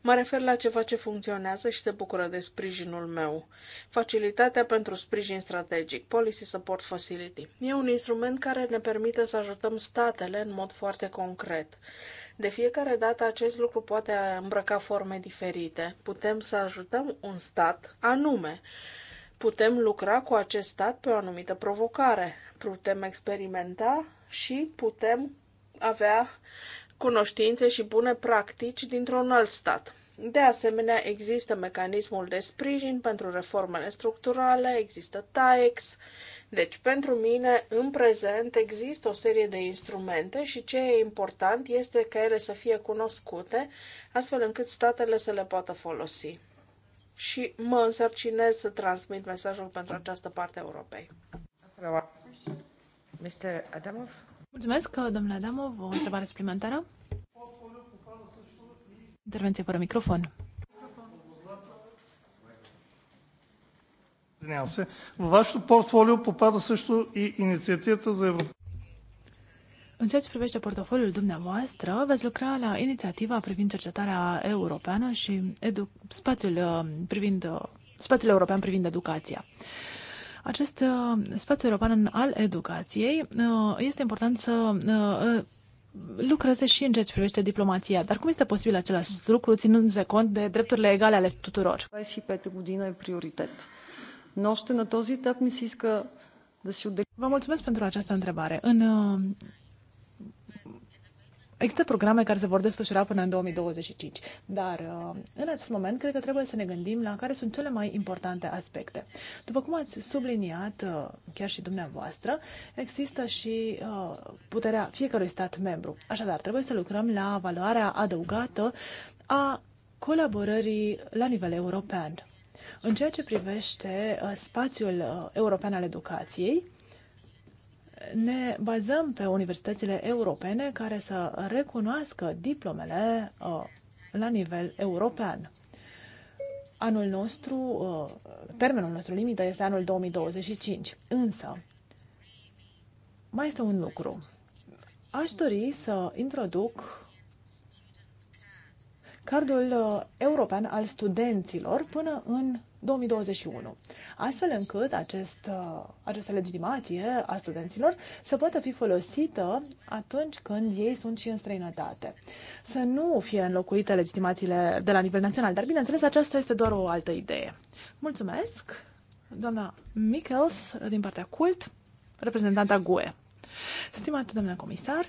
Mă refer la ceva ce funcționează și se bucură de sprijinul meu. Facilitatea pentru sprijin strategic, Policy Support Facility. E un instrument care ne permite să ajutăm statele în mod foarte concret. De fiecare dată acest lucru poate îmbrăca forme diferite. Putem să ajutăm un stat anume putem lucra cu acest stat pe o anumită provocare, putem experimenta și putem avea cunoștințe și bune practici dintr-un alt stat. De asemenea, există mecanismul de sprijin pentru reformele structurale, există TAEX. Deci, pentru mine, în prezent, există o serie de instrumente și ce e important este ca ele să fie cunoscute, astfel încât statele să le poată folosi și mă însărcinez să transmit mesajul pentru această parte a Europei. Mr. Adamov? Mulțumesc, domnule Adamov. O întrebare suplimentară? Intervenție fără microfon. Извинявам се. Във вашето портфолио попада също и инициативата за în ceea ce privește portofoliul dumneavoastră, veți lucra la inițiativa privind cercetarea europeană și edu- spațiul, uh, privind, uh, spațiul european privind educația. Acest uh, spațiu european al educației este important să lucreze și în ceea ce privește diplomația. Dar cum este posibil același lucru, ținându-se cont de drepturile egale ale tuturor? 25 година е приоритет. Но още на този етап ми Vă mulțumesc pentru această întrebare. În Există programe care se vor desfășura până în 2025, dar uh, în acest moment cred că trebuie să ne gândim la care sunt cele mai importante aspecte. După cum ați subliniat uh, chiar și dumneavoastră, există și uh, puterea fiecărui stat membru. Așadar, trebuie să lucrăm la valoarea adăugată a colaborării la nivel european. În ceea ce privește spațiul european al educației, ne bazăm pe universitățile europene care să recunoască diplomele uh, la nivel european. Anul nostru, uh, termenul nostru limită este anul 2025, însă mai este un lucru. Aș dori să introduc cardul uh, european al studenților până în 2021, astfel încât acest, uh, această legitimație a studenților să poată fi folosită atunci când ei sunt și în străinătate. Să nu fie înlocuite legitimațiile de la nivel național, dar bineînțeles aceasta este doar o altă idee. Mulțumesc, doamna Michels, din partea CULT, reprezentanta GUE. Stimate doamnă comisar,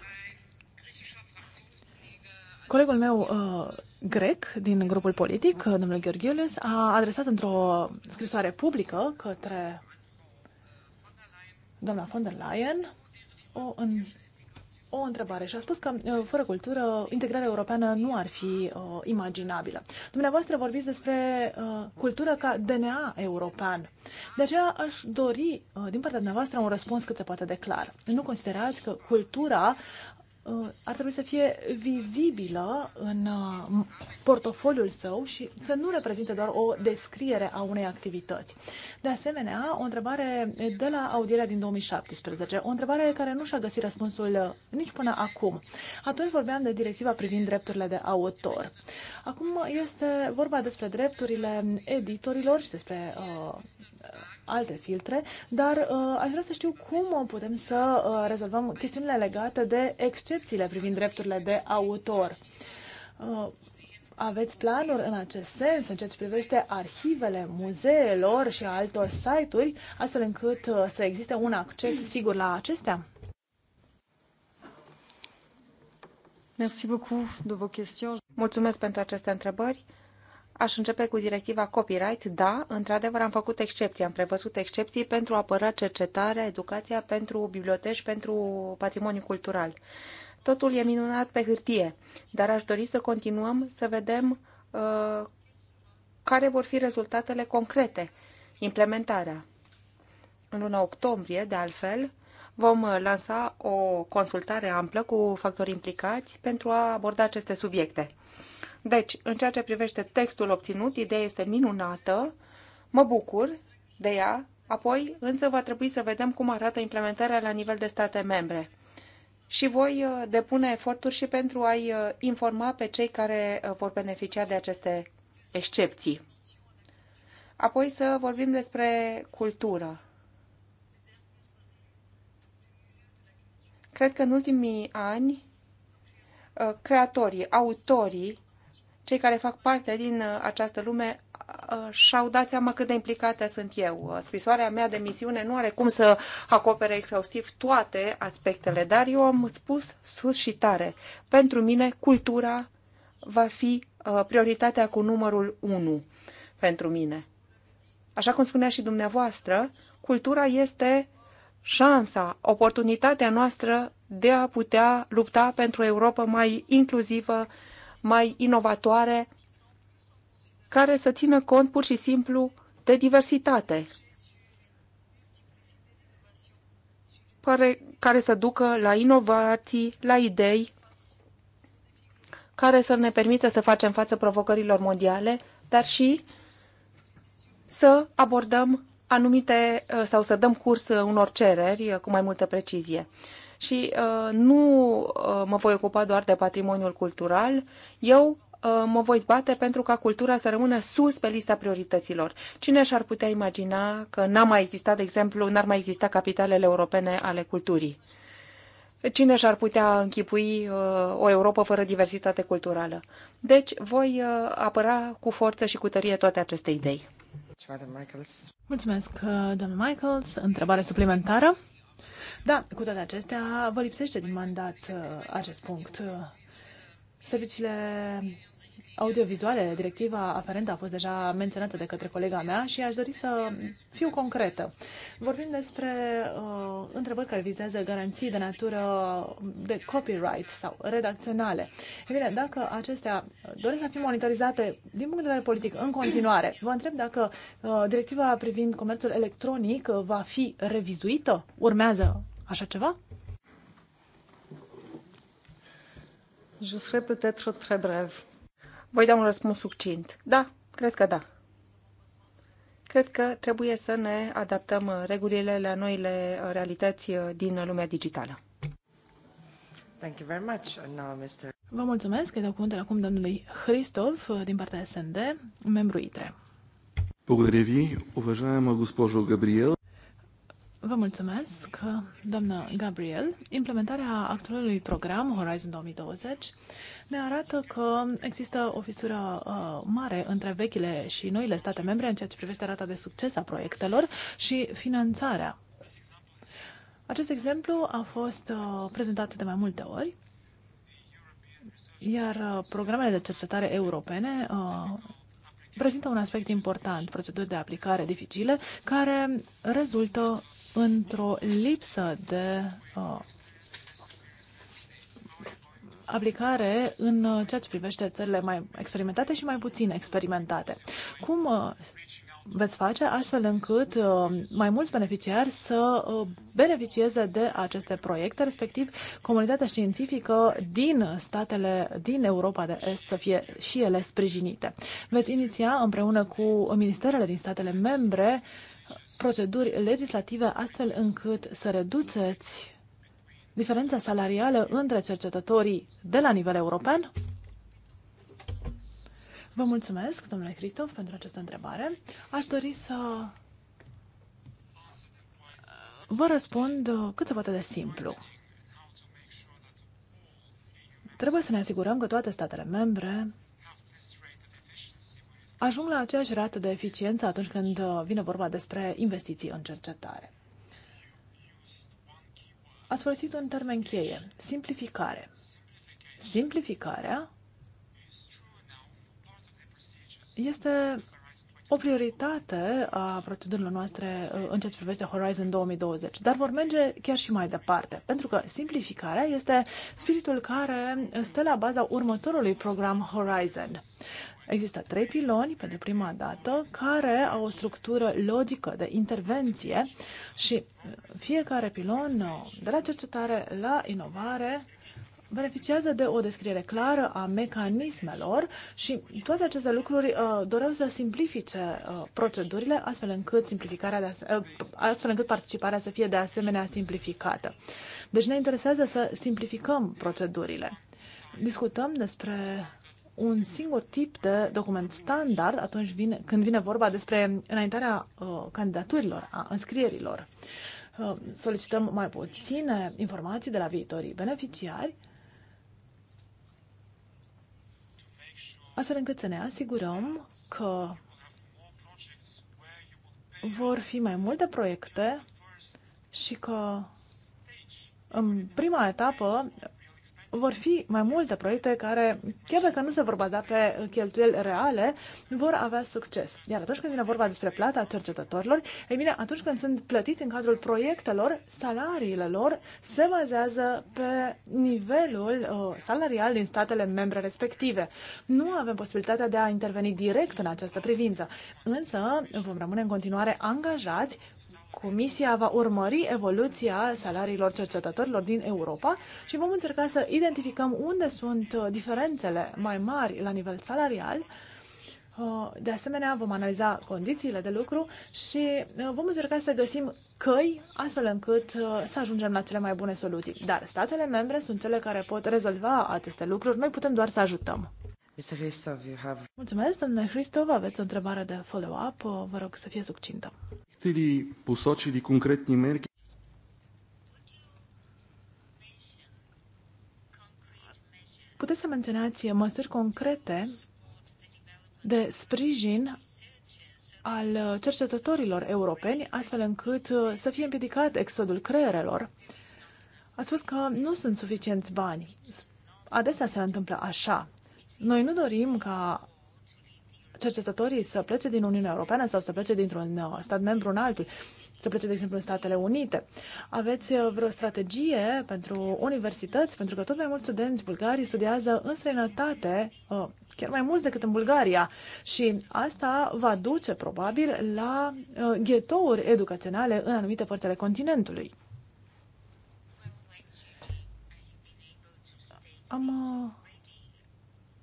Colegul meu uh, grec din grupul politic, domnul Gheorghiulis, a adresat într-o scrisoare publică către doamna von der Leyen o, în, o întrebare și a spus că uh, fără cultură integrarea europeană nu ar fi uh, imaginabilă. Dumneavoastră vorbiți despre uh, cultură ca DNA european. De aceea aș dori uh, din partea dumneavoastră un răspuns cât se poate de clar. Nu considerați că cultura Uh, ar trebui să fie vizibilă în uh, portofoliul său și să nu reprezinte doar o descriere a unei activități. De asemenea, o întrebare de la audierea din 2017, o întrebare care nu și-a găsit răspunsul uh, nici până acum. Atunci vorbeam de directiva privind drepturile de autor. Acum este vorba despre drepturile editorilor și despre uh, alte filtre, dar uh, aș vrea să știu cum putem să uh, rezolvăm chestiunile legate de excepțiile privind drepturile de autor. Uh, aveți planuri în acest sens, în ceea ce privește arhivele muzeelor și altor site-uri, astfel încât uh, să existe un acces sigur la acestea? Merci beaucoup de vos questions. Mulțumesc pentru aceste întrebări. Aș începe cu directiva copyright. Da, într-adevăr am făcut excepții, am prevăzut excepții pentru a apăra cercetarea, educația, pentru biblioteci, pentru patrimoniu cultural. Totul e minunat pe hârtie, dar aș dori să continuăm să vedem uh, care vor fi rezultatele concrete, implementarea. În luna octombrie, de altfel, vom uh, lansa o consultare amplă cu factori implicați pentru a aborda aceste subiecte. Deci, în ceea ce privește textul obținut, ideea este minunată, mă bucur de ea, apoi însă va trebui să vedem cum arată implementarea la nivel de state membre. Și voi uh, depune eforturi și pentru a-i uh, informa pe cei care uh, vor beneficia de aceste excepții. Apoi să vorbim despre cultură. Cred că în ultimii ani creatorii, autorii cei care fac parte din uh, această lume uh, și-au dat seama cât de implicată sunt eu. Uh, scrisoarea mea de misiune nu are cum să acopere exhaustiv toate aspectele, dar eu am spus sus și tare. Pentru mine, cultura va fi prioritatea cu numărul 1 pentru mine. Așa cum spunea și dumneavoastră, cultura este șansa, oportunitatea noastră de a putea lupta pentru o Europa mai inclusivă, mai inovatoare, care să țină cont pur și simplu de diversitate, care, care să ducă la inovații, la idei, care să ne permită să facem față provocărilor mondiale, dar și să abordăm anumite sau să dăm curs unor cereri cu mai multă precizie și uh, nu uh, mă voi ocupa doar de patrimoniul cultural. Eu uh, mă voi zbate pentru ca cultura să rămână sus pe lista priorităților. Cine și-ar putea imagina că n ar mai exista, de exemplu, n-ar mai exista capitalele europene ale culturii? Cine și-ar putea închipui uh, o Europa fără diversitate culturală? Deci voi uh, apăra cu forță și cu tărie toate aceste idei. Mulțumesc, uh, doamne Michaels. Întrebare suplimentară? Da, cu toate acestea, vă lipsește din mandat uh, acest punct. Serviciile audiovizuale, directiva aferentă a fost deja menționată de către colega mea și aș dori să fiu concretă. Vorbim despre uh, întrebări care vizează garanții de natură de copyright sau redacționale. E bine, dacă acestea doresc să fie monitorizate din punct de vedere politic în continuare, vă întreb dacă uh, directiva privind comerțul electronic uh, va fi revizuită? Urmează așa ceva? Je serai peut-être très brève. Voi da un răspuns succint. Da, cred că da. Cred că trebuie să ne adaptăm regulile la noile realități din lumea digitală. Thank you very much. And now, Mr. Vă mulțumesc. Îi dau cuvântul acum domnului Hristov din partea SND, membru ITRE. Благодаря ви, уважаема госпожо Габриел. Vă mulțumesc, doamnă Gabriel. Implementarea actualului program Horizon 2020 ne arată că există o fisură uh, mare între vechile și noile state membre în ceea ce privește rata de succes a proiectelor și finanțarea. Acest exemplu a fost uh, prezentat de mai multe ori, iar uh, programele de cercetare europene uh, prezintă un aspect important, proceduri de aplicare dificile, care rezultă într-o lipsă de uh, aplicare în uh, ceea ce privește țările mai experimentate și mai puțin experimentate. Cum uh, veți face astfel încât uh, mai mulți beneficiari să uh, beneficieze de aceste proiecte, respectiv comunitatea științifică din statele din Europa de Est să fie și ele sprijinite. Veți iniția împreună cu ministerele din statele membre proceduri legislative astfel încât să reduceți diferența salarială între cercetătorii de la nivel european? Vă mulțumesc, domnule Cristof, pentru această întrebare. Aș dori să vă răspund cât se poate de simplu. Trebuie să ne asigurăm că toate statele membre ajung la aceeași rată de eficiență atunci când uh, vine vorba despre investiții în cercetare. Ați folosit un termen cheie, simplificare. Simplificarea este o prioritate a procedurilor noastre uh, în ceea ce privește Horizon 2020, dar vor merge chiar și mai departe, pentru că simplificarea este spiritul care stă la baza următorului program Horizon. Există trei piloni, pentru prima dată, care au o structură logică de intervenție și fiecare pilon, de la cercetare la inovare, beneficiază de o descriere clară a mecanismelor și toate aceste lucruri uh, doreau să simplifice uh, procedurile astfel încât simplificarea de uh, astfel încât participarea să fie de asemenea simplificată. Deci ne interesează să simplificăm procedurile. Discutăm despre un singur tip de document standard atunci vine, când vine vorba despre înaintarea uh, candidaturilor, a înscrierilor. Uh, solicităm mai puține informații de la viitorii beneficiari, astfel încât să ne asigurăm că vor fi mai multe proiecte și că în prima etapă vor fi mai multe proiecte care, chiar dacă nu se vor baza pe cheltuieli reale, vor avea succes. Iar atunci când vine vorba despre plata cercetătorilor, ei bine, atunci când sunt plătiți în cadrul proiectelor, salariile lor se bazează pe nivelul uh, salarial din statele membre respective. Nu avem posibilitatea de a interveni direct în această privință, însă vom rămâne în continuare angajați Comisia va urmări evoluția salariilor cercetătorilor din Europa și vom încerca să identificăm unde sunt uh, diferențele mai mari la nivel salarial. Uh, de asemenea, vom analiza condițiile de lucru și uh, vom încerca să găsim căi astfel încât să ajungem la cele mai bune soluții. Dar statele membre sunt cele care pot rezolva aceste lucruri. Noi putem doar să ajutăm. Mulțumesc, domnule Hristov. Aveți o întrebare de follow-up. Vă rog să fie succintă. Ти ли посочили конкретни мерки? Puteți să menționați măsuri concrete de sprijin al cercetătorilor europeni, astfel încât să fie împiedicat exodul creierelor. A spus că nu sunt suficienți bani. Adesea se întâmplă așa. Noi nu dorim ca cercetătorii să plece din Uniunea Europeană sau să plece dintr-un uh, stat membru în altul, să plece, de exemplu, în Statele Unite. Aveți uh, vreo strategie pentru universități? Pentru că tot mai mulți studenți bulgari studiază în străinătate, uh, chiar mai mulți decât în Bulgaria. Și asta va duce, probabil, la ghetouri educaționale în anumite părți ale continentului. Am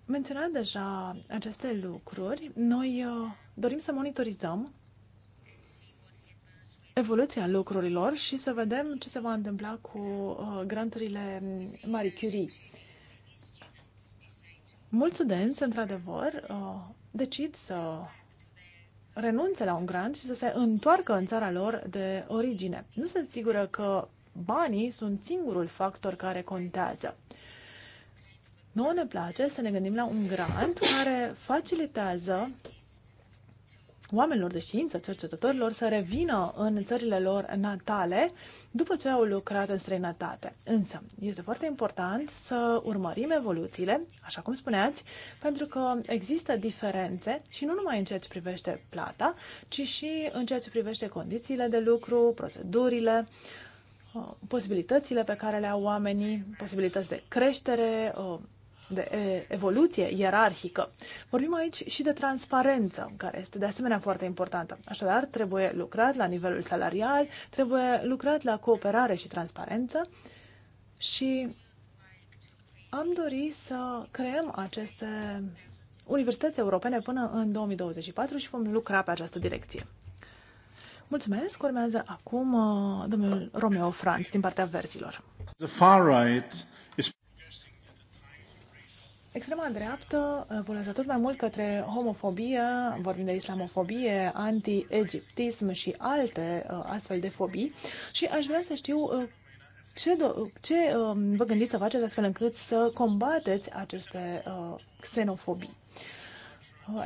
menționat deja aceste lucruri. Noi uh, dorim să monitorizăm evoluția lucrurilor și să vedem ce se va întâmpla cu uh, granturile Marie Curie. Mulți studenți, într-adevăr, uh, decid să renunțe la un grant și să se întoarcă în țara lor de origine. Nu sunt sigură că banii sunt singurul factor care contează. Nouă ne place să ne gândim la un grant care facilitează oamenilor de știință, cercetătorilor, să revină în țările lor natale după ce au lucrat în străinătate. Însă, este foarte important să urmărim evoluțiile, așa cum spuneați, pentru că există diferențe și nu numai în ceea ce privește plata, ci și în ceea ce privește condițiile de lucru, procedurile, uh, posibilitățile pe care le au oamenii, posibilități de creștere, uh, de evoluție ierarhică. Vorbim aici și de transparență, care este de asemenea foarte importantă. Așadar, trebuie lucrat la nivelul salarial, trebuie lucrat la cooperare și transparență și am dorit să creăm aceste universități europene până în 2024 și vom lucra pe această direcție. Mulțumesc. Urmează acum uh, domnul Romeo Franz din partea verzilor. The far right Extrema dreaptă uh, volează tot mai mult către homofobie, vorbim de islamofobie, anti-egiptism și alte uh, astfel de fobii și aș vrea să știu uh, ce, do- ce um, vă gândiți să faceți astfel încât să combateți aceste xenofobii.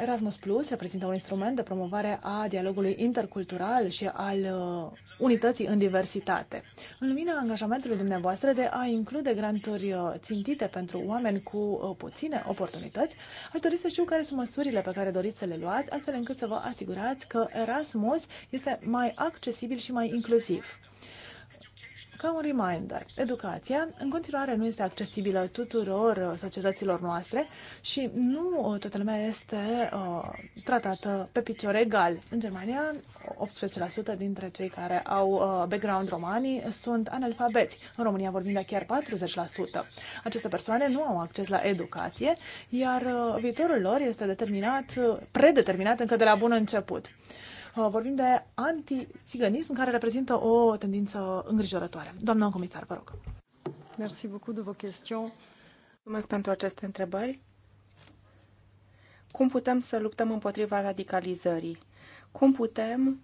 Erasmus Plus reprezintă un instrument de promovare a dialogului intercultural și al uh, unității în diversitate. În lumina angajamentului dumneavoastră de a include granturi uh, țintite pentru oameni cu uh, puține oportunități, aș dori să știu care sunt măsurile pe care doriți să le luați, astfel încât să vă asigurați că Erasmus este mai accesibil și mai inclusiv. Ca un reminder, educația în continuare nu este accesibilă tuturor uh, societăților noastre și nu uh, toată lumea este uh, tratată pe picior egal. În Germania, 18% dintre cei care au uh, background romanii sunt analfabeți. În România vorbim de chiar 40%. Aceste persoane nu au acces la educație, iar uh, viitorul lor este determinat, uh, predeterminat încă de la bun început. Uh, Uh, vorbim de antițiganism care reprezintă o tendință îngrijorătoare. Doamna comisar, vă rog. Mersi beaucoup de vos questions. Mulțumesc pentru aceste întrebări. Cum putem să luptăm împotriva radicalizării? Cum putem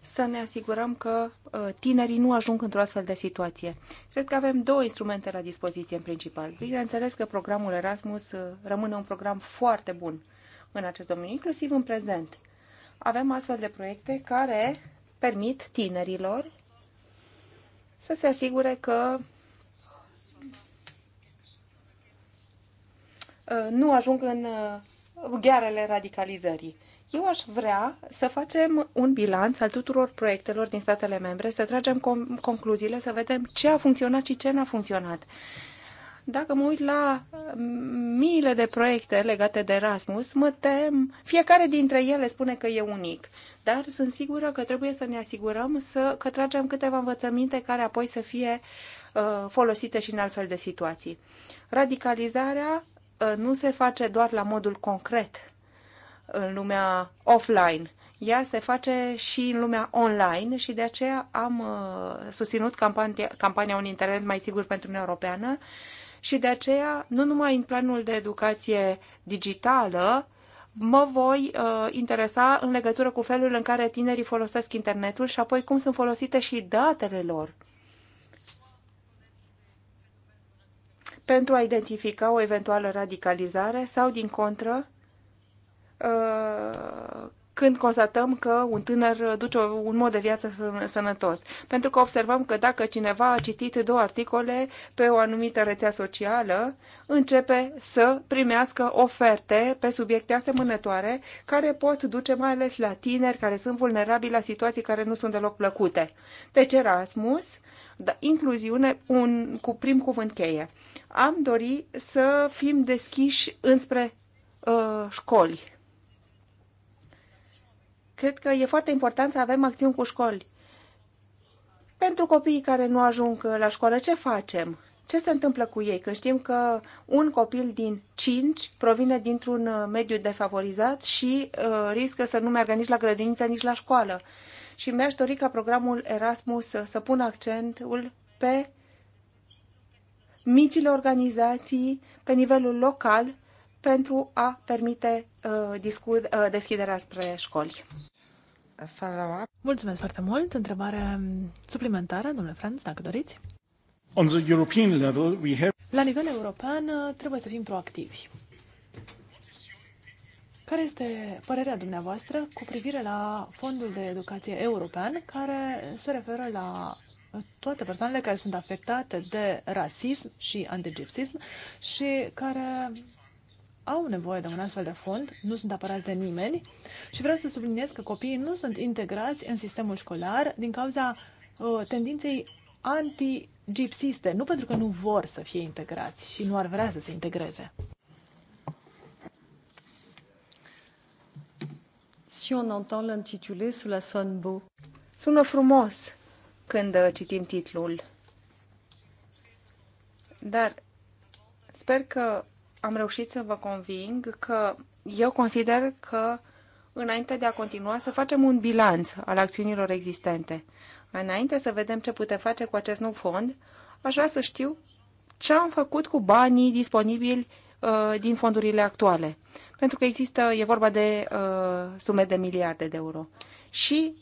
să ne asigurăm că uh, tinerii nu ajung într-o astfel de situație. Cred că avem două instrumente la dispoziție în principal. Bineînțeles că programul Erasmus uh, rămâne un program foarte bun în acest domeniu, inclusiv în prezent avem astfel de proiecte care permit tinerilor să se asigure că uh, nu ajung în uh, ghearele radicalizării. Eu aș vrea să facem un bilanț al tuturor proiectelor din statele membre, să tragem concluziile, să vedem ce a funcționat și ce n-a funcționat dacă mă uit la mm, miile de proiecte legate de Erasmus, mă tem, fiecare dintre ele spune că e unic, dar sunt sigură că trebuie să ne asigurăm să, că tragem câteva învățăminte care apoi să fie uh, folosite și în altfel de situații. Radicalizarea uh, nu se face doar la modul concret în lumea offline, ea se face și în lumea online și de aceea am uh, susținut campania, campania Un internet mai sigur pentru Uniunea Europeană și de aceea, nu numai în planul de educație digitală, mă voi uh, interesa în legătură cu felul în care tinerii folosesc internetul și apoi cum sunt folosite și datele lor pentru a identifica o eventuală radicalizare sau, din contră, uh, când constatăm că un tânăr duce un mod de viață sănătos. Pentru că observăm că dacă cineva a citit două articole pe o anumită rețea socială, începe să primească oferte pe subiecte asemănătoare care pot duce mai ales la tineri care sunt vulnerabili la situații care nu sunt deloc plăcute. Deci Erasmus, da, incluziune, un cu prim cuvânt cheie. Am dori să fim deschiși înspre uh, școli Cred că e foarte important să avem acțiuni cu școli. Pentru copiii care nu ajung la școală, ce facem? Ce se întâmplă cu ei când știm că un copil din cinci provine dintr-un uh, mediu defavorizat și uh, riscă să nu meargă nici la grădiniță, nici la școală? Și mi-aș dori ca programul Erasmus să, să pună accentul pe micile organizații pe nivelul local pentru a permite uh, uh, deschiderea spre școli. Mulțumesc foarte mult. Întrebare suplimentară, domnule Franz, dacă doriți. On the European level, we have... La nivel european, trebuie să fim proactivi. Care este părerea dumneavoastră cu privire la Fondul de Educație European, care se referă la toate persoanele care sunt afectate de rasism și antigipsism și care au nevoie de un astfel de fond, nu sunt apărați de nimeni și vreau să subliniez că copiii nu sunt integrați în sistemul școlar din cauza uh, tendinței anti-gipsiste, nu pentru că nu vor să fie integrați și nu ar vrea să se integreze. Si on entend l'intitulé, cela sonne beau. Sună frumos când uh, citim titlul. Dar sper că am reușit să vă conving că eu consider că înainte de a continua să facem un bilanț al acțiunilor existente. Înainte să vedem ce putem face cu acest nou fond, aș vrea să știu ce am făcut cu banii disponibili uh, din fondurile actuale. Pentru că există, e vorba de uh, sume de miliarde de euro. Și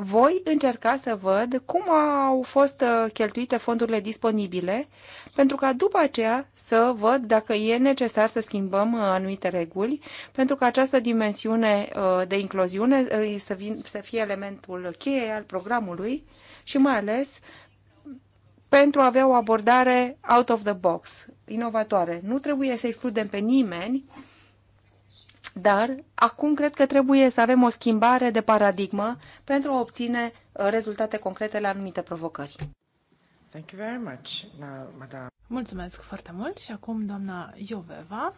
voi încerca să văd cum au fost uh, cheltuite fondurile disponibile, pentru ca după aceea să văd dacă e necesar să schimbăm uh, anumite reguli, pentru că această dimensiune uh, de incluziune să fie elementul cheie al programului și mai ales pentru a avea o abordare out of the box, inovatoare. Nu trebuie să excludem pe nimeni dar acum cred că trebuie să avem o schimbare de paradigmă pentru a obține uh, rezultate concrete la anumite provocări. Thank you very much. Now, madame. Mulțumesc foarte mult și acum doamna Ioveva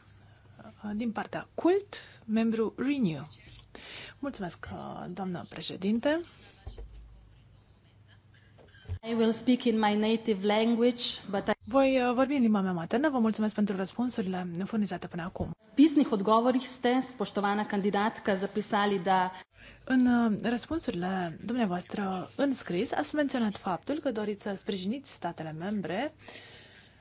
uh, din partea CULT, membru Renew. Mulțumesc, uh, doamnă președinte. I will speak in my native language, but I... Voi uh, vorbi în limba mea maternă. Vă mulțumesc pentru răspunsurile furnizate până acum. Pisnih odgovorih ste, spoștovana candidatka, zapisali da... În uh, răspunsurile dumneavoastră în scris ați menționat faptul că doriți să sprijiniți statele membre uh,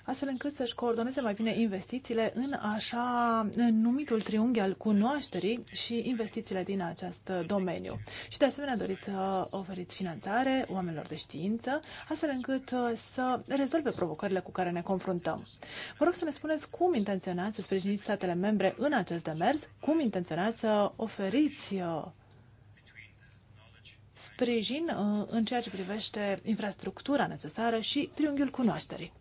astfel încât să-și coordoneze mai bine investițiile în așa în numitul triunghi al cunoașterii și investițiile din acest domeniu. Și de asemenea doriți să oferiți finanțare oamenilor de știință, astfel încât uh, să rezolve provocările cu care ne confruntăm. Vă rog să ne spuneți cum intenționați să sprijiniți statele membre în acest demers, cum intenționați să oferiți uh, sprijin uh, în ceea ce privește infrastructura necesară și triunghiul cunoașterii.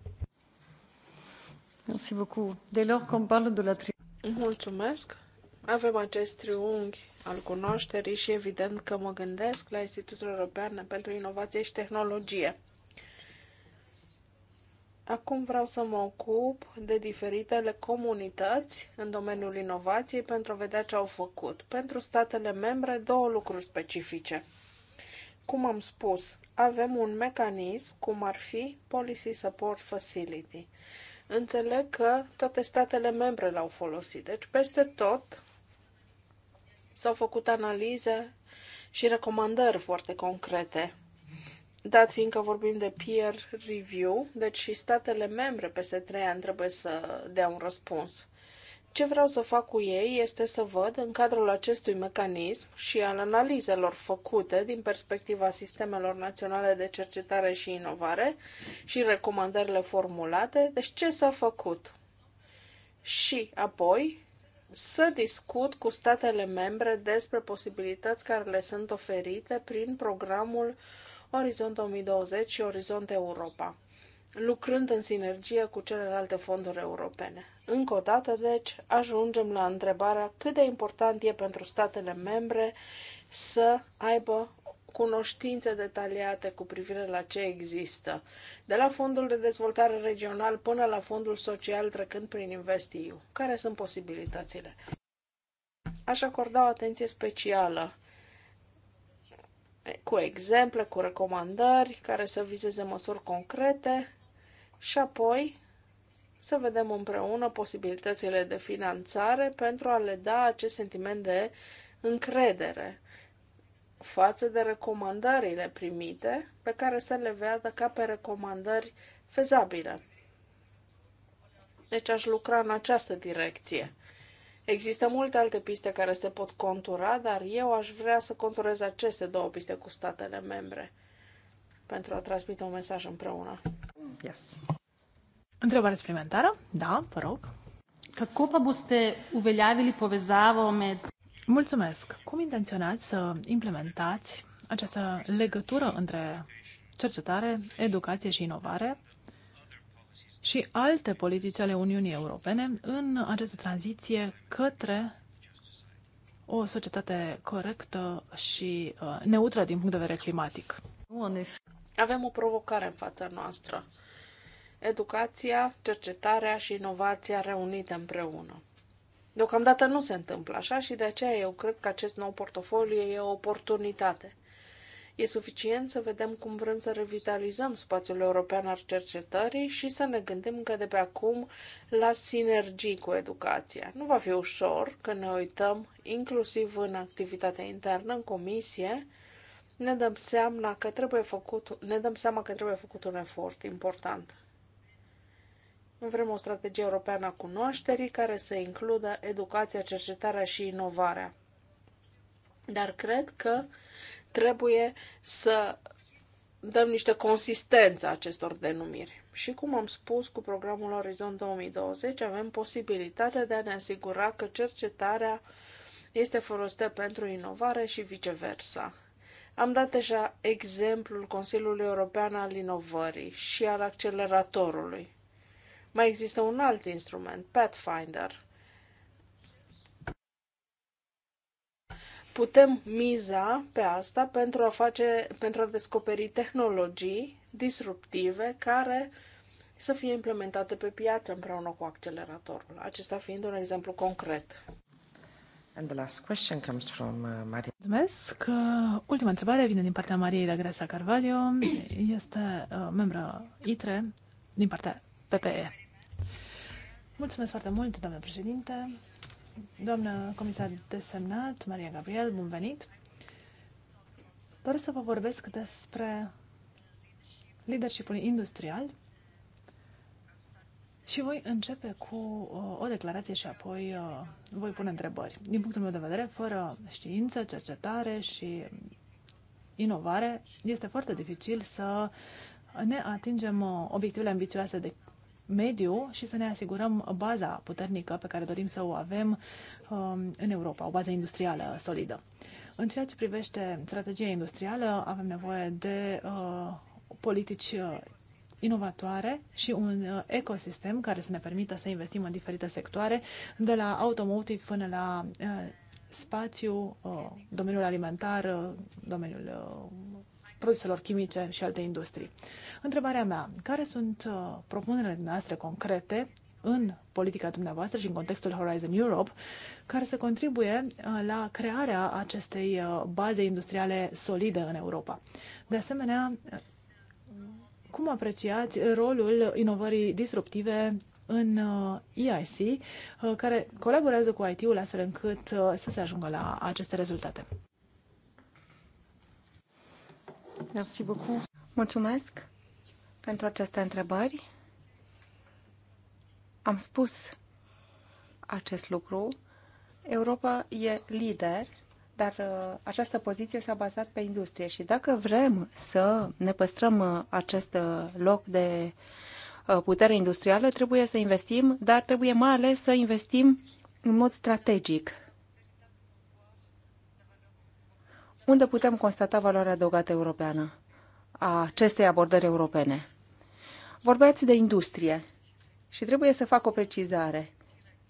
Merci beaucoup. Dès lors qu'on parle de la tri... Mulțumesc. Avem acest triunghi al cunoașterii și evident că mă gândesc la Institutul European pentru Inovație și Tehnologie. Acum vreau să mă ocup de diferitele comunități în domeniul inovației pentru a vedea ce au făcut. Pentru statele membre, două lucruri specifice. Cum am spus, avem un mecanism, cum ar fi Policy Support Facility, Înțeleg că toate statele membre l-au folosit, deci peste tot s-au făcut analize și recomandări foarte concrete. Dat fiindcă vorbim de peer review, deci și statele membre peste trei ani trebuie să dea un răspuns. Ce vreau să fac cu ei este să văd în cadrul acestui mecanism și al analizelor făcute din perspectiva sistemelor naționale de cercetare și inovare și recomandările formulate, deci ce s-a făcut. Și apoi să discut cu statele membre despre posibilități care le sunt oferite prin programul Orizont 2020 și Orizont Europa lucrând în sinergie cu celelalte fonduri europene. Încă o dată, deci, ajungem la întrebarea cât de important e pentru statele membre să aibă cunoștințe detaliate cu privire la ce există, de la Fondul de Dezvoltare Regional până la Fondul Social trecând prin InvestEU. Care sunt posibilitățile? Aș acorda o atenție specială cu exemple, cu recomandări care să vizeze măsuri concrete și apoi să vedem împreună posibilitățile de finanțare pentru a le da acest sentiment de încredere față de recomandările primite, pe care să le vadă ca pe recomandări fezabile. Deci aș lucra în această direcție. Există multe alte piste care se pot contura, dar eu aș vrea să conturez aceste două piste cu statele membre pentru a transmite un mesaj împreună. Yes. Întrebare suplimentară? Da, vă rog. Kako pa buste uveliavili povezavo med... Mulțumesc! Cum intenționați să implementați această legătură între cercetare, educație și inovare și alte politici ale Uniunii Europene în această tranziție către o societate corectă și uh, neutră din punct de vedere climatic. Avem o provocare în fața noastră. Educația, cercetarea și inovația reunite împreună. Deocamdată nu se întâmplă așa și de aceea eu cred că acest nou portofoliu e o oportunitate. E suficient să vedem cum vrem să revitalizăm spațiul european al cercetării și să ne gândim că de pe acum la sinergii cu educația. Nu va fi ușor când ne uităm inclusiv în activitatea internă, în comisie, ne dăm seama că trebuie făcut, ne dăm seama că trebuie făcut un efort important. Vrem o strategie europeană a cunoașterii care să includă educația, cercetarea și inovarea. Dar cred că trebuie să dăm niște consistență acestor denumiri. Și cum am spus, cu programul Orizont 2020 avem posibilitatea de a ne asigura că cercetarea este folosită pentru inovare și viceversa. Am dat deja exemplul Consiliului European al Inovării și al acceleratorului. Mai există un alt instrument, Pathfinder. Putem miza pe asta pentru a, face, pentru a descoperi tehnologii disruptive care să fie implementate pe piață împreună cu acceleratorul, acesta fiind un exemplu concret. And the last question comes from uh, Maria. Mulțumesc. Uh, ultima întrebare vine din partea Mariei Lagresa Carvalho. Este uh, membra ITRE din partea PPE. Mulțumesc foarte mult, doamnă președinte. Doamnă comisar desemnat, Maria Gabriel, bun venit. Doresc să vă vorbesc despre leadership industrial și voi începe cu o, uh, o declarație și apoi uh, voi pune întrebări. Din punctul meu de vedere, fără știință, cercetare și inovare, este foarte dificil să ne atingem uh, obiectivele ambițioase de mediu și să ne asigurăm baza puternică pe care dorim să o avem um, în Europa, o bază industrială solidă. În ceea ce privește strategia industrială, avem nevoie de uh, politici uh, inovatoare și un uh, ecosistem care să ne permită să investim în diferite sectoare, de la automotive până la uh, spațiu, uh, domeniul alimentar, domeniul produselor chimice și alte industrii. Întrebarea mea, care sunt propunerile noastre concrete în politica dumneavoastră și în contextul Horizon Europe, care să contribuie la crearea acestei baze industriale solide în Europa. De asemenea, cum apreciați rolul inovării disruptive în uh, EIC, uh, care colaborează cu IT-ul astfel încât uh, să se ajungă la aceste rezultate? Merci beaucoup. Mulțumesc pentru aceste întrebări. Am spus acest lucru. Europa e lider dar uh, această poziție s-a bazat pe industrie și dacă vrem să ne păstrăm uh, acest uh, loc de putere industrială, trebuie să investim, dar trebuie mai ales să investim în mod strategic. Unde putem constata valoarea adăugată europeană a acestei abordări europene? Vorbeați de industrie și trebuie să fac o precizare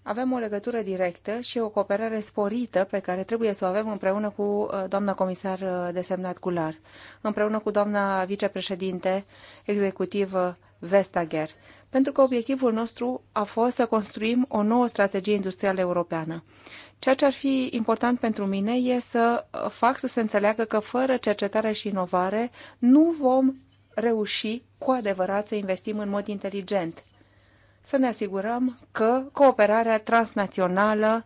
avem o legătură directă și o cooperare sporită pe care trebuie să o avem împreună cu uh, doamna comisar uh, desemnat Gular, împreună cu doamna vicepreședinte executivă Vestager, pentru că obiectivul nostru a fost să construim o nouă strategie industrială europeană. Ceea ce ar fi important pentru mine e să uh, fac să se înțeleagă că fără cercetare și inovare nu vom reuși cu adevărat să investim în mod inteligent să ne asigurăm că cooperarea transnațională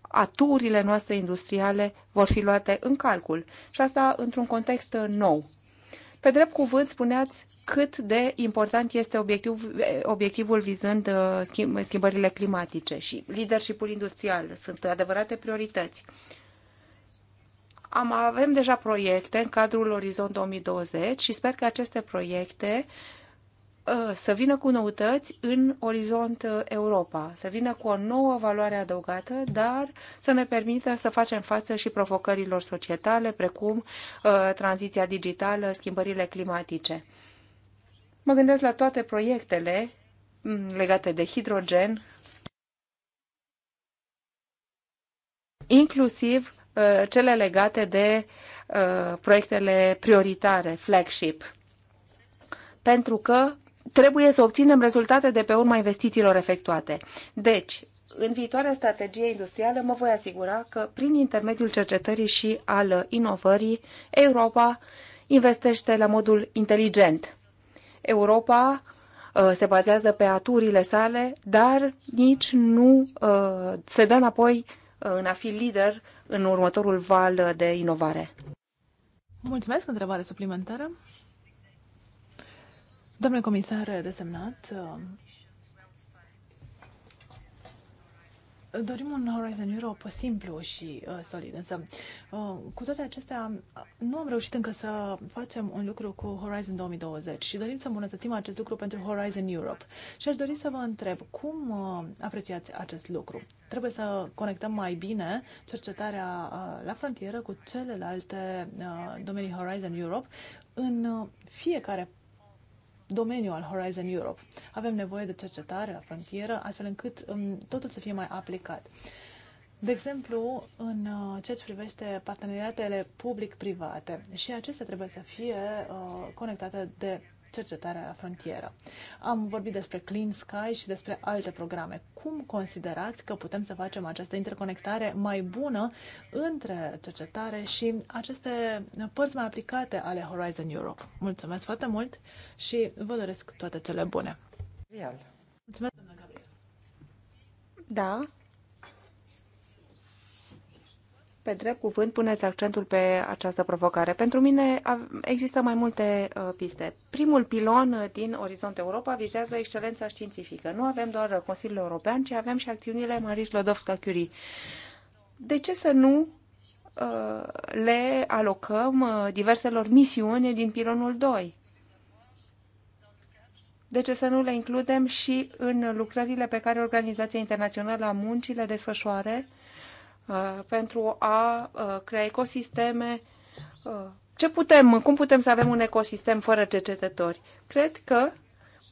a turile noastre industriale vor fi luate în calcul și asta într-un context nou. Pe drept cuvânt spuneați cât de important este obiectiv, obiectivul vizând uh, schimb, schimbările climatice și leadership industrial sunt adevărate priorități. Am, avem deja proiecte în cadrul Orizont 2020 și sper că aceste proiecte uh, Uh, să vină cu noutăți în orizont uh, Europa, să vină cu o nouă valoare adăugată, dar să ne permită să facem față și provocărilor societale, precum uh, tranziția digitală, schimbările climatice. Mă gândesc la toate proiectele mm, legate de hidrogen, inclusiv cele legate de proiectele prioritare, flagship pentru că trebuie să obținem rezultate de pe urma investițiilor efectuate. Deci, în viitoarea strategie industrială mă voi asigura că prin intermediul cercetării și al inovării, Europa investește la modul inteligent. Europa uh, se bazează pe aturile sale, dar nici nu uh, se dă înapoi uh, în a fi lider în următorul val de inovare. Mulțumesc, întrebare suplimentară. Domnule comisar desemnat, uh, dorim un Horizon Europe simplu și uh, solid, însă uh, cu toate acestea nu am reușit încă să facem un lucru cu Horizon 2020 și dorim să îmbunătățim acest lucru pentru Horizon Europe. Și aș dori să vă întreb cum apreciați acest lucru. Trebuie să conectăm mai bine cercetarea la frontieră cu celelalte domenii Horizon Europe în fiecare domeniu al Horizon Europe. Avem nevoie de cercetare la frontieră, astfel încât um, totul să fie mai aplicat. De exemplu, în uh, ceea ce privește parteneriatele public-private și acestea trebuie să fie uh, conectate de cercetarea la frontieră. Am vorbit despre Clean Sky și despre alte programe. Cum considerați că putem să facem această interconectare mai bună între cercetare și aceste părți mai aplicate ale Horizon Europe? Mulțumesc foarte mult și vă doresc toate cele bune! Real. Mulțumesc, doamna Gabriel. Da, pe drept cuvânt puneți accentul pe această provocare. Pentru mine există mai multe uh, piste. Primul pilon uh, din Orizont Europa vizează excelența științifică. Nu avem doar uh, Consiliul European, ci avem și acțiunile Marie Slodovska-Curie. De ce să nu le alocăm diverselor misiuni din pilonul 2? De ce să nu le includem și în lucrările pe care Organizația Internațională a Muncii le desfășoare uh, Uh, pentru a uh, crea ecosisteme. Uh, ce putem, cum putem să avem un ecosistem fără cercetători? Cred că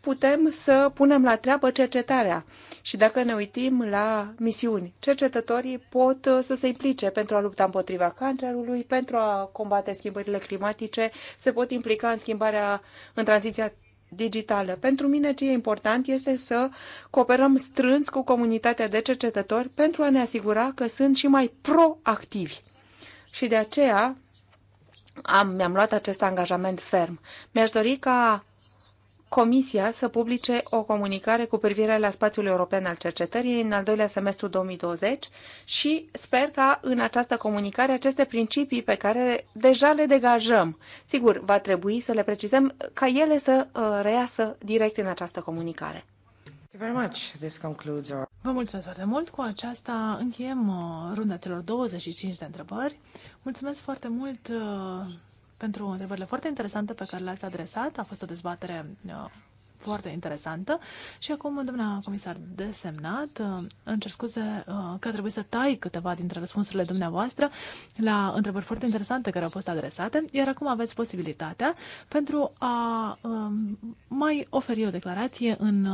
putem să punem la treabă cercetarea. Și dacă ne uitim la misiuni, cercetătorii pot să se implice pentru a lupta împotriva cancerului, pentru a combate schimbările climatice, se pot implica în schimbarea, în tranziția digitală. Pentru mine ce e important este să cooperăm strâns cu comunitatea de cercetători pentru a ne asigura că sunt și mai proactivi. Și de aceea am, mi-am luat acest angajament ferm. Mi-aș dori ca Comisia să publice o comunicare cu privire la spațiul european al cercetării în al doilea semestru 2020 și sper ca în această comunicare aceste principii pe care deja le degajăm, sigur, va trebui să le precizăm ca ele să uh, reiasă direct în această comunicare. Vă mulțumesc foarte mult. Cu aceasta încheiem uh, runda celor 25 de întrebări. Mulțumesc foarte mult uh, pentru întrebările foarte interesante pe care le-ați adresat. A fost o dezbatere uh, foarte interesantă. Și acum, domnule comisar desemnat, uh, îmi cer scuze uh, că trebuie să tai câteva dintre răspunsurile dumneavoastră la întrebări foarte interesante care au fost adresate, iar acum aveți posibilitatea pentru a um, mai oferi o declarație în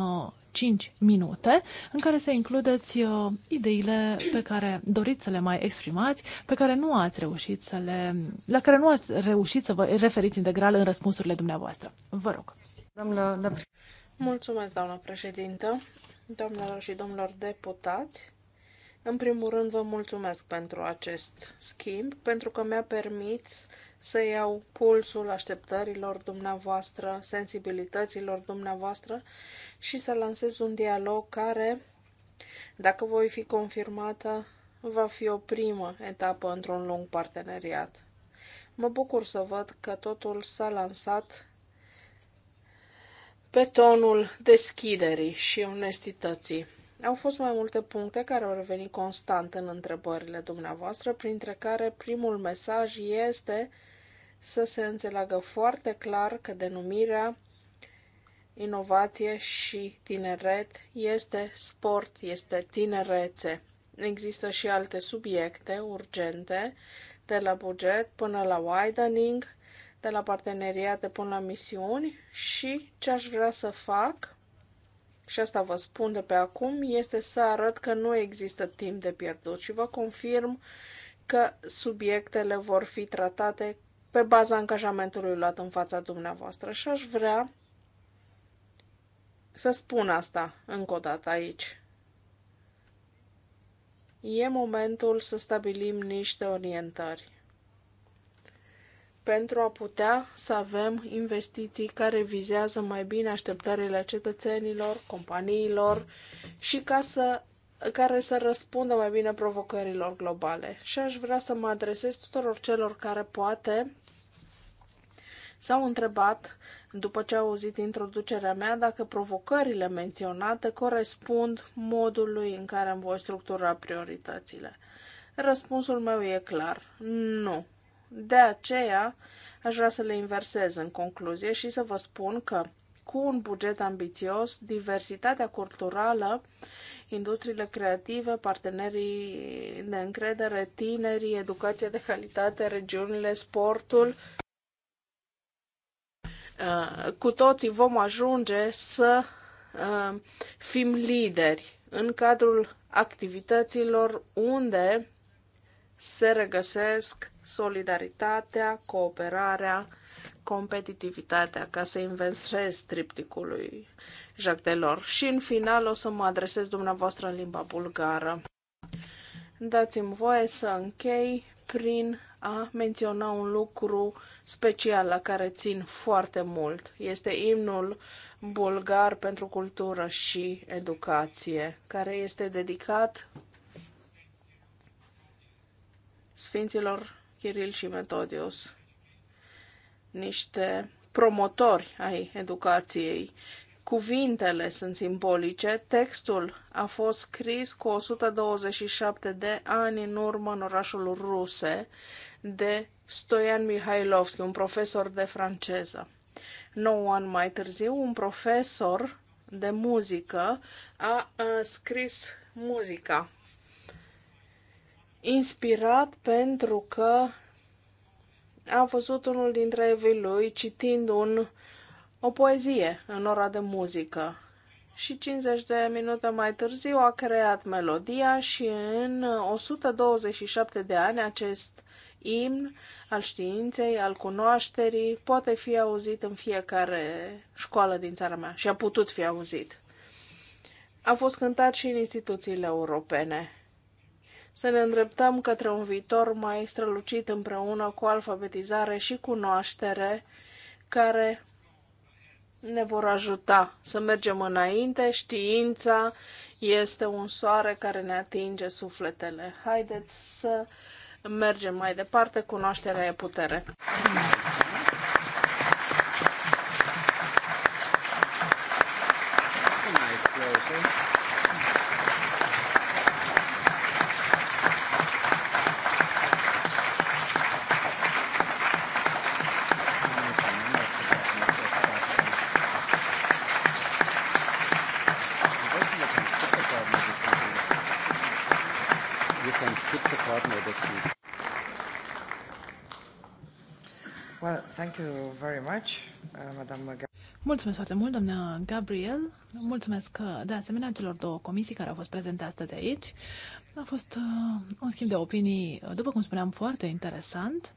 5 uh, minute, în care să includeți ideile pe care doriți să le mai exprimați, pe care nu ați reușit să le, la care nu ați reușit să vă referiți integral în răspunsurile dumneavoastră. Vă rog. Doamna... Mulțumesc, doamna președintă, doamnelor și domnilor deputați. În primul rând, vă mulțumesc pentru acest schimb, pentru că mi-a permis să iau pulsul așteptărilor dumneavoastră, sensibilităților dumneavoastră și să lansez un dialog care, dacă voi fi confirmată, va fi o primă etapă într-un lung parteneriat. Mă bucur să văd că totul s-a lansat pe tonul deschiderii și onestității. Au fost mai multe puncte care au revenit constant în întrebările dumneavoastră, printre care primul mesaj este să se înțeleagă foarte clar că denumirea inovație și tineret este sport, este tinerețe. Există și alte subiecte urgente, de la buget până la widening, de la parteneriate până la misiuni și ce aș vrea să fac, și asta vă spun de pe acum, este să arăt că nu există timp de pierdut și vă confirm că subiectele vor fi tratate pe baza angajamentului luat în fața dumneavoastră și aș vrea să spun asta încă o dată aici. E momentul să stabilim niște orientări pentru a putea să avem investiții care vizează mai bine așteptările cetățenilor, companiilor și ca să, care să răspundă mai bine provocărilor globale. Și aș vrea să mă adresez tuturor celor care poate s-au întrebat după ce au auzit introducerea mea, dacă provocările menționate corespund modului în care îmi voi structura prioritățile. Răspunsul meu e clar. Nu. De aceea, aș vrea să le inversez în concluzie și să vă spun că cu un buget ambițios, diversitatea culturală, industriile creative, partenerii de încredere, tinerii, educația de calitate, regiunile, sportul, uh, cu toții vom ajunge să uh, fim lideri în cadrul activităților unde se regăsesc solidaritatea, cooperarea, competitivitatea, ca să inventez tripticului Jacques Delors. Și în final o să mă adresez dumneavoastră în limba bulgară. Dați-mi voie să închei prin a menționa un lucru special la care țin foarte mult. Este imnul bulgar pentru cultură și educație, care este dedicat Sfinților Kiril și Metodius, niște promotori ai educației. Cuvintele sunt simbolice, textul a fost scris cu 127 de ani în urmă în orașul ruse de Stoian Mihailovski, un profesor de franceză. 9 ani mai târziu, un profesor de muzică a, a scris muzica inspirat pentru că a văzut unul dintre evii lui citind un, o poezie în ora de muzică. Și 50 de minute mai târziu a creat melodia și în 127 de ani acest imn al științei, al cunoașterii, poate fi auzit în fiecare școală din țara mea și a putut fi auzit. A fost cântat și în instituțiile europene să ne îndreptăm către un viitor mai strălucit împreună cu alfabetizare și cunoaștere care ne vor ajuta să mergem înainte. Știința este un soare care ne atinge sufletele. Haideți să mergem mai departe. Cunoașterea e putere. much, uh, Madame Mulțumesc foarte mult, doamna Gabriel. Mulțumesc că, uh, de asemenea celor două comisii care au fost prezente astăzi aici. A fost uh, un schimb de opinii, după cum spuneam, foarte interesant.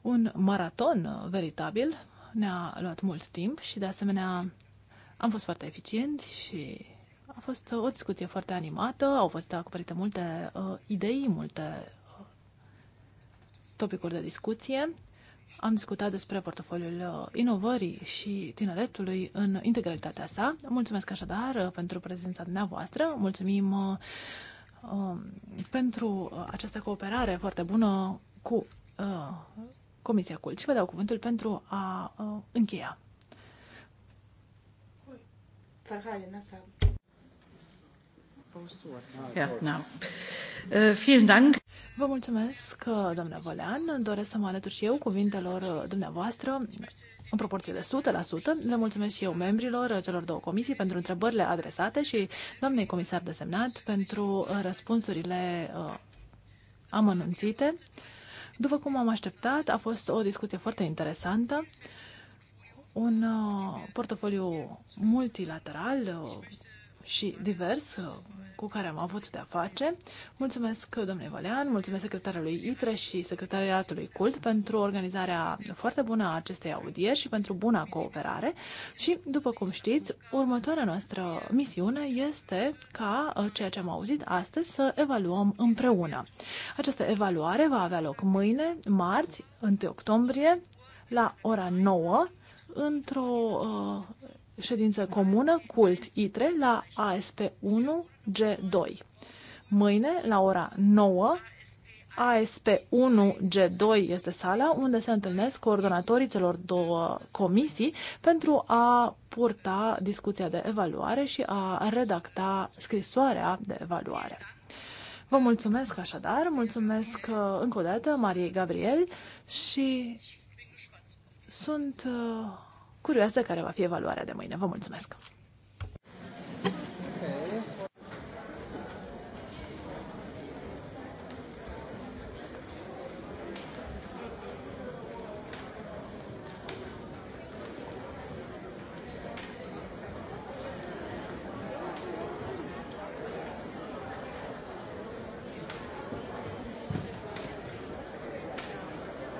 Un maraton veritabil. Ne-a luat mult timp și, de asemenea, am fost foarte eficienți și a fost o discuție foarte animată. Au fost acoperite multe uh, idei, multe uh, topicuri de discuție. Am discutat despre portofoliul uh, inovării și tineretului în integralitatea sa. Mulțumesc așadar uh, pentru prezența dumneavoastră. Mulțumim uh, um, pentru această cooperare foarte bună cu Comisia Cult și vă dau cuvântul pentru a încheia. Păi, Uh, Vă mulțumesc, uh, doamna Vălean. Doresc să mă alătur și eu cuvintelor uh, dumneavoastră în proporție de 100%. Le mulțumesc și eu membrilor celor două comisii pentru întrebările adresate și doamnei comisar desemnat pentru răspunsurile amănânțite. După cum am așteptat, a fost o discuție foarte interesantă, un portofoliu multilateral și divers uh, cu care am avut de-a face. Mulțumesc domnului Valean, mulțumesc secretarului ITRE și secretariatului CULT pentru organizarea foarte bună a acestei audieri și pentru buna cooperare și, după cum știți, următoarea noastră misiune este ca uh, ceea ce am auzit astăzi să evaluăm împreună. Această evaluare va avea loc mâine, marți, 1 octombrie, la ora 9, într-o uh, ședință comună Cult ITRE la ASP 1 G2. Mâine, la ora 9, ASP 1 G2 este sala unde se întâlnesc coordonatorii celor două comisii pentru a purta discuția de evaluare și a redacta scrisoarea de evaluare. Vă mulțumesc așadar, mulțumesc uh, încă o dată Mariei Gabriel și sunt uh, curioasă care va fi evaluarea de mâine. Vă mulțumesc!